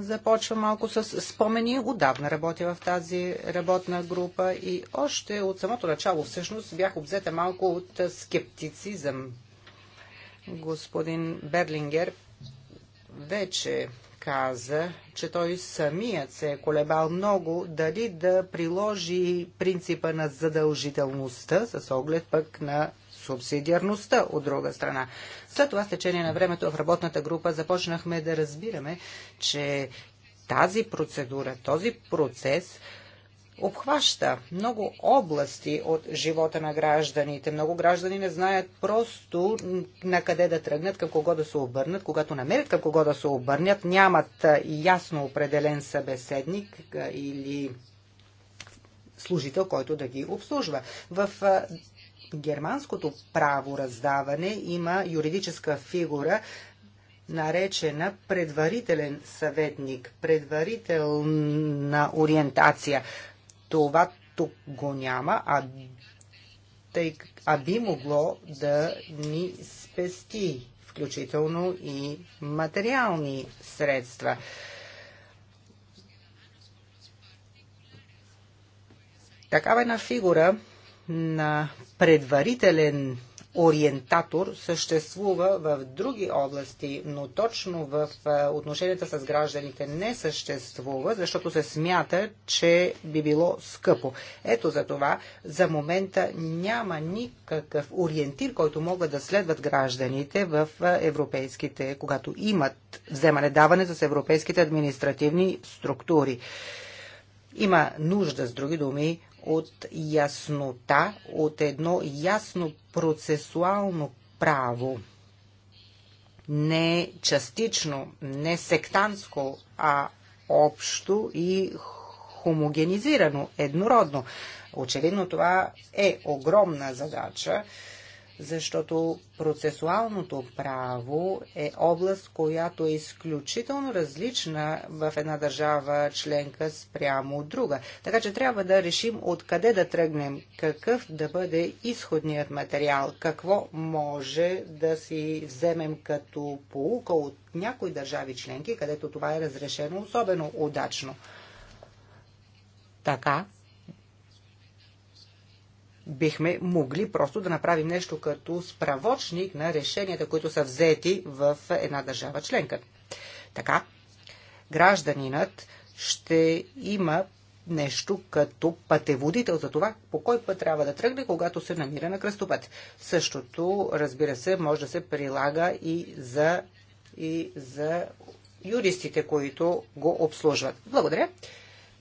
започвам малко с спомени. Отдавна работя в тази работна група и още от самото начало всъщност бях обзета малко от скептицизъм. Господин Берлингер вече каза, че той самият се е колебал много дали да приложи принципа на задължителността с оглед пък на субсидиарността от друга страна. След това с течение на времето в работната група започнахме да разбираме, че тази процедура, този процес обхваща много области от живота на гражданите. Много граждани не знаят просто на къде да тръгнат, към кого да се обърнат. Когато намерят към кого да се обърнат, нямат ясно определен събеседник или служител, който да ги обслужва. В германското право раздаване има юридическа фигура, наречена предварителен съветник, предварителна ориентация. Това тук го няма, а, тъй, а би могло да ни спести, включително и материални средства. Такава една фигура на предварителен ориентатор съществува в други области, но точно в е, отношенията с гражданите не съществува, защото се смята, че би било скъпо. Ето за това за момента няма никакъв ориентир, който могат да следват гражданите в е, европейските, когато имат вземане-даване с европейските административни структури. Има нужда, с други думи, от яснота, от едно ясно процесуално право. Не частично, не сектантско, а общо и хомогенизирано, еднородно. Очевидно това е огромна задача защото процесуалното право е област, която е изключително различна в една държава членка спрямо друга. Така че трябва да решим откъде да тръгнем, какъв да бъде изходният материал, какво може да си вземем като полука от някои държави членки, където това е разрешено особено удачно. Така, бихме могли просто да направим нещо като справочник на решенията, които са взети в една държава членка. Така, гражданинът ще има нещо като пътеводител за това, по кой път трябва да тръгне, когато се намира на кръстопът. Същото, разбира се, може да се прилага и за, и за юристите, които го обслужват. Благодаря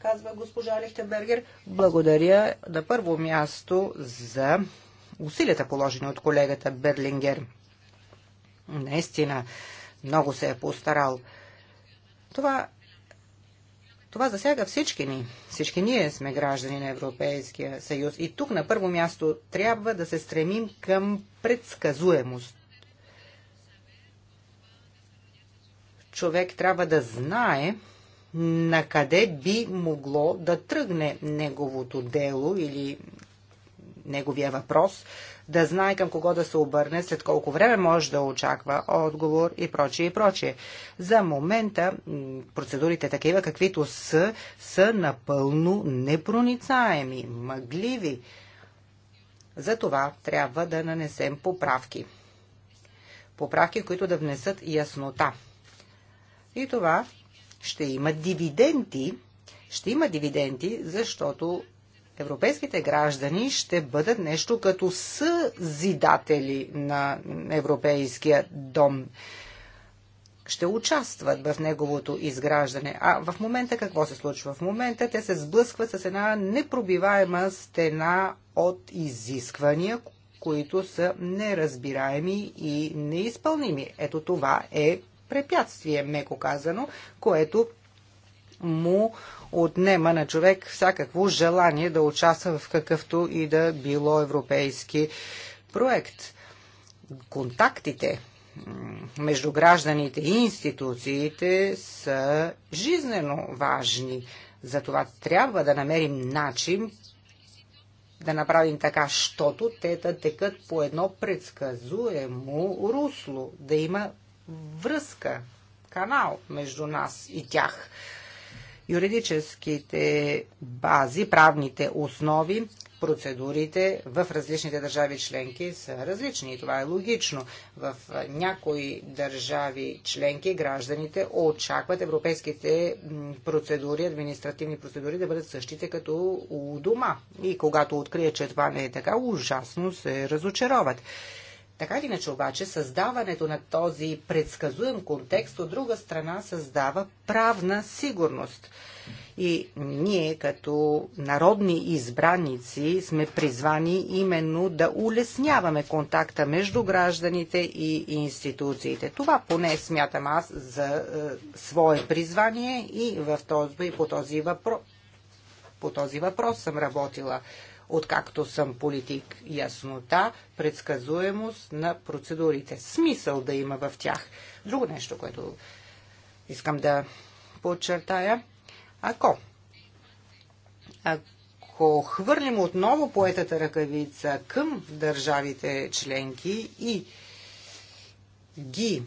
казва госпожа Лихтенбергер. Благодаря на първо място за усилията положени от колегата Берлингер. Наистина, много се е постарал. Това, това засяга всички ни. Всички ние сме граждани на Европейския съюз. И тук на първо място трябва да се стремим към предсказуемост. Човек трябва да знае, на къде би могло да тръгне неговото дело или неговия въпрос, да знае към кого да се обърне, след колко време може да очаква отговор и прочие и прочие. За момента процедурите такива, каквито са, са напълно непроницаеми, мъгливи. За това трябва да нанесем поправки. Поправки, които да внесат яснота. И това ще има дивиденти, ще има дивиденти, защото европейските граждани ще бъдат нещо като съзидатели на европейския дом. Ще участват в неговото изграждане. А в момента какво се случва? В момента те се сблъскват с една непробиваема стена от изисквания, които са неразбираеми и неизпълними. Ето това е препятствие, меко казано, което му отнема на човек всякакво желание да участва в какъвто и да било европейски проект. Контактите между гражданите и институциите са жизнено важни. Затова трябва да намерим начин да направим така, щото те да текат по едно предсказуемо русло, да има връзка, канал между нас и тях. Юридическите бази, правните основи, процедурите в различните държави членки са различни и това е логично. В някои държави членки гражданите очакват европейските процедури, административни процедури да бъдат същите като у дома. И когато открият, че това не е така, ужасно се разочароват. Така или иначе обаче, създаването на този предсказуем контекст от друга страна създава правна сигурност. И ние като народни избраници сме призвани именно да улесняваме контакта между гражданите и институциите. Това поне смятам аз за е, свое призвание и, в този, и по, този въпро... по този въпрос съм работила откакто съм политик. Яснота, предсказуемост на процедурите. Смисъл да има в тях. Друго нещо, което искам да подчертая. Ако, ако хвърлим отново поетата ръкавица към държавите членки и ги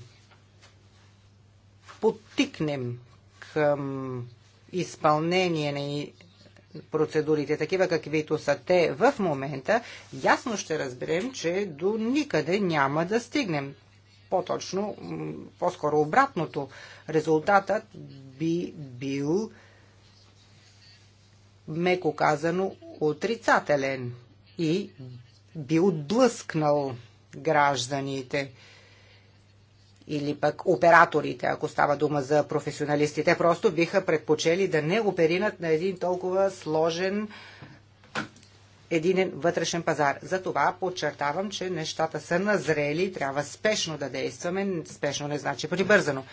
подтикнем към изпълнение на процедурите, такива каквито са те в момента, ясно ще разберем, че до никъде няма да стигнем. По-точно, по-скоро обратното. Резултатът би бил, меко казано, отрицателен и би отблъскнал гражданите или пък операторите, ако става дума за професионалисти. Те просто биха предпочели да не оперират на един толкова сложен единен вътрешен пазар. Затова подчертавам, че нещата са назрели, трябва спешно да действаме, спешно не значи прибързано.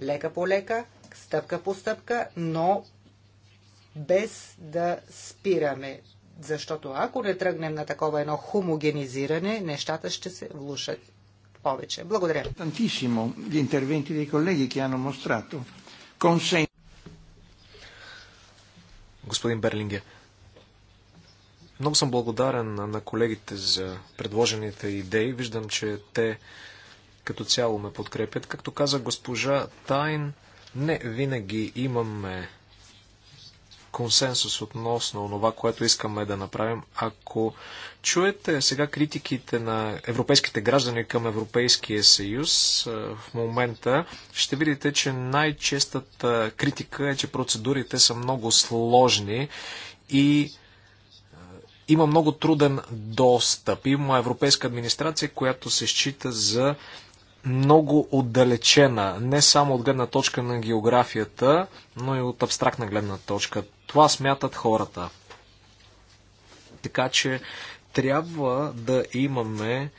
Лека по лека, стъпка по стъпка, но без да спираме. Защото ако не тръгнем на такова едно хомогенизиране, нещата ще се влушат повече. Благодаря. Тантисимо gli interventi dei colleghi che hanno mostrato consenso. Господин Берлинге, много съм благодарен на колегите за предложените идеи. Виждам, че те като цяло ме подкрепят. Както каза госпожа Тайн, не винаги имаме консенсус относно това, което искаме да направим. Ако чуете сега критиките на европейските граждани към Европейския съюз в момента, ще видите, че най-честата критика е, че процедурите са много сложни и има много труден достъп. Има европейска администрация, която се счита за много отдалечена, не само от гледна точка на географията, но и от абстрактна гледна точка. Това смятат хората. Така че трябва да имаме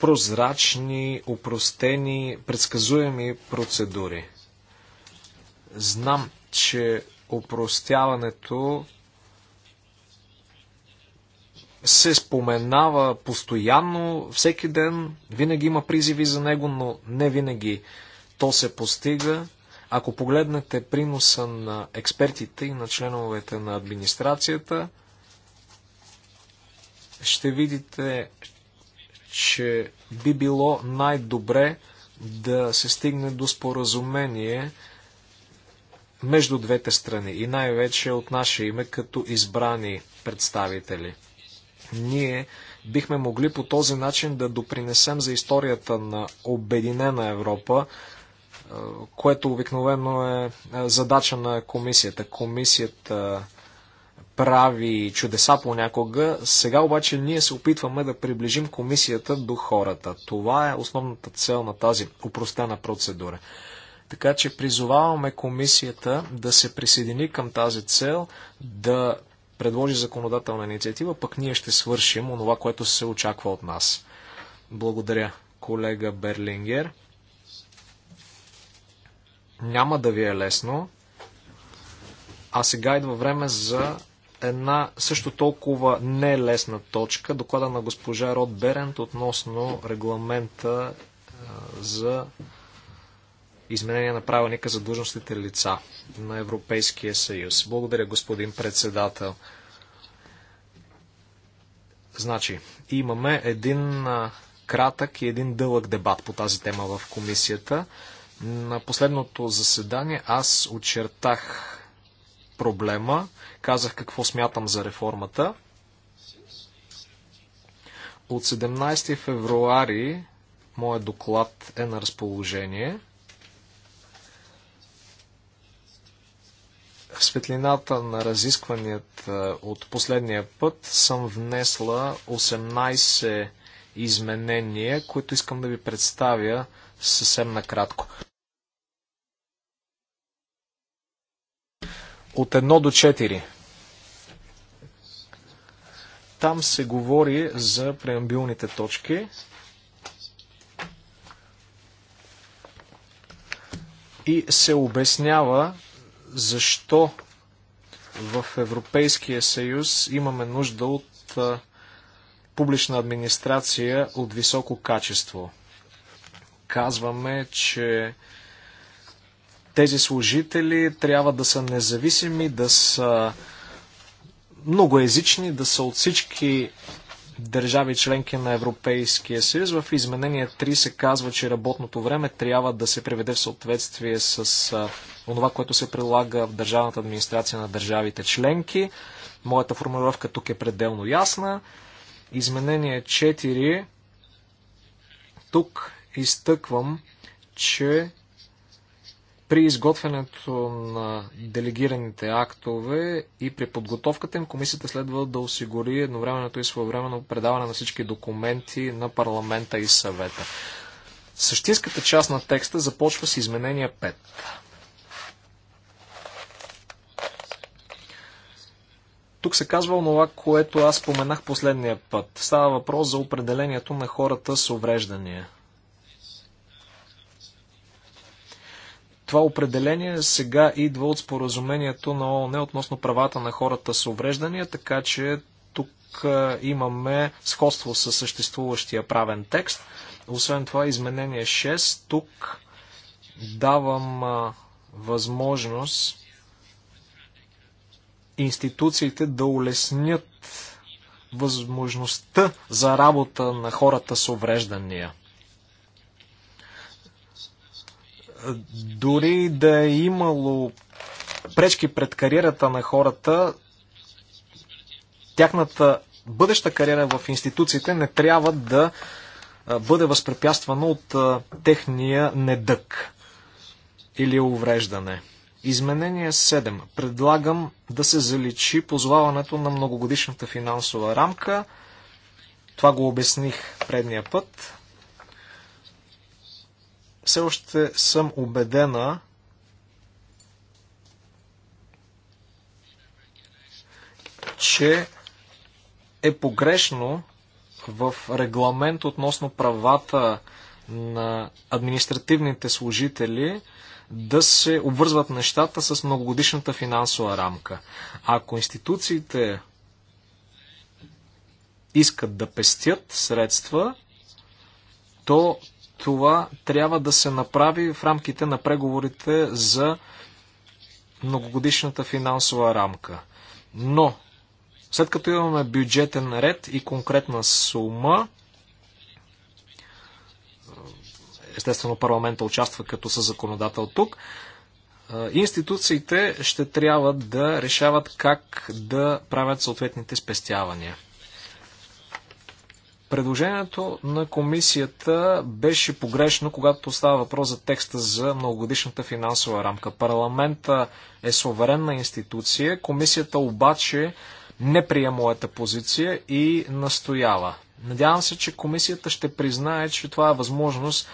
прозрачни, упростени, предсказуеми процедури. Знам, че упростяването се споменава постоянно, всеки ден, винаги има призиви за него, но не винаги то се постига. Ако погледнете приноса на експертите и на членовете на администрацията, ще видите, че би било най-добре да се стигне до споразумение между двете страни и най-вече от наше име като избрани представители. Ние бихме могли по този начин да допринесем за историята на Обединена Европа, е, което обикновено е, е задача на комисията. Комисията прави чудеса понякога. Сега обаче ние се опитваме да приближим комисията до хората. Това е основната цел на тази упростена процедура. Така че призоваваме комисията да се присъедини към тази цел, да предложи законодателна инициатива, пък ние ще свършим онова, което се очаква от нас. Благодаря, колега Берлингер. Няма да ви е лесно. А сега идва време за една също толкова нелесна точка. Доклада на госпожа Род Берент относно регламента за изменение на правилника за длъжностите лица на Европейския съюз. Благодаря, господин председател. Значи, имаме един кратък и един дълъг дебат по тази тема в комисията. На последното заседание аз очертах проблема, казах какво смятам за реформата. От 17 февруари моят доклад е на разположение – В светлината на разискванията е, от последния път съм внесла 18 изменения, които искам да ви представя съвсем накратко. От 1 до 4. Там се говори за преамбилните точки. И се обяснява защо в Европейския съюз имаме нужда от публична администрация от високо качество. Казваме, че тези служители трябва да са независими, да са многоезични, да са от всички държави членки на Европейския съюз. В изменение 3 се казва, че работното време трябва да се приведе в съответствие с а, това, което се прилага в държавната администрация на държавите членки. Моята формулировка тук е пределно ясна. Изменение 4. Тук изтъквам, че при изготвянето на делегираните актове и при подготовката им комисията следва да осигури едновременното и своевременно предаване на всички документи на парламента и съвета. Същинската част на текста започва с изменение 5. Тук се казва онова, което аз споменах последния път. Става въпрос за определението на хората с увреждания – Това определение сега идва от споразумението на ООН относно правата на хората с увреждания, така че тук имаме сходство с съществуващия правен текст. Освен това, изменение 6, тук давам възможност институциите да улеснят възможността за работа на хората с увреждания. Дори да е имало пречки пред кариерата на хората, тяхната бъдеща кариера в институциите не трябва да бъде възпрепятствана от техния недък или увреждане. Изменение 7. Предлагам да се заличи позоваването на многогодишната финансова рамка. Това го обясних предния път все още съм убедена, че е погрешно в регламент относно правата на административните служители да се обвързват нещата с многогодишната финансова рамка. Ако институциите искат да пестят средства, то това трябва да се направи в рамките на преговорите за многогодишната финансова рамка. Но, след като имаме бюджетен ред и конкретна сума, естествено парламента участва като със законодател тук, институциите ще трябва да решават как да правят съответните спестявания. Предложението на комисията беше погрешно, когато става въпрос за текста за многогодишната финансова рамка. Парламента е суверенна институция, комисията обаче не прие моята позиция и настоява. Надявам се, че комисията ще признае, че това е възможност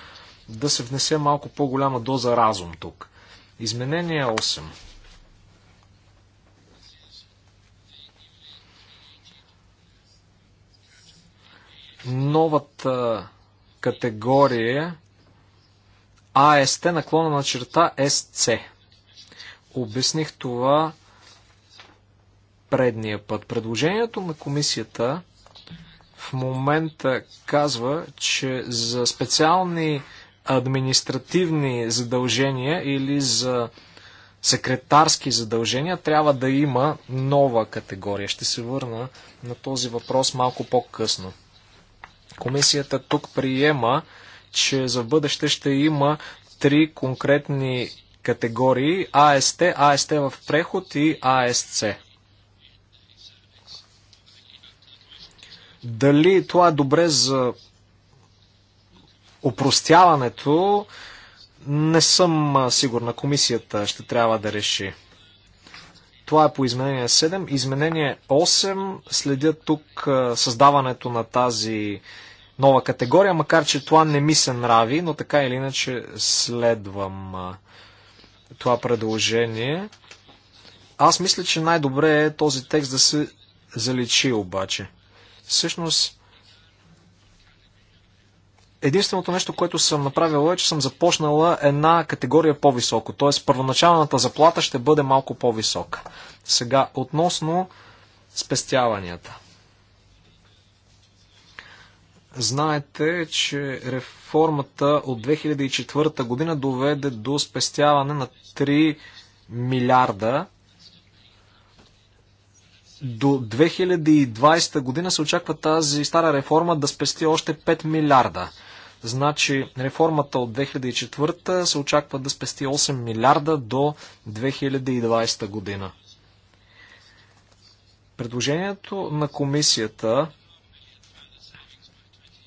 да се внесе малко по-голяма доза разум тук. Изменение 8. новата категория АСТ наклона на черта СЦ. Обясних това предния път. Предложението на комисията в момента казва, че за специални административни задължения или за секретарски задължения трябва да има нова категория. Ще се върна на този въпрос малко по-късно. Комисията тук приема, че за бъдеще ще има три конкретни категории АСТ, АСТ в преход и АСЦ. Дали това е добре за опростяването, не съм сигурна. Комисията ще трябва да реши. Това е по изменение 7. Изменение 8 следя тук създаването на тази нова категория, макар че това не ми се нрави, но така или иначе следвам това предложение. Аз мисля, че най-добре е този текст да се заличи обаче. Всъщност, Единственото нещо, което съм направила е, че съм започнала една категория по-високо, т.е. първоначалната заплата ще бъде малко по-висока. Сега, относно спестяванията. Знаете, че реформата от 2004 година доведе до спестяване на 3 милиарда до 2020 година се очаква тази стара реформа да спести още 5 милиарда. Значи реформата от 2004 се очаква да спести 8 милиарда до 2020 година. Предложението на комисията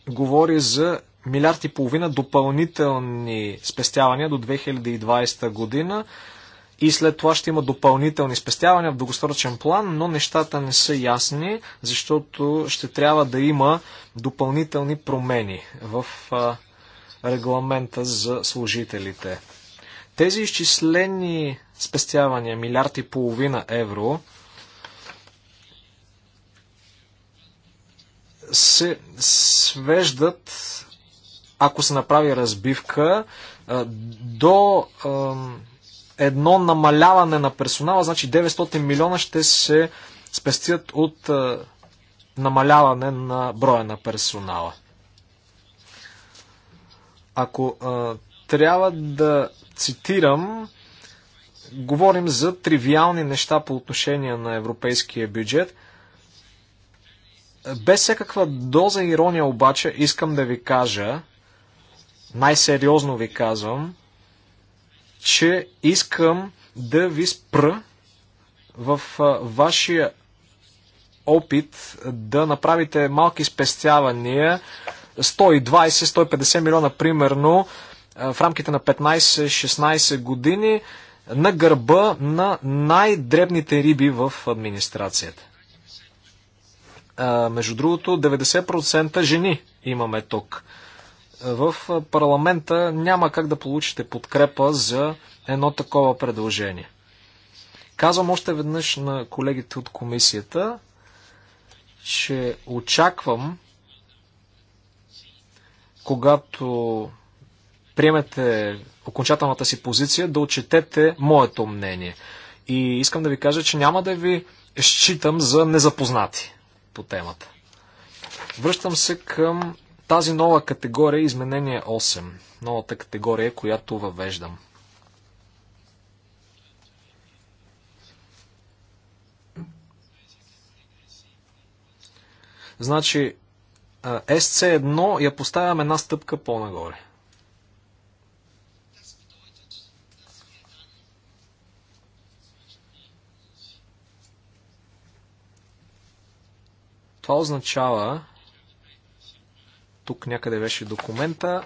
говори за милиард и половина допълнителни спестявания до 2020 година и след това ще има допълнителни спестявания в дългосрочен план, но нещата не са ясни, защото ще трябва да има допълнителни промени в регламента за служителите. Тези изчислени спестявания, милиард и половина евро, се свеждат, ако се направи разбивка, до едно намаляване на персонала, значи 900 милиона ще се спестят от е, намаляване на броя на персонала. Ако а, е, трябва да цитирам, говорим за тривиални неща по отношение на европейския бюджет. Без всякаква доза ирония обаче искам да ви кажа, най-сериозно ви казвам, че искам да ви спра в вашия опит да направите малки спестявания 120-150 милиона примерно в рамките на 15-16 години на гърба на най-дребните риби в администрацията. Между другото, 90% жени имаме тук в парламента няма как да получите подкрепа за едно такова предложение. Казвам още веднъж на колегите от комисията, че очаквам, когато приемете окончателната си позиция, да отчетете моето мнение. И искам да ви кажа, че няма да ви считам за незапознати по темата. Връщам се към тази нова категория е изменение 8. Новата категория, която въвеждам. Значи, SC1 я поставям една стъпка по-нагоре. Това означава, тук някъде беше документа.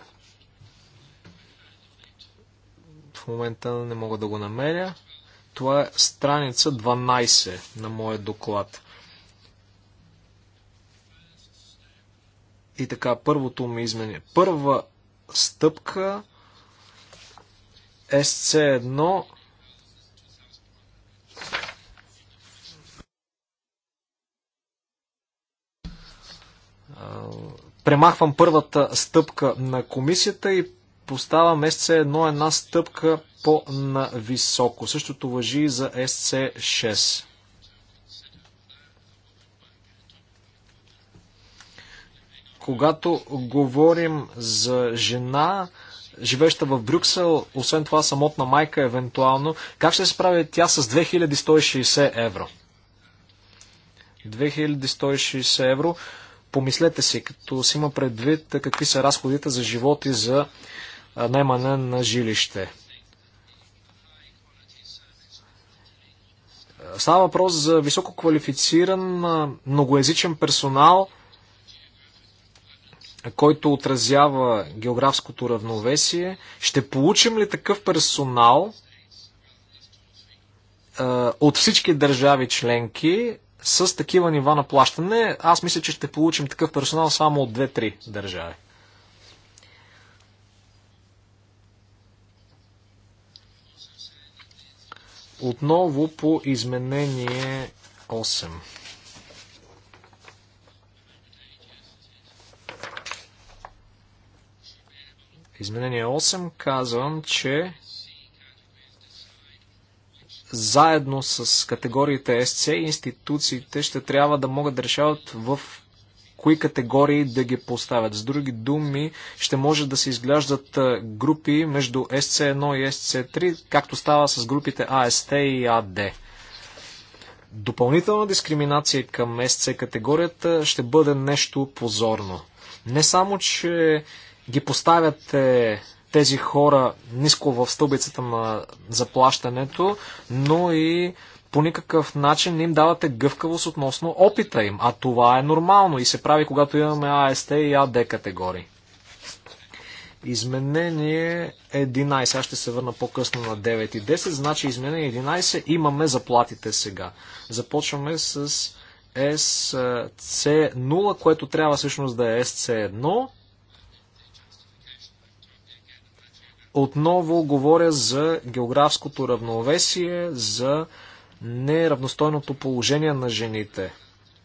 В момента не мога да го намеря. Това е страница 12 на моят доклад. И така, първото ми изменение. Първа стъпка SC1 премахвам първата стъпка на комисията и поставам СЦ1 една стъпка по-нависоко. Същото въжи и за СЦ6. Когато говорим за жена, живеща в Брюксел, освен това самотна майка, евентуално, как ще се справи тя с 2160 евро? 2160 евро Помислете си, като си има предвид какви са разходите за живот и за наймане на жилище. Става въпрос за високо квалифициран многоязичен персонал, който отразява географското равновесие. Ще получим ли такъв персонал от всички държави членки с такива нива на плащане, аз мисля, че ще получим такъв персонал само от 2-3 държави. Отново по изменение 8. Изменение 8 казвам, че заедно с категориите СЦ, институциите ще трябва да могат да решават в кои категории да ги поставят. С други думи, ще може да се изглеждат групи между сц 1 и сц 3 както става с групите АСТ и АД. Допълнителна дискриминация към СЦ категорията ще бъде нещо позорно. Не само, че ги поставяте тези хора ниско в стълбицата на заплащането, но и по никакъв начин не им давате гъвкавост относно опита им. А това е нормално и се прави, когато имаме АСТ и АД категории. Изменение 11. Аз ще се върна по-късно на 9 и 10. Значи изменение 11. Имаме заплатите сега. Започваме с SC0, което трябва всъщност да е SC1. Отново говоря за географското равновесие, за неравностойното положение на жените.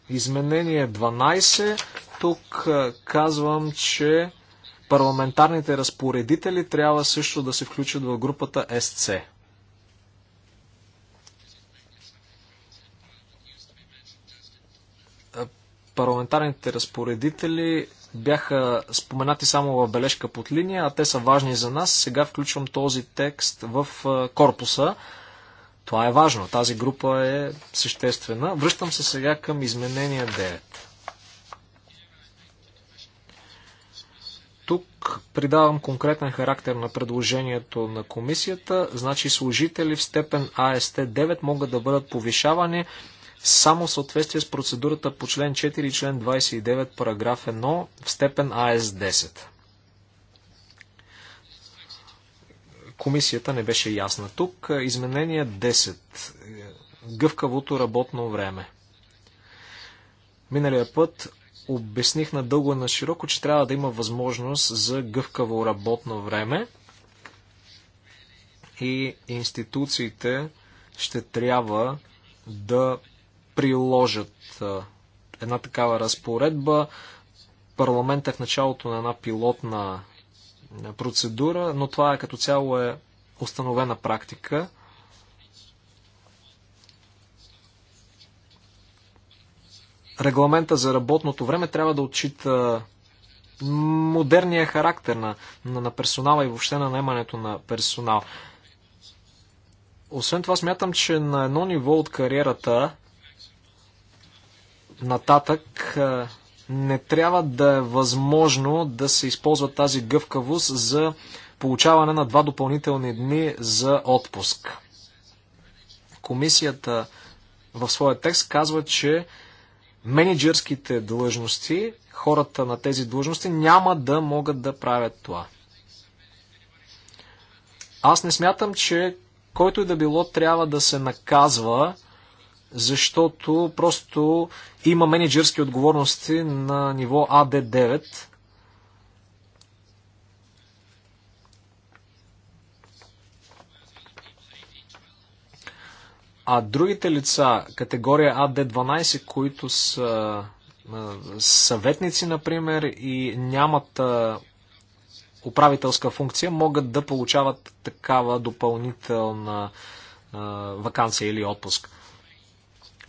Изменение 12. Тук казвам, че парламентарните разпоредители трябва също да се включат в групата СЦ. Парламентарните разпоредители бяха споменати само в бележка под линия, а те са важни за нас. Сега включвам този текст в корпуса. Това е важно. Тази група е съществена. Връщам се сега към изменение 9. Тук придавам конкретен характер на предложението на комисията. Значи служители в степен АСТ е 9 могат да бъдат повишавани само в съответствие с процедурата по член 4 и член 29, параграф 1 в степен АС-10. Комисията не беше ясна тук. Изменение 10. Гъвкавото работно време. Миналия път обясних надълго и на широко, че трябва да има възможност за гъвкаво работно време и институциите ще трябва да приложат една такава разпоредба. Парламент е в началото на една пилотна процедура, но това е като цяло е установена практика. Регламента за работното време трябва да отчита модерния характер на, на, на персонала и въобще на наемането на персонал. Освен това, смятам, че на едно ниво от кариерата нататък е, не трябва да е възможно да се използва тази гъвкавост за получаване на два допълнителни дни за отпуск. Комисията в своя текст казва, че менеджерските длъжности, хората на тези длъжности няма да могат да правят това. Аз не смятам, че който и да било трябва да се наказва защото просто има менеджерски отговорности на ниво АД9. А другите лица, категория АД12, които са съветници, например, и нямат управителска функция, могат да получават такава допълнителна вакансия или отпуск.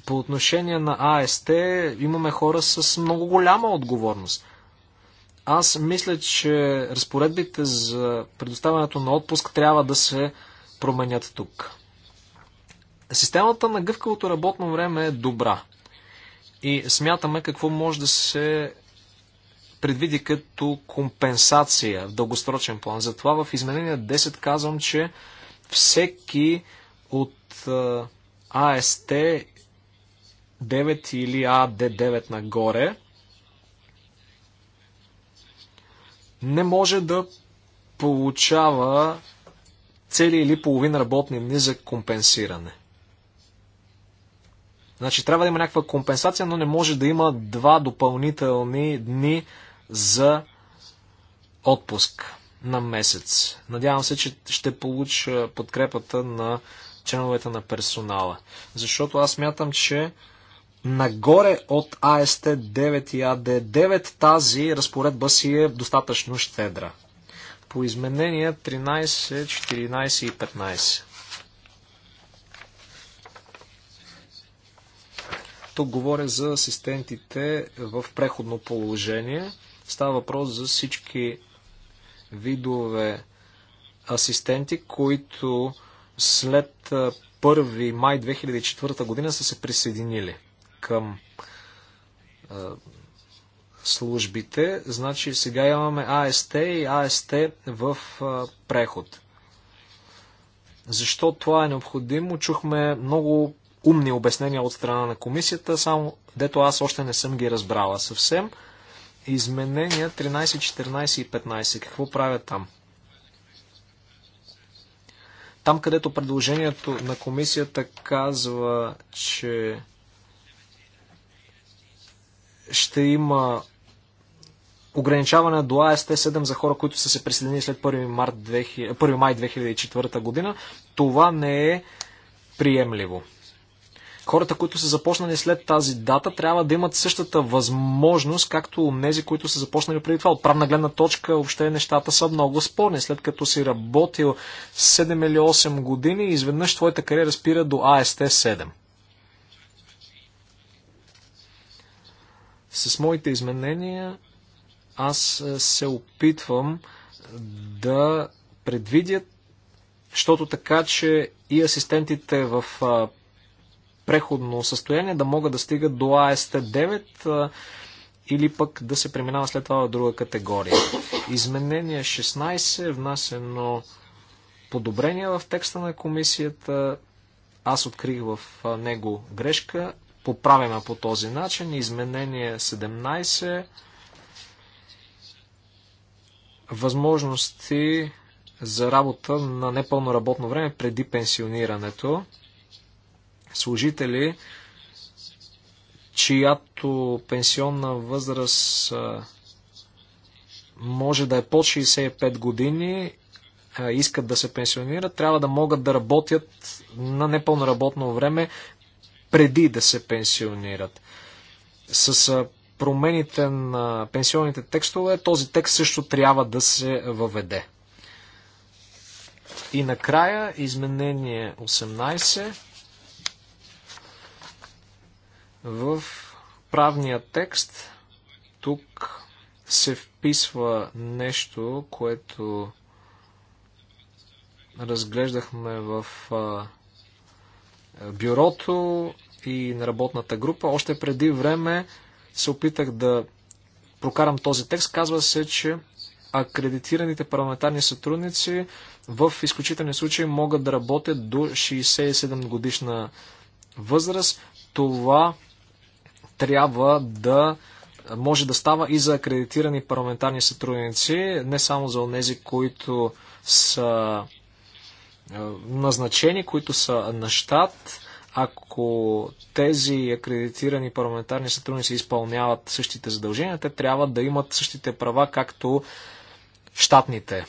По отношение на АСТ имаме хора с много голяма отговорност. Аз мисля, че разпоредбите за предоставянето на отпуск трябва да се променят тук. Системата на гъвкавото работно време е добра. И смятаме какво може да се предвиди като компенсация в дългосрочен план. Затова в изменение 10 казвам, че всеки от АСТ 9 или АД9 нагоре, не може да получава цели или половин работни дни за компенсиране. Значи трябва да има някаква компенсация, но не може да има два допълнителни дни за отпуск на месец. Надявам се, че ще получа подкрепата на членовете на персонала. Защото аз мятам, че нагоре от АСТ 9 и АД9 тази разпоредба си е достатъчно щедра. По изменения 13, 14 и 15. Тук говоря за асистентите в преходно положение. Става въпрос за всички видове асистенти, които след 1 май 2004 година са се присъединили към а, службите. Значи сега имаме AST и AST в а, преход. Защо това е необходимо? Чухме много умни обяснения от страна на комисията, само дето аз още не съм ги разбрала съвсем. Изменения 13, 14 и 15. Какво правят там? Там, където предложението на комисията казва, че ще има ограничаване до АСТ-7 за хора, които са се присъединили след 1, март 2000, 1 май 2004 година. Това не е приемливо. Хората, които са започнали след тази дата, трябва да имат същата възможност, както нези, които са започнали преди това. От правна гледна точка, въобще нещата са много спорни. След като си работил 7 или 8 години, изведнъж твоята кариера спира до АСТ-7. С моите изменения аз е, се опитвам да предвидя, защото така, че и асистентите в преходно състояние да могат да стигат до АСТ-9 или пък да се преминава след това в друга категория. Изменение 16, внасено подобрение в текста на комисията. Аз открих в него грешка поправяме по този начин. Изменение 17. Възможности за работа на непълно работно време преди пенсионирането. Служители, чиято пенсионна възраст може да е под 65 години, искат да се пенсионират, трябва да могат да работят на непълно работно време преди да се пенсионират. С промените на пенсионните текстове този текст също трябва да се въведе. И накрая изменение 18 в правния текст тук се вписва нещо, което разглеждахме в бюрото и на работната група. Още преди време се опитах да прокарам този текст. Казва се, че акредитираните парламентарни сътрудници в изключителни случаи могат да работят до 67 годишна възраст. Това трябва да може да става и за акредитирани парламентарни сътрудници, не само за тези, които са е, назначени, които са на щат, ако тези акредитирани парламентарни сътрудници изпълняват същите задължения, те трябва да имат същите права, както щатните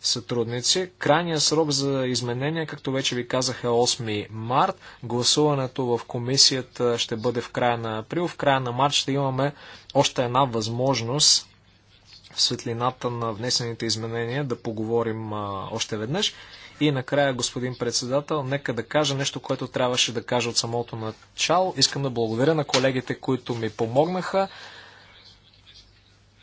сътрудници. Крайният срок за изменение, както вече ви казах, е 8 март. Гласуването в комисията ще бъде в края на април. В края на март ще имаме още една възможност в светлината на внесените изменения да поговорим още веднъж. И накрая, господин председател, нека да кажа нещо, което трябваше да кажа от самото начало. Искам да благодаря на колегите, които ми помогнаха.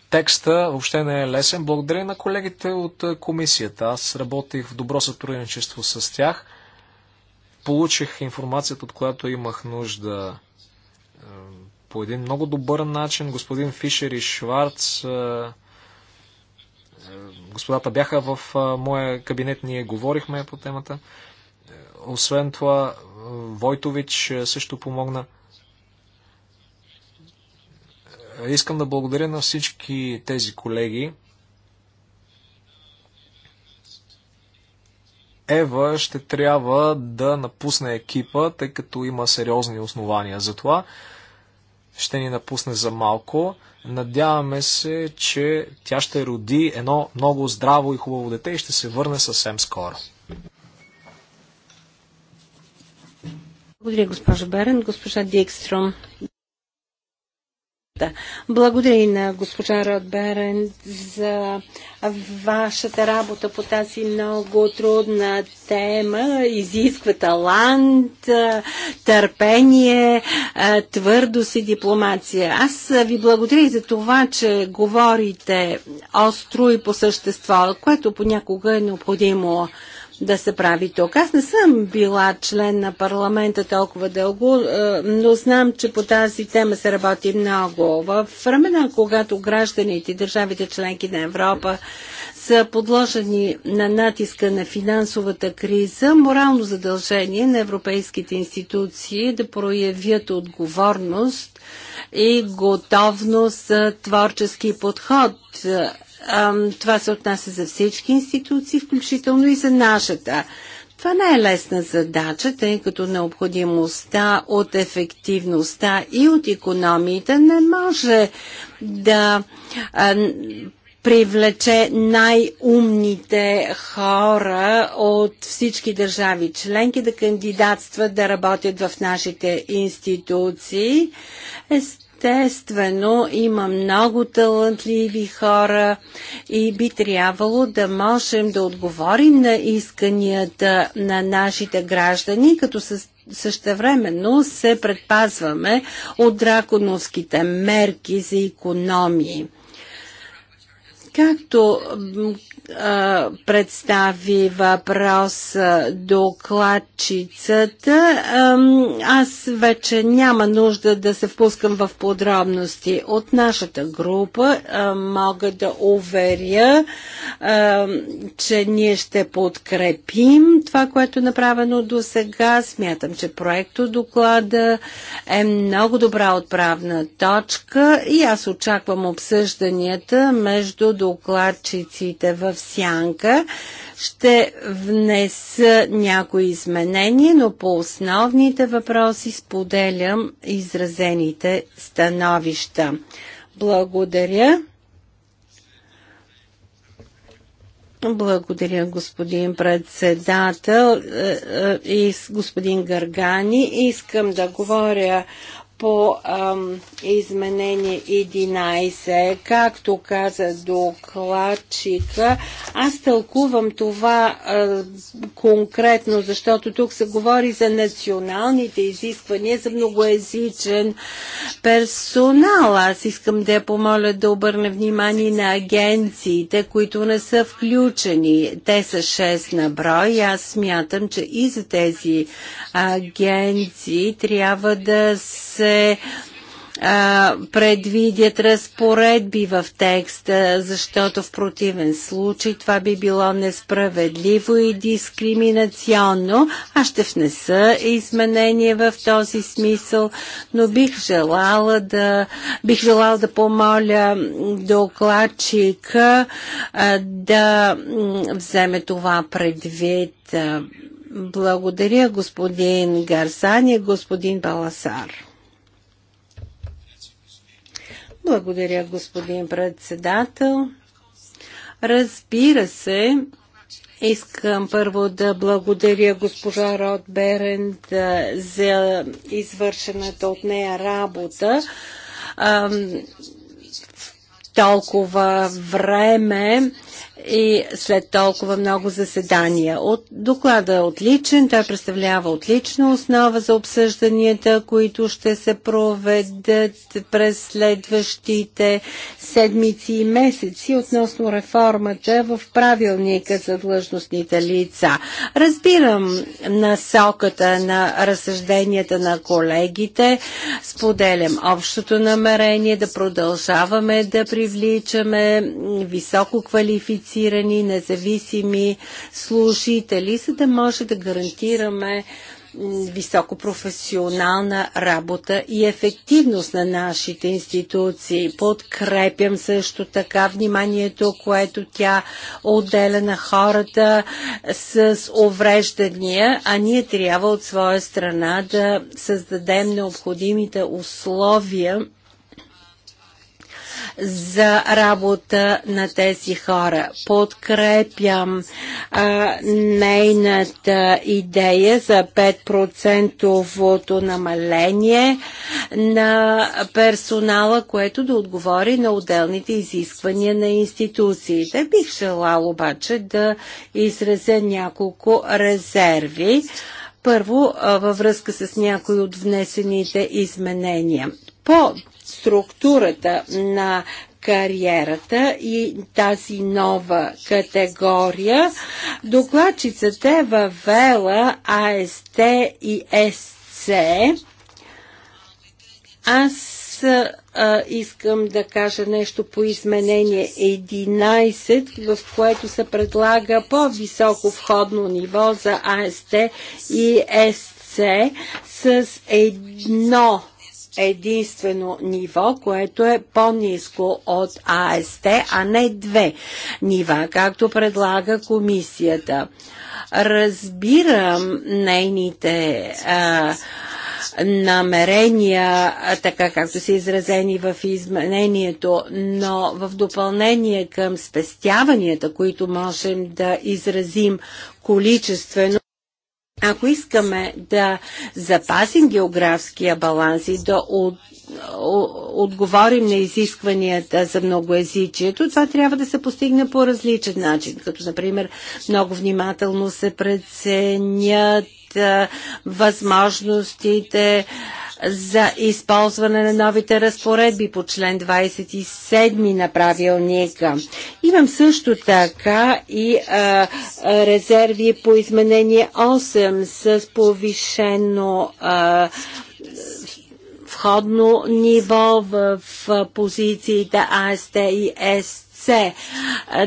Текста въобще не е лесен. Благодаря на колегите от комисията. Аз работих в добро сътрудничество с тях. Получих информацията, от която имах нужда е, по един много добър начин. Господин Фишер и Шварц е, Господата бяха в моя кабинет, ние говорихме по темата. Е, освен това, е, Войтович е, също помогна. Искам да благодаря на всички тези колеги. Ева ще трябва да напусне екипа, тъй като има сериозни основания за това ще ни напусне за малко. Надяваме се, че тя ще роди едно много здраво и хубаво дете и ще се върне съвсем скоро. Благодаря, госпожа Берен. Госпожа Диекстрон. Да. Благодаря и на госпожа Ротберен за вашата работа по тази много трудна тема. Изисква талант, търпение, твърдост и дипломация. Аз ви благодаря и за това, че говорите остро и по същество, което понякога е необходимо да се прави тук. Аз не съм била член на парламента толкова дълго, е, но знам, че по тази тема се работи много. В времена, когато гражданите и държавите членки на Европа са подложени на натиска на финансовата криза, морално задължение на европейските институции е да проявят отговорност и готовност за творчески подход това се отнася за всички институции, включително и за нашата. Това не е лесна задача, тъй като необходимостта от ефективността и от економията не може да привлече най-умните хора от всички държави членки да кандидатстват да работят в нашите институции. Е, Естествено, има много талантливи хора и би трябвало да можем да отговорим на исканията на нашите граждани, като с същевременно се предпазваме от драконовските мерки за економии. Както представи въпрос докладчицата, аз вече няма нужда да се впускам в подробности. От нашата група мога да уверя, че ние ще подкрепим това, което е направено до сега. Смятам, че проекто доклада е много добра отправна точка и аз очаквам обсъжданията между докладчиците в сянка ще внеса някои изменения, но по основните въпроси споделям изразените становища. Благодаря. Благодаря, господин председател е, е, и господин Гаргани. Искам да говоря по ам, изменение 11. Както каза докладчика, аз тълкувам това а, конкретно, защото тук се говори за националните изисквания за многоязичен персонал. Аз искам да я помоля да обърне внимание на агенциите, които не са включени. Те са 6 на брой и аз смятам, че и за тези агенции трябва да се предвидят разпоредби в текста, защото в противен случай това би било несправедливо и дискриминационно. Аз ще внеса изменение в този смисъл, но бих желала да, бих желала да помоля докладчика да вземе това предвид. Благодаря господин Гарсани, господин Баласар. Благодаря, господин председател. Разбира се, Искам първо да благодаря госпожа Род Беренд за извършената от нея работа. толкова време и след толкова много заседания. От доклада е отличен, той представлява отлична основа за обсъжданията, които ще се проведат през следващите седмици и месеци относно реформата в правилника за длъжностните лица. Разбирам насоката на разсъжденията на колегите, споделям общото намерение да продължаваме да привличаме високо квалифицирани квалифицирани, независими служители, за да може да гарантираме високопрофесионална работа и ефективност на нашите институции. Подкрепям също така вниманието, което тя отделя на хората с увреждания, а ние трябва от своя страна да създадем необходимите условия за работа на тези хора. Подкрепям а, нейната идея за 5% намаление на персонала, което да отговори на отделните изисквания на институциите. Бих желал обаче да изразя няколко резерви. Първо, във връзка с някои от внесените изменения. По структурата на кариерата и тази нова категория. Докладчицата е въвела АСТ и СЦ. Аз а, искам да кажа нещо по изменение 11, в което се предлага по-високо входно ниво за АСТ и СЦ с едно единствено ниво, което е по-низко от АСТ, а не две нива, както предлага комисията. Разбирам нейните а, намерения, така както са изразени в изменението, но в допълнение към спестяванията, които можем да изразим количествено, ако искаме да запазим географския баланс и да от, отговорим на изискванията за многоязичието, това трябва да се постигне по различен начин, като например много внимателно се преценят възможностите, за използване на новите разпоредби по член 27 на правилника. Имам също така и а, резерви по изменение 8 с повишено а, входно ниво в позициите АСТ и СТ лице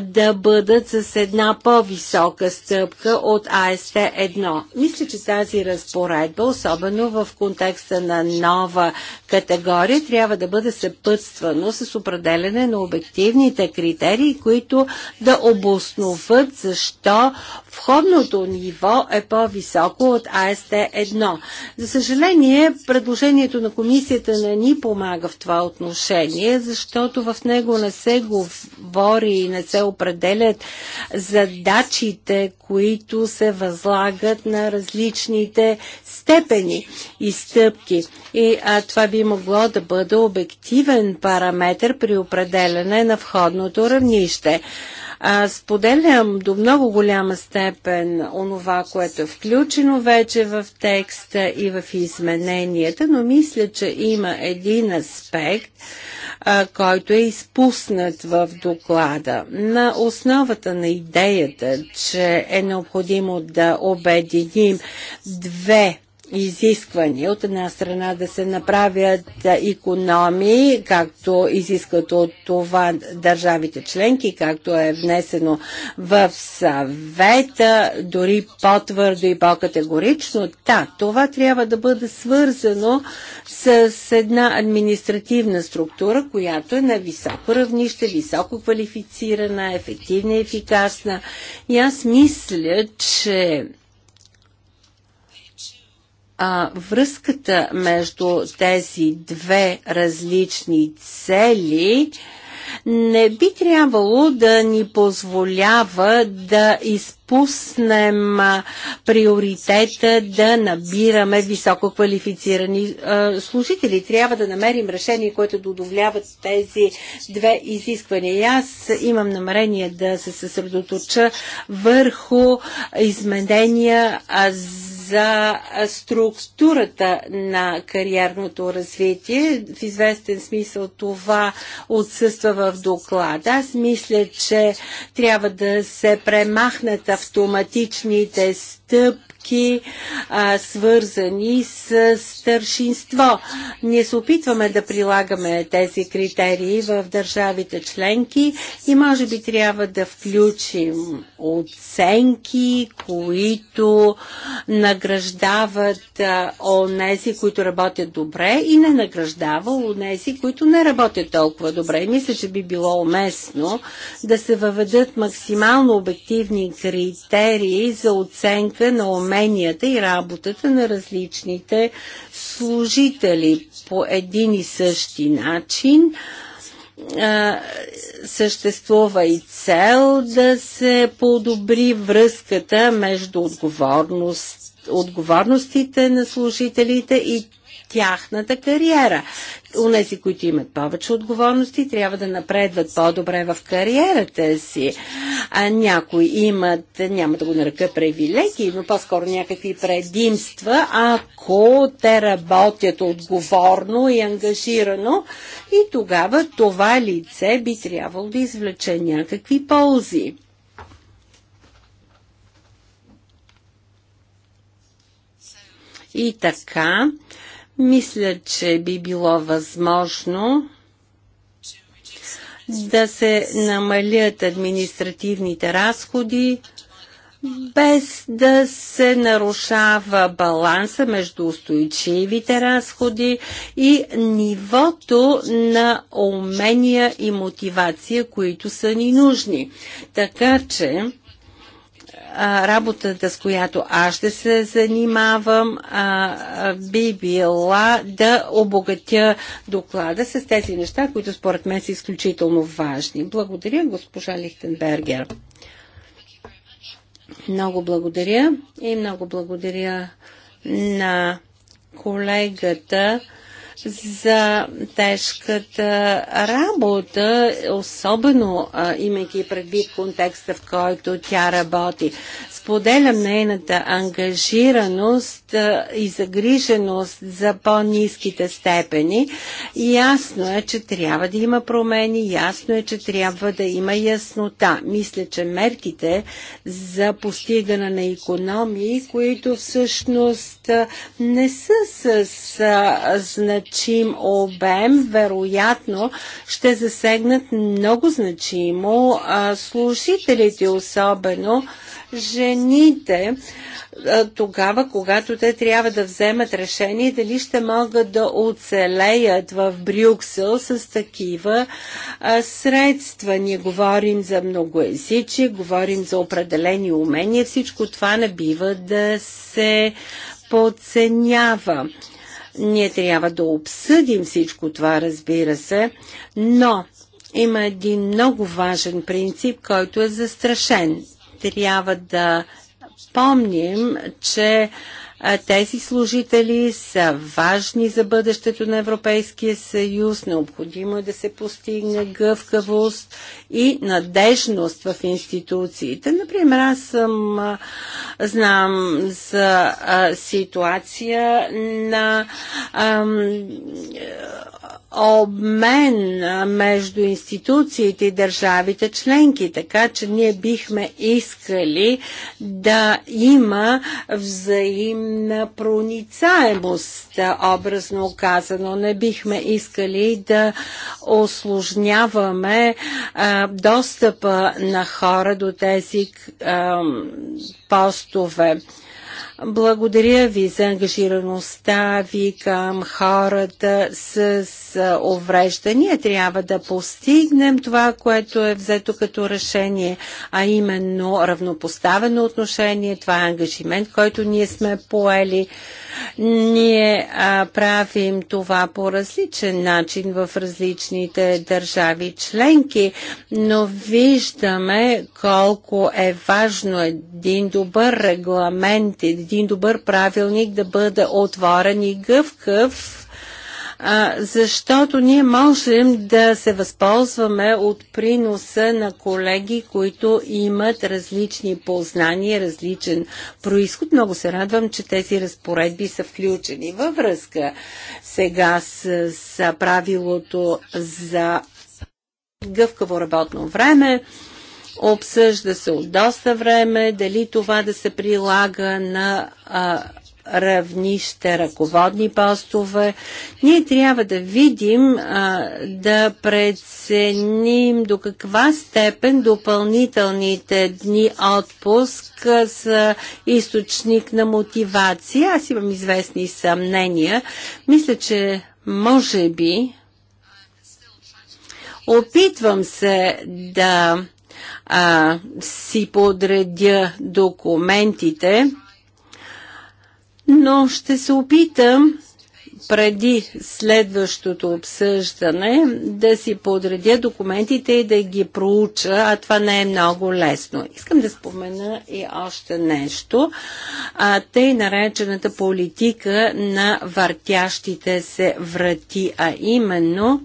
да бъдат с една по-висока стъпка от АСТ-1. Мисля, че тази разпоредба, особено в контекста на нова категория, трябва да бъде съпътствано с определене на обективните критерии, които да обосноват защо входното ниво е по-високо от АСТ-1. За съжаление, предложението на комисията не ни помага в това отношение, защото в него не се говори и не се определят задачите, които се възлагат на различните степени и стъпки. И а, това би могло да бъде обективен параметр при определене на входното равнище. А, споделям до много голяма степен онова, което е включено вече в текста и в измененията, но мисля, че има един аспект, а, който е изпуснат в доклада. На основата на идеята, че е необходимо да обединим две изисквания. От една страна да се направят економии, както изискват от това държавите членки, както е внесено в съвета, дори по-твърдо и по-категорично. Да, това трябва да бъде свързано с една административна структура, която е на високо равнище, високо квалифицирана, ефективна, и ефикасна. И аз мисля, че а, връзката между тези две различни цели не би трябвало да ни позволява да изпълняваме допуснем приоритета да набираме високо квалифицирани служители. Трябва да намерим решение, което да удовляват тези две изисквания. И аз имам намерение да се съсредоточа върху изменения за структурата на кариерното развитие. В известен смисъл това отсъства в доклада. Аз мисля, че трябва да се премахнат автоматичните стъпки, а, свързани с старшинство. Ние се опитваме да прилагаме тези критерии в държавите членки и може би трябва да включим оценки, които награждават онези, които работят добре и не награждава онези, които не работят толкова добре. И мисля, че би било уместно да се въведат максимално обективни критерии критерии за оценка на уменията и работата на различните служители по един и същи начин съществува и цел да се подобри връзката между отговорност, отговорностите на служителите и тяхната кариера. Унези, които имат повече отговорности, трябва да напредват по-добре в кариерата си. А някои имат, няма да го нарека привилегии, но по-скоро някакви предимства, ако те работят отговорно и ангажирано и тогава това лице би трябвало да извлече някакви ползи. И така, мисля, че би било възможно да се намалят административните разходи, без да се нарушава баланса между устойчивите разходи и нивото на умения и мотивация, които са ни нужни. Така че работата, с която аз ще се занимавам, а, а, би била да обогатя доклада с тези неща, които според мен са изключително важни. Благодаря, госпожа Лихтенбергер. Много благодаря и много благодаря на колегата за тежката работа, особено имайки предвид контекста, в който тя работи. Споделям нейната ангажираност и загриженост за по-низките степени. Ясно е, че трябва да има промени, ясно е, че трябва да има яснота. Мисля, че мерките за постигане на економии, които всъщност не са с, значим обем, вероятно ще засегнат много значимо служителите, особено жените тогава, когато те трябва да вземат решение дали ще могат да оцелеят в Брюксел с такива средства. Ние говорим за многоязичие, говорим за определени умения. Всичко това не бива да се подценява. Ние трябва да обсъдим всичко това, разбира се, но има един много важен принцип, който е застрашен трябва да помним, че тези служители са важни за бъдещето на Европейския съюз. Необходимо е да се постигне гъвкавост и надежност в институциите. Например, аз съм, знам за ситуация на обмен между институциите и държавите членки, така че ние бихме искали да има взаимна проницаемост, образно казано. Не бихме искали да осложняваме а, достъпа на хора до тези а, постове. Благодаря ви за ангажираността ви към хората с увреждания. Трябва да постигнем това, което е взето като решение, а именно равнопоставено отношение. Това е ангажимент, който ние сме поели. Ние а, правим това по различен начин в различните държави членки, но виждаме колко е важно един добър регламент, един един добър правилник да бъде отворен и гъвкав, а, защото ние можем да се възползваме от приноса на колеги, които имат различни познания, различен происход. Много се радвам, че тези разпоредби са включени във връзка сега с, с правилото за гъвкаво работно време. Обсъжда се от доста време дали това да се прилага на а, равнище, ръководни постове. Ние трябва да видим, а, да преценим до каква степен допълнителните дни отпуск са източник на мотивация. Аз имам известни съмнения. Мисля, че може би опитвам се да а, си подредя документите, но ще се опитам преди следващото обсъждане да си подредя документите и да ги проуча, а това не е много лесно. Искам да спомена и още нещо. А, и наречената политика на въртящите се врати, а именно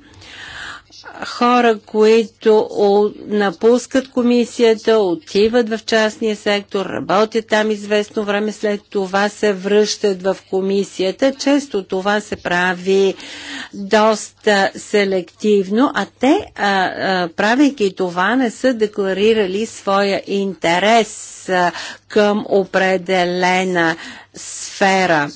хора, които напускат комисията, отиват в частния сектор, работят там известно време, след това се връщат в комисията. Често това се прави доста селективно, а те, правейки това, не са декларирали своя интерес към определена сфера.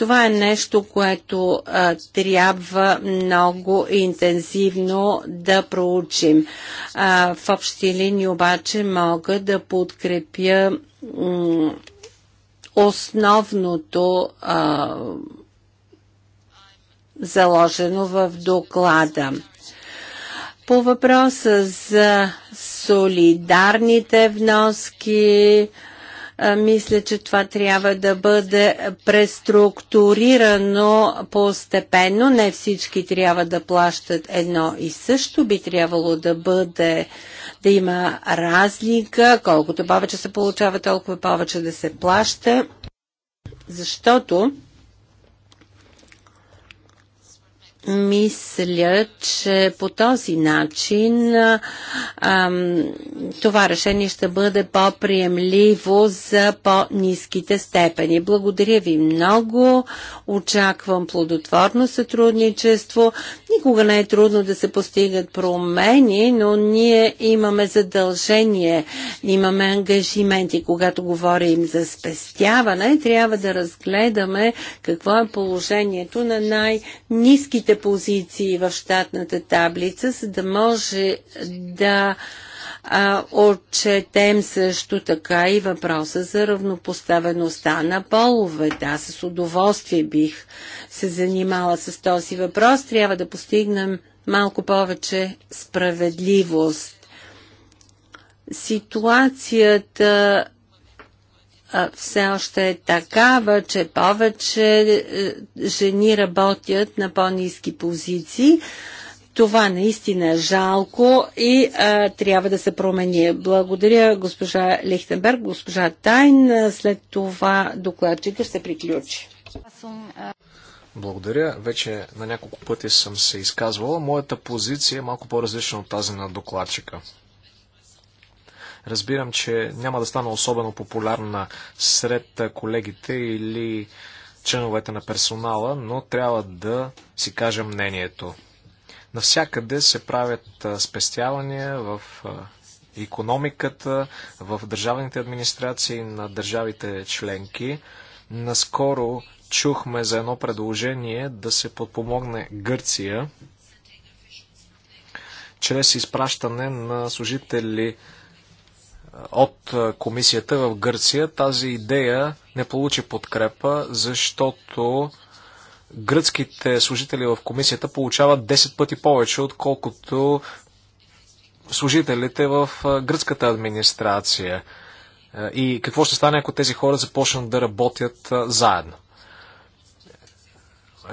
Това е нещо, което а, трябва много интензивно да проучим. А, в общи линии обаче мога да подкрепя основното а, заложено в доклада. По въпроса за солидарните вноски, а, мисля, че това трябва да бъде преструктурирано постепенно. Не всички трябва да плащат едно и също. Би трябвало да бъде да има разлика. Колкото повече се получава, толкова повече да се плаща. Защото мисля, че по този начин ам, това решение ще бъде по-приемливо за по-низките степени. Благодаря ви много. Очаквам плодотворно сътрудничество. Никога не е трудно да се постигат промени, но ние имаме задължение, имаме ангажименти. Когато говорим за спестяване, трябва да разгледаме какво е положението на най-низките нашите позиции в щатната таблица, за да може да а, отчетем също така и въпроса за равнопоставеността на половете. Аз с удоволствие бих се занимала с този въпрос. Трябва да постигнем малко повече справедливост. Ситуацията все още е такава, че повече е, жени работят на по-низки позиции. Това наистина е жалко и а, трябва да се промени. Благодаря госпожа Лихтенберг, госпожа Тайн. След това докладчика ще се приключи. Благодаря. Вече на няколко пъти съм се изказвала. Моята позиция е малко по-различна от тази на докладчика. Разбирам, че няма да стана особено популярна сред колегите или членовете на персонала, но трябва да си кажа мнението. Навсякъде се правят спестявания в економиката, в държавните администрации на държавите членки. Наскоро чухме за едно предложение да се подпомогне Гърция чрез изпращане на служители от комисията в Гърция. Тази идея не получи подкрепа, защото гръцките служители в комисията получават 10 пъти повече, отколкото служителите в гръцката администрация. И какво ще стане, ако тези хора започнат да работят заедно?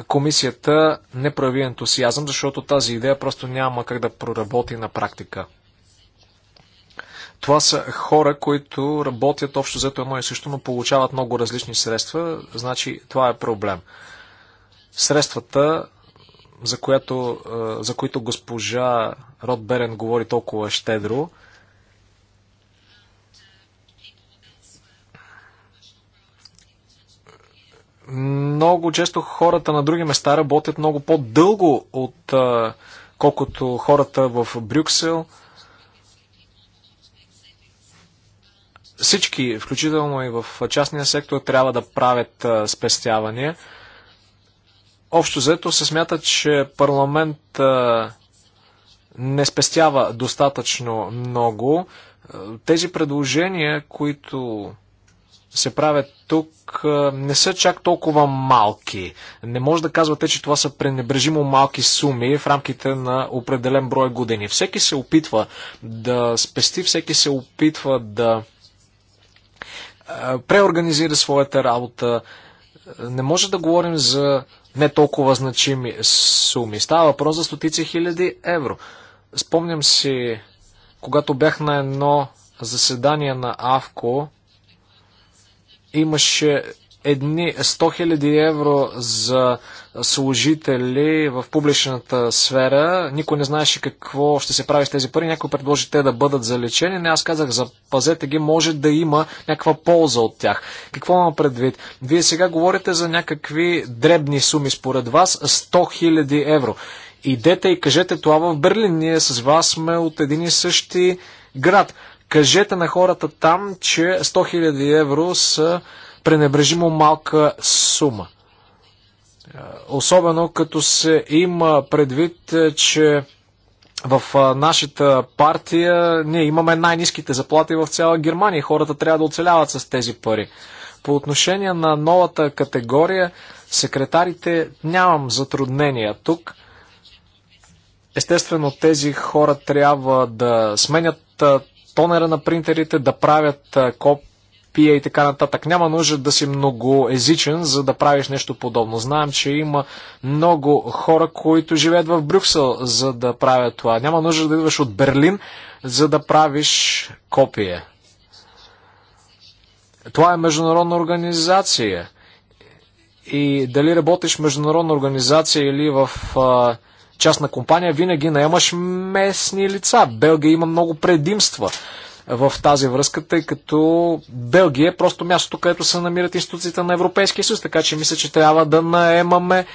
Комисията не прояви ентусиазъм, защото тази идея просто няма как да проработи на практика. Това са хора, които работят общо взето едно и също, но получават много различни средства. Значи това е проблем. Средствата, за, която, е, за които госпожа Род Берен говори толкова щедро, много често хората на други места работят много по-дълго от е, колкото хората в Брюксел. всички, включително и в частния сектор, трябва да правят спестявания. Общо заето се смята, че парламент не спестява достатъчно много. Тези предложения, които се правят тук, не са чак толкова малки. Не може да казвате, че това са пренебрежимо малки суми в рамките на определен брой години. Всеки се опитва да спести, всеки се опитва да преорганизира своята работа. Не може да говорим за не толкова значими суми. Става въпрос за стотици хиляди евро. Спомням си, когато бях на едно заседание на АВКО, имаше едни 100 000 евро за служители в публичната сфера. Никой не знаеше какво ще се прави с тези пари. Някой предложи те да бъдат залечени. Не, аз казах, запазете ги, може да има някаква полза от тях. Какво имам предвид? Вие сега говорите за някакви дребни суми според вас, 100 000 евро. Идете и кажете това в Берлин. Ние с вас сме от един и същи град. Кажете на хората там, че 100 000 евро са пренебрежимо малка сума. Е, особено като се има предвид, е, че в е, нашата партия ние имаме най-низките заплати в цяла Германия. Хората трябва да оцеляват с тези пари. По отношение на новата категория, секретарите нямам затруднения тук. Естествено, тези хора трябва да сменят тонера на принтерите, да правят коп пия и така нататък. Няма нужда да си многоезичен, за да правиш нещо подобно. Знам, че има много хора, които живеят в Брюксел, за да правят това. Няма нужда да идваш от Берлин, за да правиш копие. Това е международна организация. И дали работиш в международна организация или в а, частна компания, винаги наемаш местни лица. Белгия има много предимства в тази връзка, тъй като Белгия е просто мястото, където се намират институциите на Европейския съюз, така че мисля, че трябва да наемаме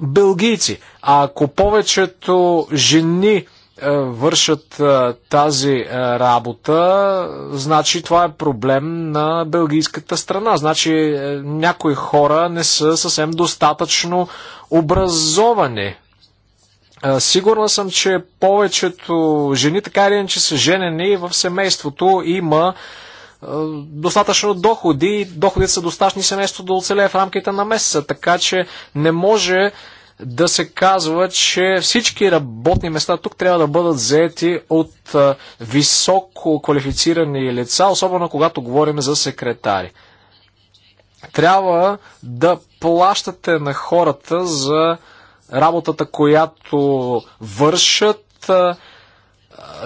белгийци. А ако повечето жени е, вършат е, тази е, работа, значи това е проблем на белгийската страна. Значи някои хора не са съвсем достатъчно образовани. Сигурна съм, че повечето жени така или иначе са женени и в семейството има достатъчно доходи и доходите са достатъчни семейството да оцелее в рамките на месеца. Така че не може да се казва, че всички работни места тук трябва да бъдат заети от високо квалифицирани лица, особено когато говорим за секретари. Трябва да плащате на хората за работата, която вършат.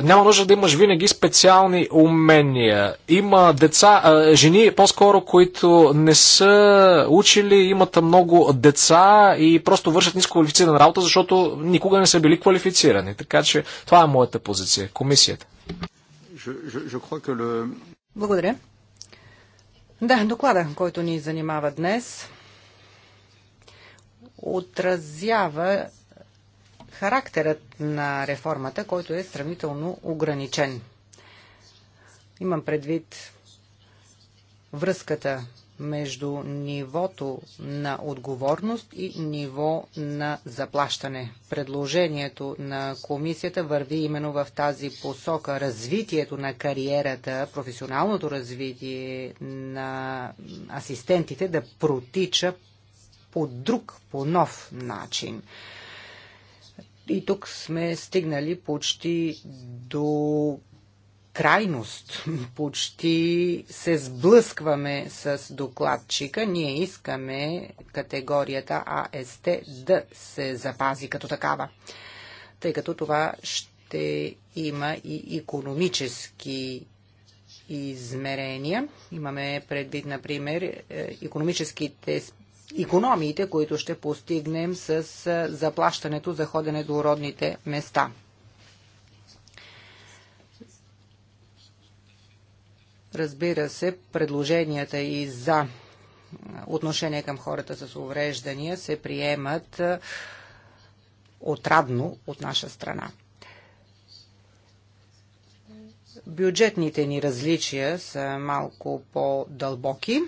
Няма нужда да имаш винаги специални умения. Има деца, жени по-скоро, които не са учили, имат много деца и просто вършат нисквалифицирана работа, защото никога не са били квалифицирани. Така че това е моята позиция. Комисията. Благодаря. Да, доклада, който ни занимава днес, отразява характерът на реформата, който е сравнително ограничен. Имам предвид връзката между нивото на отговорност и ниво на заплащане. Предложението на комисията върви именно в тази посока. Развитието на кариерата, професионалното развитие на асистентите да протича по друг, по нов начин. И тук сме стигнали почти до крайност. Почти се сблъскваме с докладчика. Ние искаме категорията АСТ да се запази като такава, тъй като това ще има и економически измерения. Имаме предвид, например, економическите економиите, които ще постигнем с заплащането за ходене до родните места. Разбира се, предложенията и за отношение към хората с увреждания се приемат отрадно от наша страна. Бюджетните ни различия са малко по-дълбоки.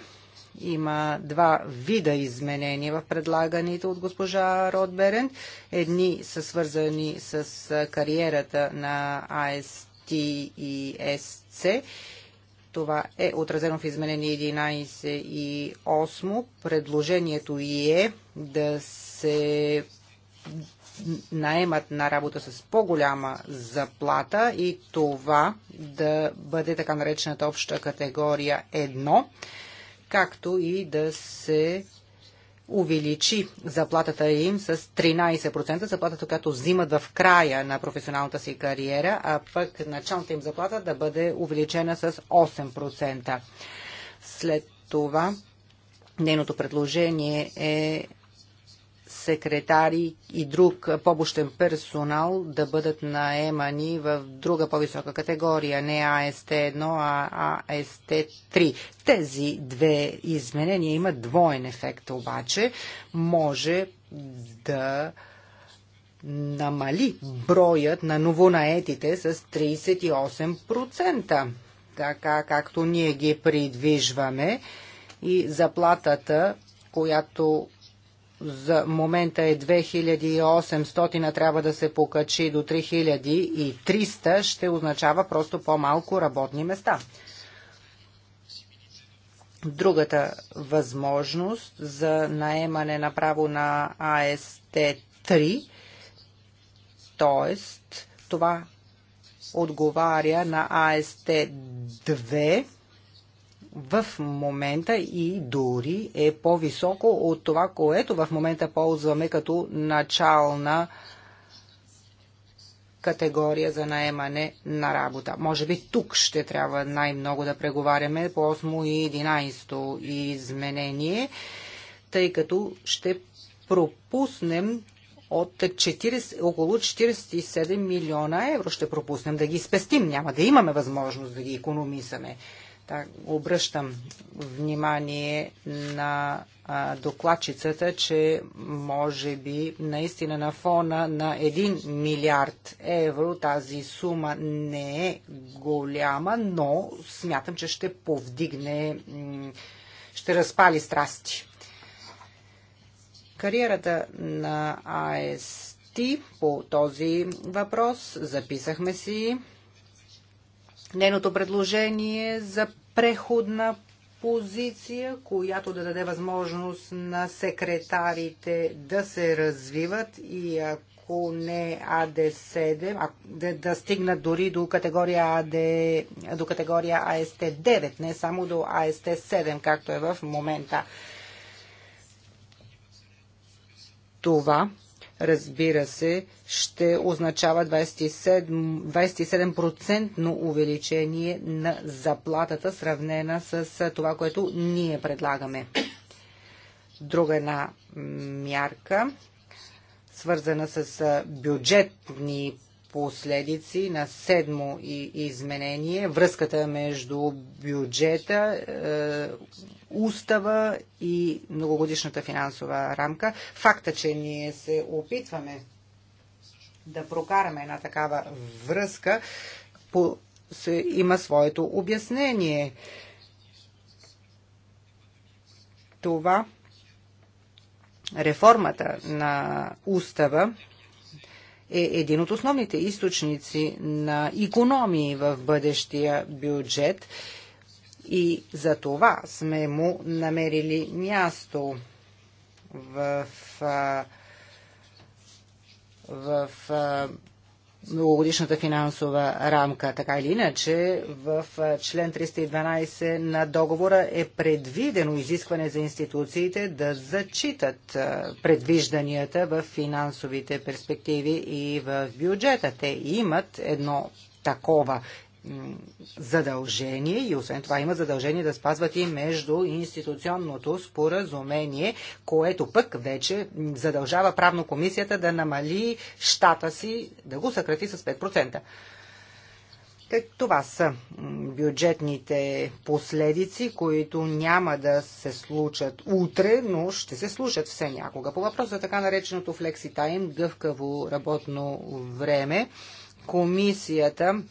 Има два вида изменения в предлаганите от госпожа Ротберен. Едни са свързани с кариерата на АСТ и СЦ. Това е отразено в изменение 11 и 8. Предложението и е да се наемат на работа с по-голяма заплата и това да бъде така наречената обща категория 1 както и да се увеличи заплатата им с 13%, заплатата, която взимат в края на професионалната си кариера, а пък началната им заплата да бъде увеличена с 8%. След това нейното предложение е секретари и друг побощен персонал да бъдат наемани в друга по-висока категория, не АСТ1, а АСТ3. Тези две изменения имат двоен ефект, обаче може да намали броят на новонаетите с 38%, така както ние ги придвижваме и заплатата, която за момента е 2800, а трябва да се покачи до 3300, ще означава просто по-малко работни места. Другата възможност за наемане направо на АСТ-3, т.е. това отговаря на АСТ-2, в момента и дори е по-високо от това, което в момента ползваме като начална категория за наемане на работа. Може би тук ще трябва най-много да преговаряме по 8 и 11 изменение, тъй като ще пропуснем от 40, около 47 милиона евро ще пропуснем да ги спестим. Няма да имаме възможност да ги економисаме так, обръщам внимание на а, докладчицата, че може би наистина на фона на 1 милиард евро тази сума не е голяма, но смятам, че ще повдигне, ще разпали страсти. Кариерата на АСТ по този въпрос записахме си Неното предложение за преходна позиция, която да даде възможност на секретарите да се развиват и ако не АД7, а, да, да стигнат дори до категория, АД, до категория АСТ9, не само до АСТ7, както е в момента. Това разбира се, ще означава 27%, 27% увеличение на заплатата, сравнена с това, което ние предлагаме. Друга една мярка, свързана с бюджетни последици на седмо изменение, връзката между бюджета, е, устава и многогодишната финансова рамка. Факта, че ние се опитваме да прокараме една такава връзка, има своето обяснение. Това реформата на устава е един от основните източници на економии в бъдещия бюджет и за това сме му намерили място в, в, в многогодишната финансова рамка. Така или иначе, в член 312 на договора е предвидено изискване за институциите да зачитат предвижданията в финансовите перспективи и в бюджета. Те имат едно такова задължение и освен това има задължение да спазват и между институционното споразумение, което пък вече задължава правно комисията да намали щата си, да го съкрати с 5%. Так, това са бюджетните последици, които няма да се случат утре, но ще се случат все някога. По въпрос за така нареченото Тайм, гъвкаво работно време, комисията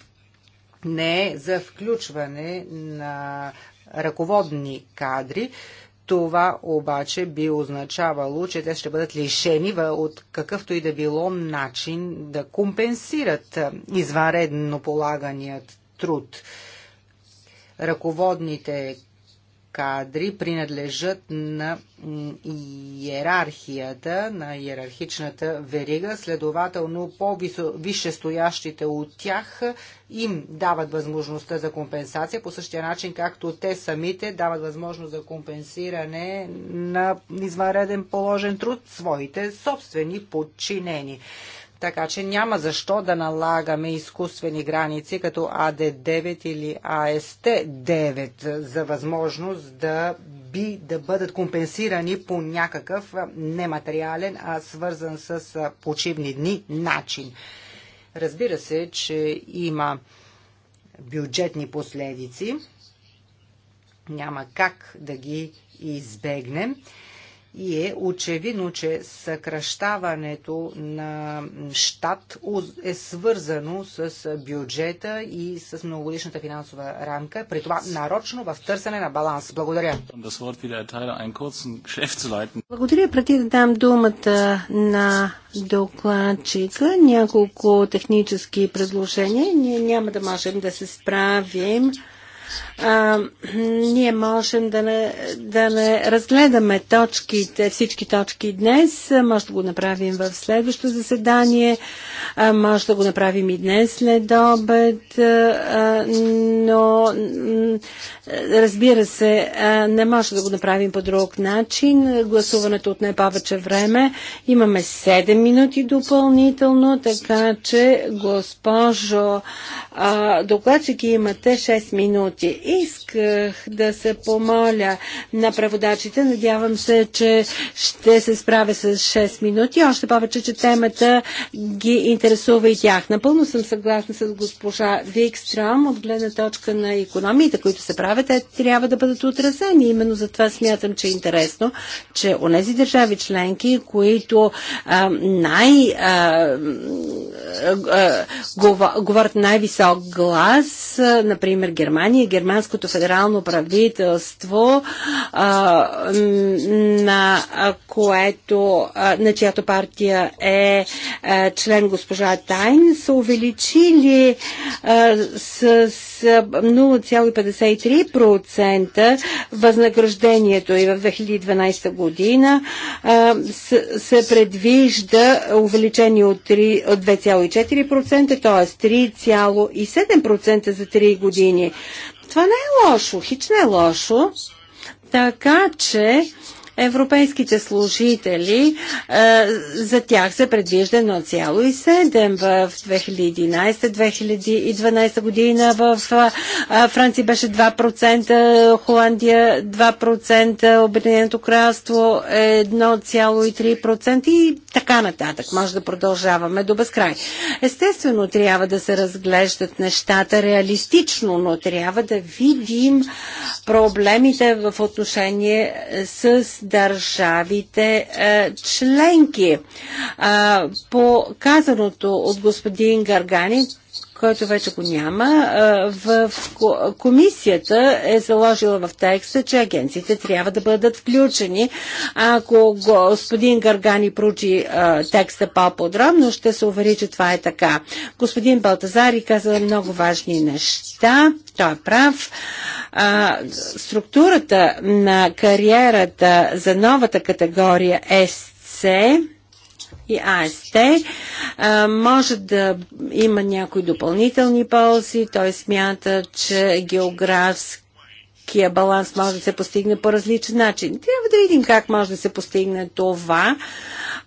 не е за включване на ръководни кадри. Това обаче би означавало, че те ще бъдат лишени от какъвто и да било начин да компенсират извънредно полаганият труд. Ръководните кадри принадлежат на иерархията, на иерархичната верига, следователно по-висшестоящите от тях им дават възможността за компенсация, по същия начин както те самите дават възможност за компенсиране на извънреден положен труд своите собствени подчинени. Така че няма защо да налагаме изкуствени граници като АД9 или АСТ9 за възможност да би да бъдат компенсирани по някакъв нематериален, а свързан с почивни дни начин. Разбира се, че има бюджетни последици. Няма как да ги избегнем. И е очевидно, че съкръщаването на щат е свързано с бюджета и с многогодишната финансова рамка, при това нарочно в търсене на баланс. Благодаря. Um, Благодаря. Преди да дам думата на докладчика, няколко технически предложения. Ние няма да можем да се справим а, ние можем да не, да не разгледаме точките, всички точки днес. Може да го направим в следващото заседание, а, може да го направим и днес след обед, а, но разбира се, а, не може да го направим по друг начин. Гласуването отне повече време. Имаме 7 минути допълнително, така че госпожо докладчики имате 6 минути. Исках да се помоля на преводачите. Надявам се, че ще се справя с 6 минути. Още повече, че темата ги интересува и тях. Напълно съм съгласна с госпожа Викстрам от гледна точка на економиите, които се правят. Те трябва да бъдат отразени. Именно за това смятам, че е интересно, че онези държави членки, които а, най... А, а, говорят най-висок глас, например Германия, Германия американското федерално правителство, а, на което, а, на чиято партия е а, е, член госпожа Тайн, са увеличили а, с, с 0,53% възнаграждението и в 2012 година а, с, се предвижда увеличение от, 3, от 2,4%, т.е. 3,7% за 3 години. Това не е лошо, хич не е лошо. Така че Европейските служители, е, за тях се предвижда 1,7 в 2011-2012 година. В е, Франция беше 2%, Холандия 2%, Обединеното кралство 1,3% и така нататък. Може да продължаваме до безкрай. Естествено, трябва да се разглеждат нещата реалистично, но трябва да видим проблемите в отношение с държавите е, членки. по казаното от господин Гаргани, който вече го няма, в комисията е заложила в текста, че агенциите трябва да бъдат включени. Ако господин Гаргани проучи текста по-подробно, ще се увери, че това е така. Господин Балтазари каза много важни неща. Той е прав. Структурата на кариерата за новата категория СЦ и АСТ. А, може да има някои допълнителни ползи. Той смята, че географски баланс може да се постигне по различен начин. Трябва да видим как може да се постигне това.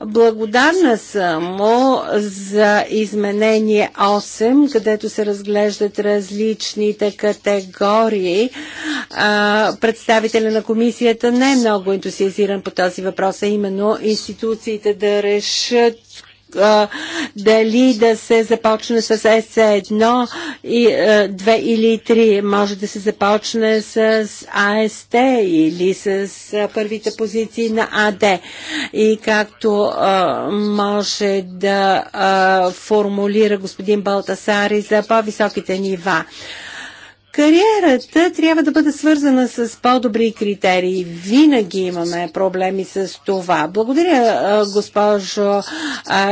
Благодарна съм му за изменение 8, където се разглеждат различните категории. представителя на комисията не е много ентусиазиран по този въпрос, а именно институциите да решат дали да се започне с сс 1 и, 2 или 3. Може да се започне с АСТ или с първите позиции на АД. И както може да формулира господин Балтасари за по-високите нива. Кариерата трябва да бъде свързана с по-добри критерии. Винаги имаме проблеми с това. Благодаря, госпожо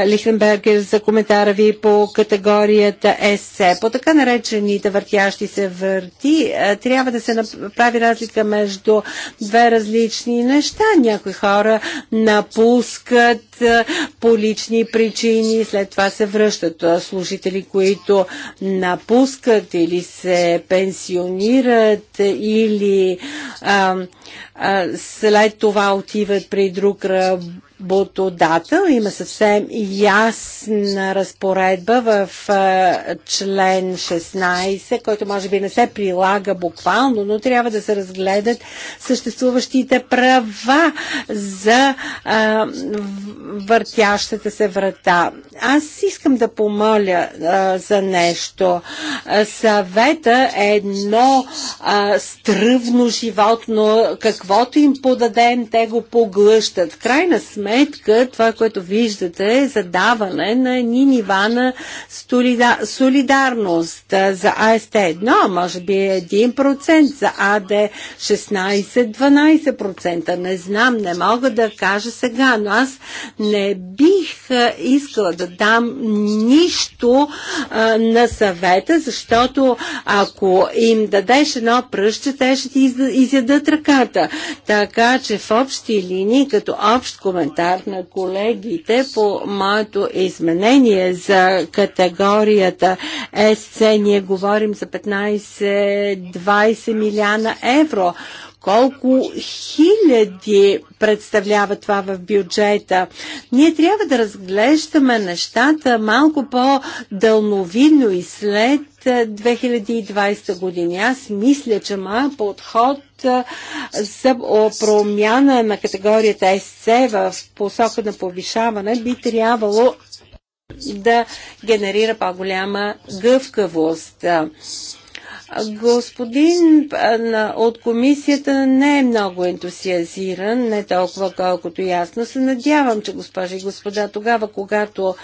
Лихтенбергер, за коментара ви по категорията СС. По така наречените въртящи се върти, трябва да се направи разлика между две различни неща. Някои хора напускат по лични причини, след това се връщат. Служители, които напускат или се пенсионират, пенсионират или а, а, след това отиват при друг работник работодател. Има съвсем ясна разпоредба в член 16, който може би не се прилага буквално, но трябва да се разгледат съществуващите права за а, въртящата се врата. Аз искам да помоля а, за нещо. Съвета е едно а, стръвно животно, каквото им подадем, те го поглъщат. В крайна сметка, сметка това, което виждате е задаване на едни нива на солида... солидарност за АСТ-1, може би 1%, за АД 16-12%. Не знам, не мога да кажа сега, но аз не бих искала да дам нищо а, на съвета, защото ако им дадеш едно пръще, те ще ти изядат ръката. Така че в общи линии, като общ коментар, коментар на колегите по моето изменение за категорията СЦ. Ние говорим за 15-20 милиона евро. Колко хиляди представлява това в бюджета? Ние трябва да разглеждаме нещата малко по-дълновидно и след 2020 е, години. Аз мисля, че моят подход е, за промяна на категорията СЦ в посока на повишаване би трябвало да генерира по-голяма гъвкавост. Господин от комисията не е много ентусиазиран, не толкова колкото ясно. Се надявам, че госпожи и господа, тогава, когато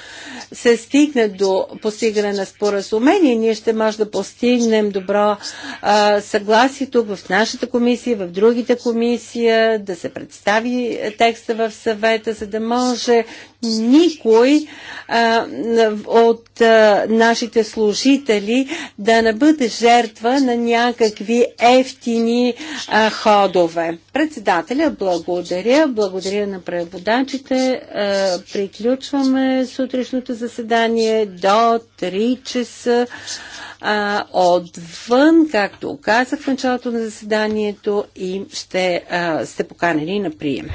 се стигне до постигане на споразумение, ние ще може да постигнем добро а, съгласие тук в нашата комисия, в другите комисия, да се представи текста в съвета, за да може никой а, от а, нашите служители да не бъде жертва на някакви ефтини а, ходове. Председателя, благодаря. Благодаря на преводачите. А, приключваме сутрешното заседание до 3 часа. А, отвън, както казах в началото на заседанието, им ще а, сте поканени на прием.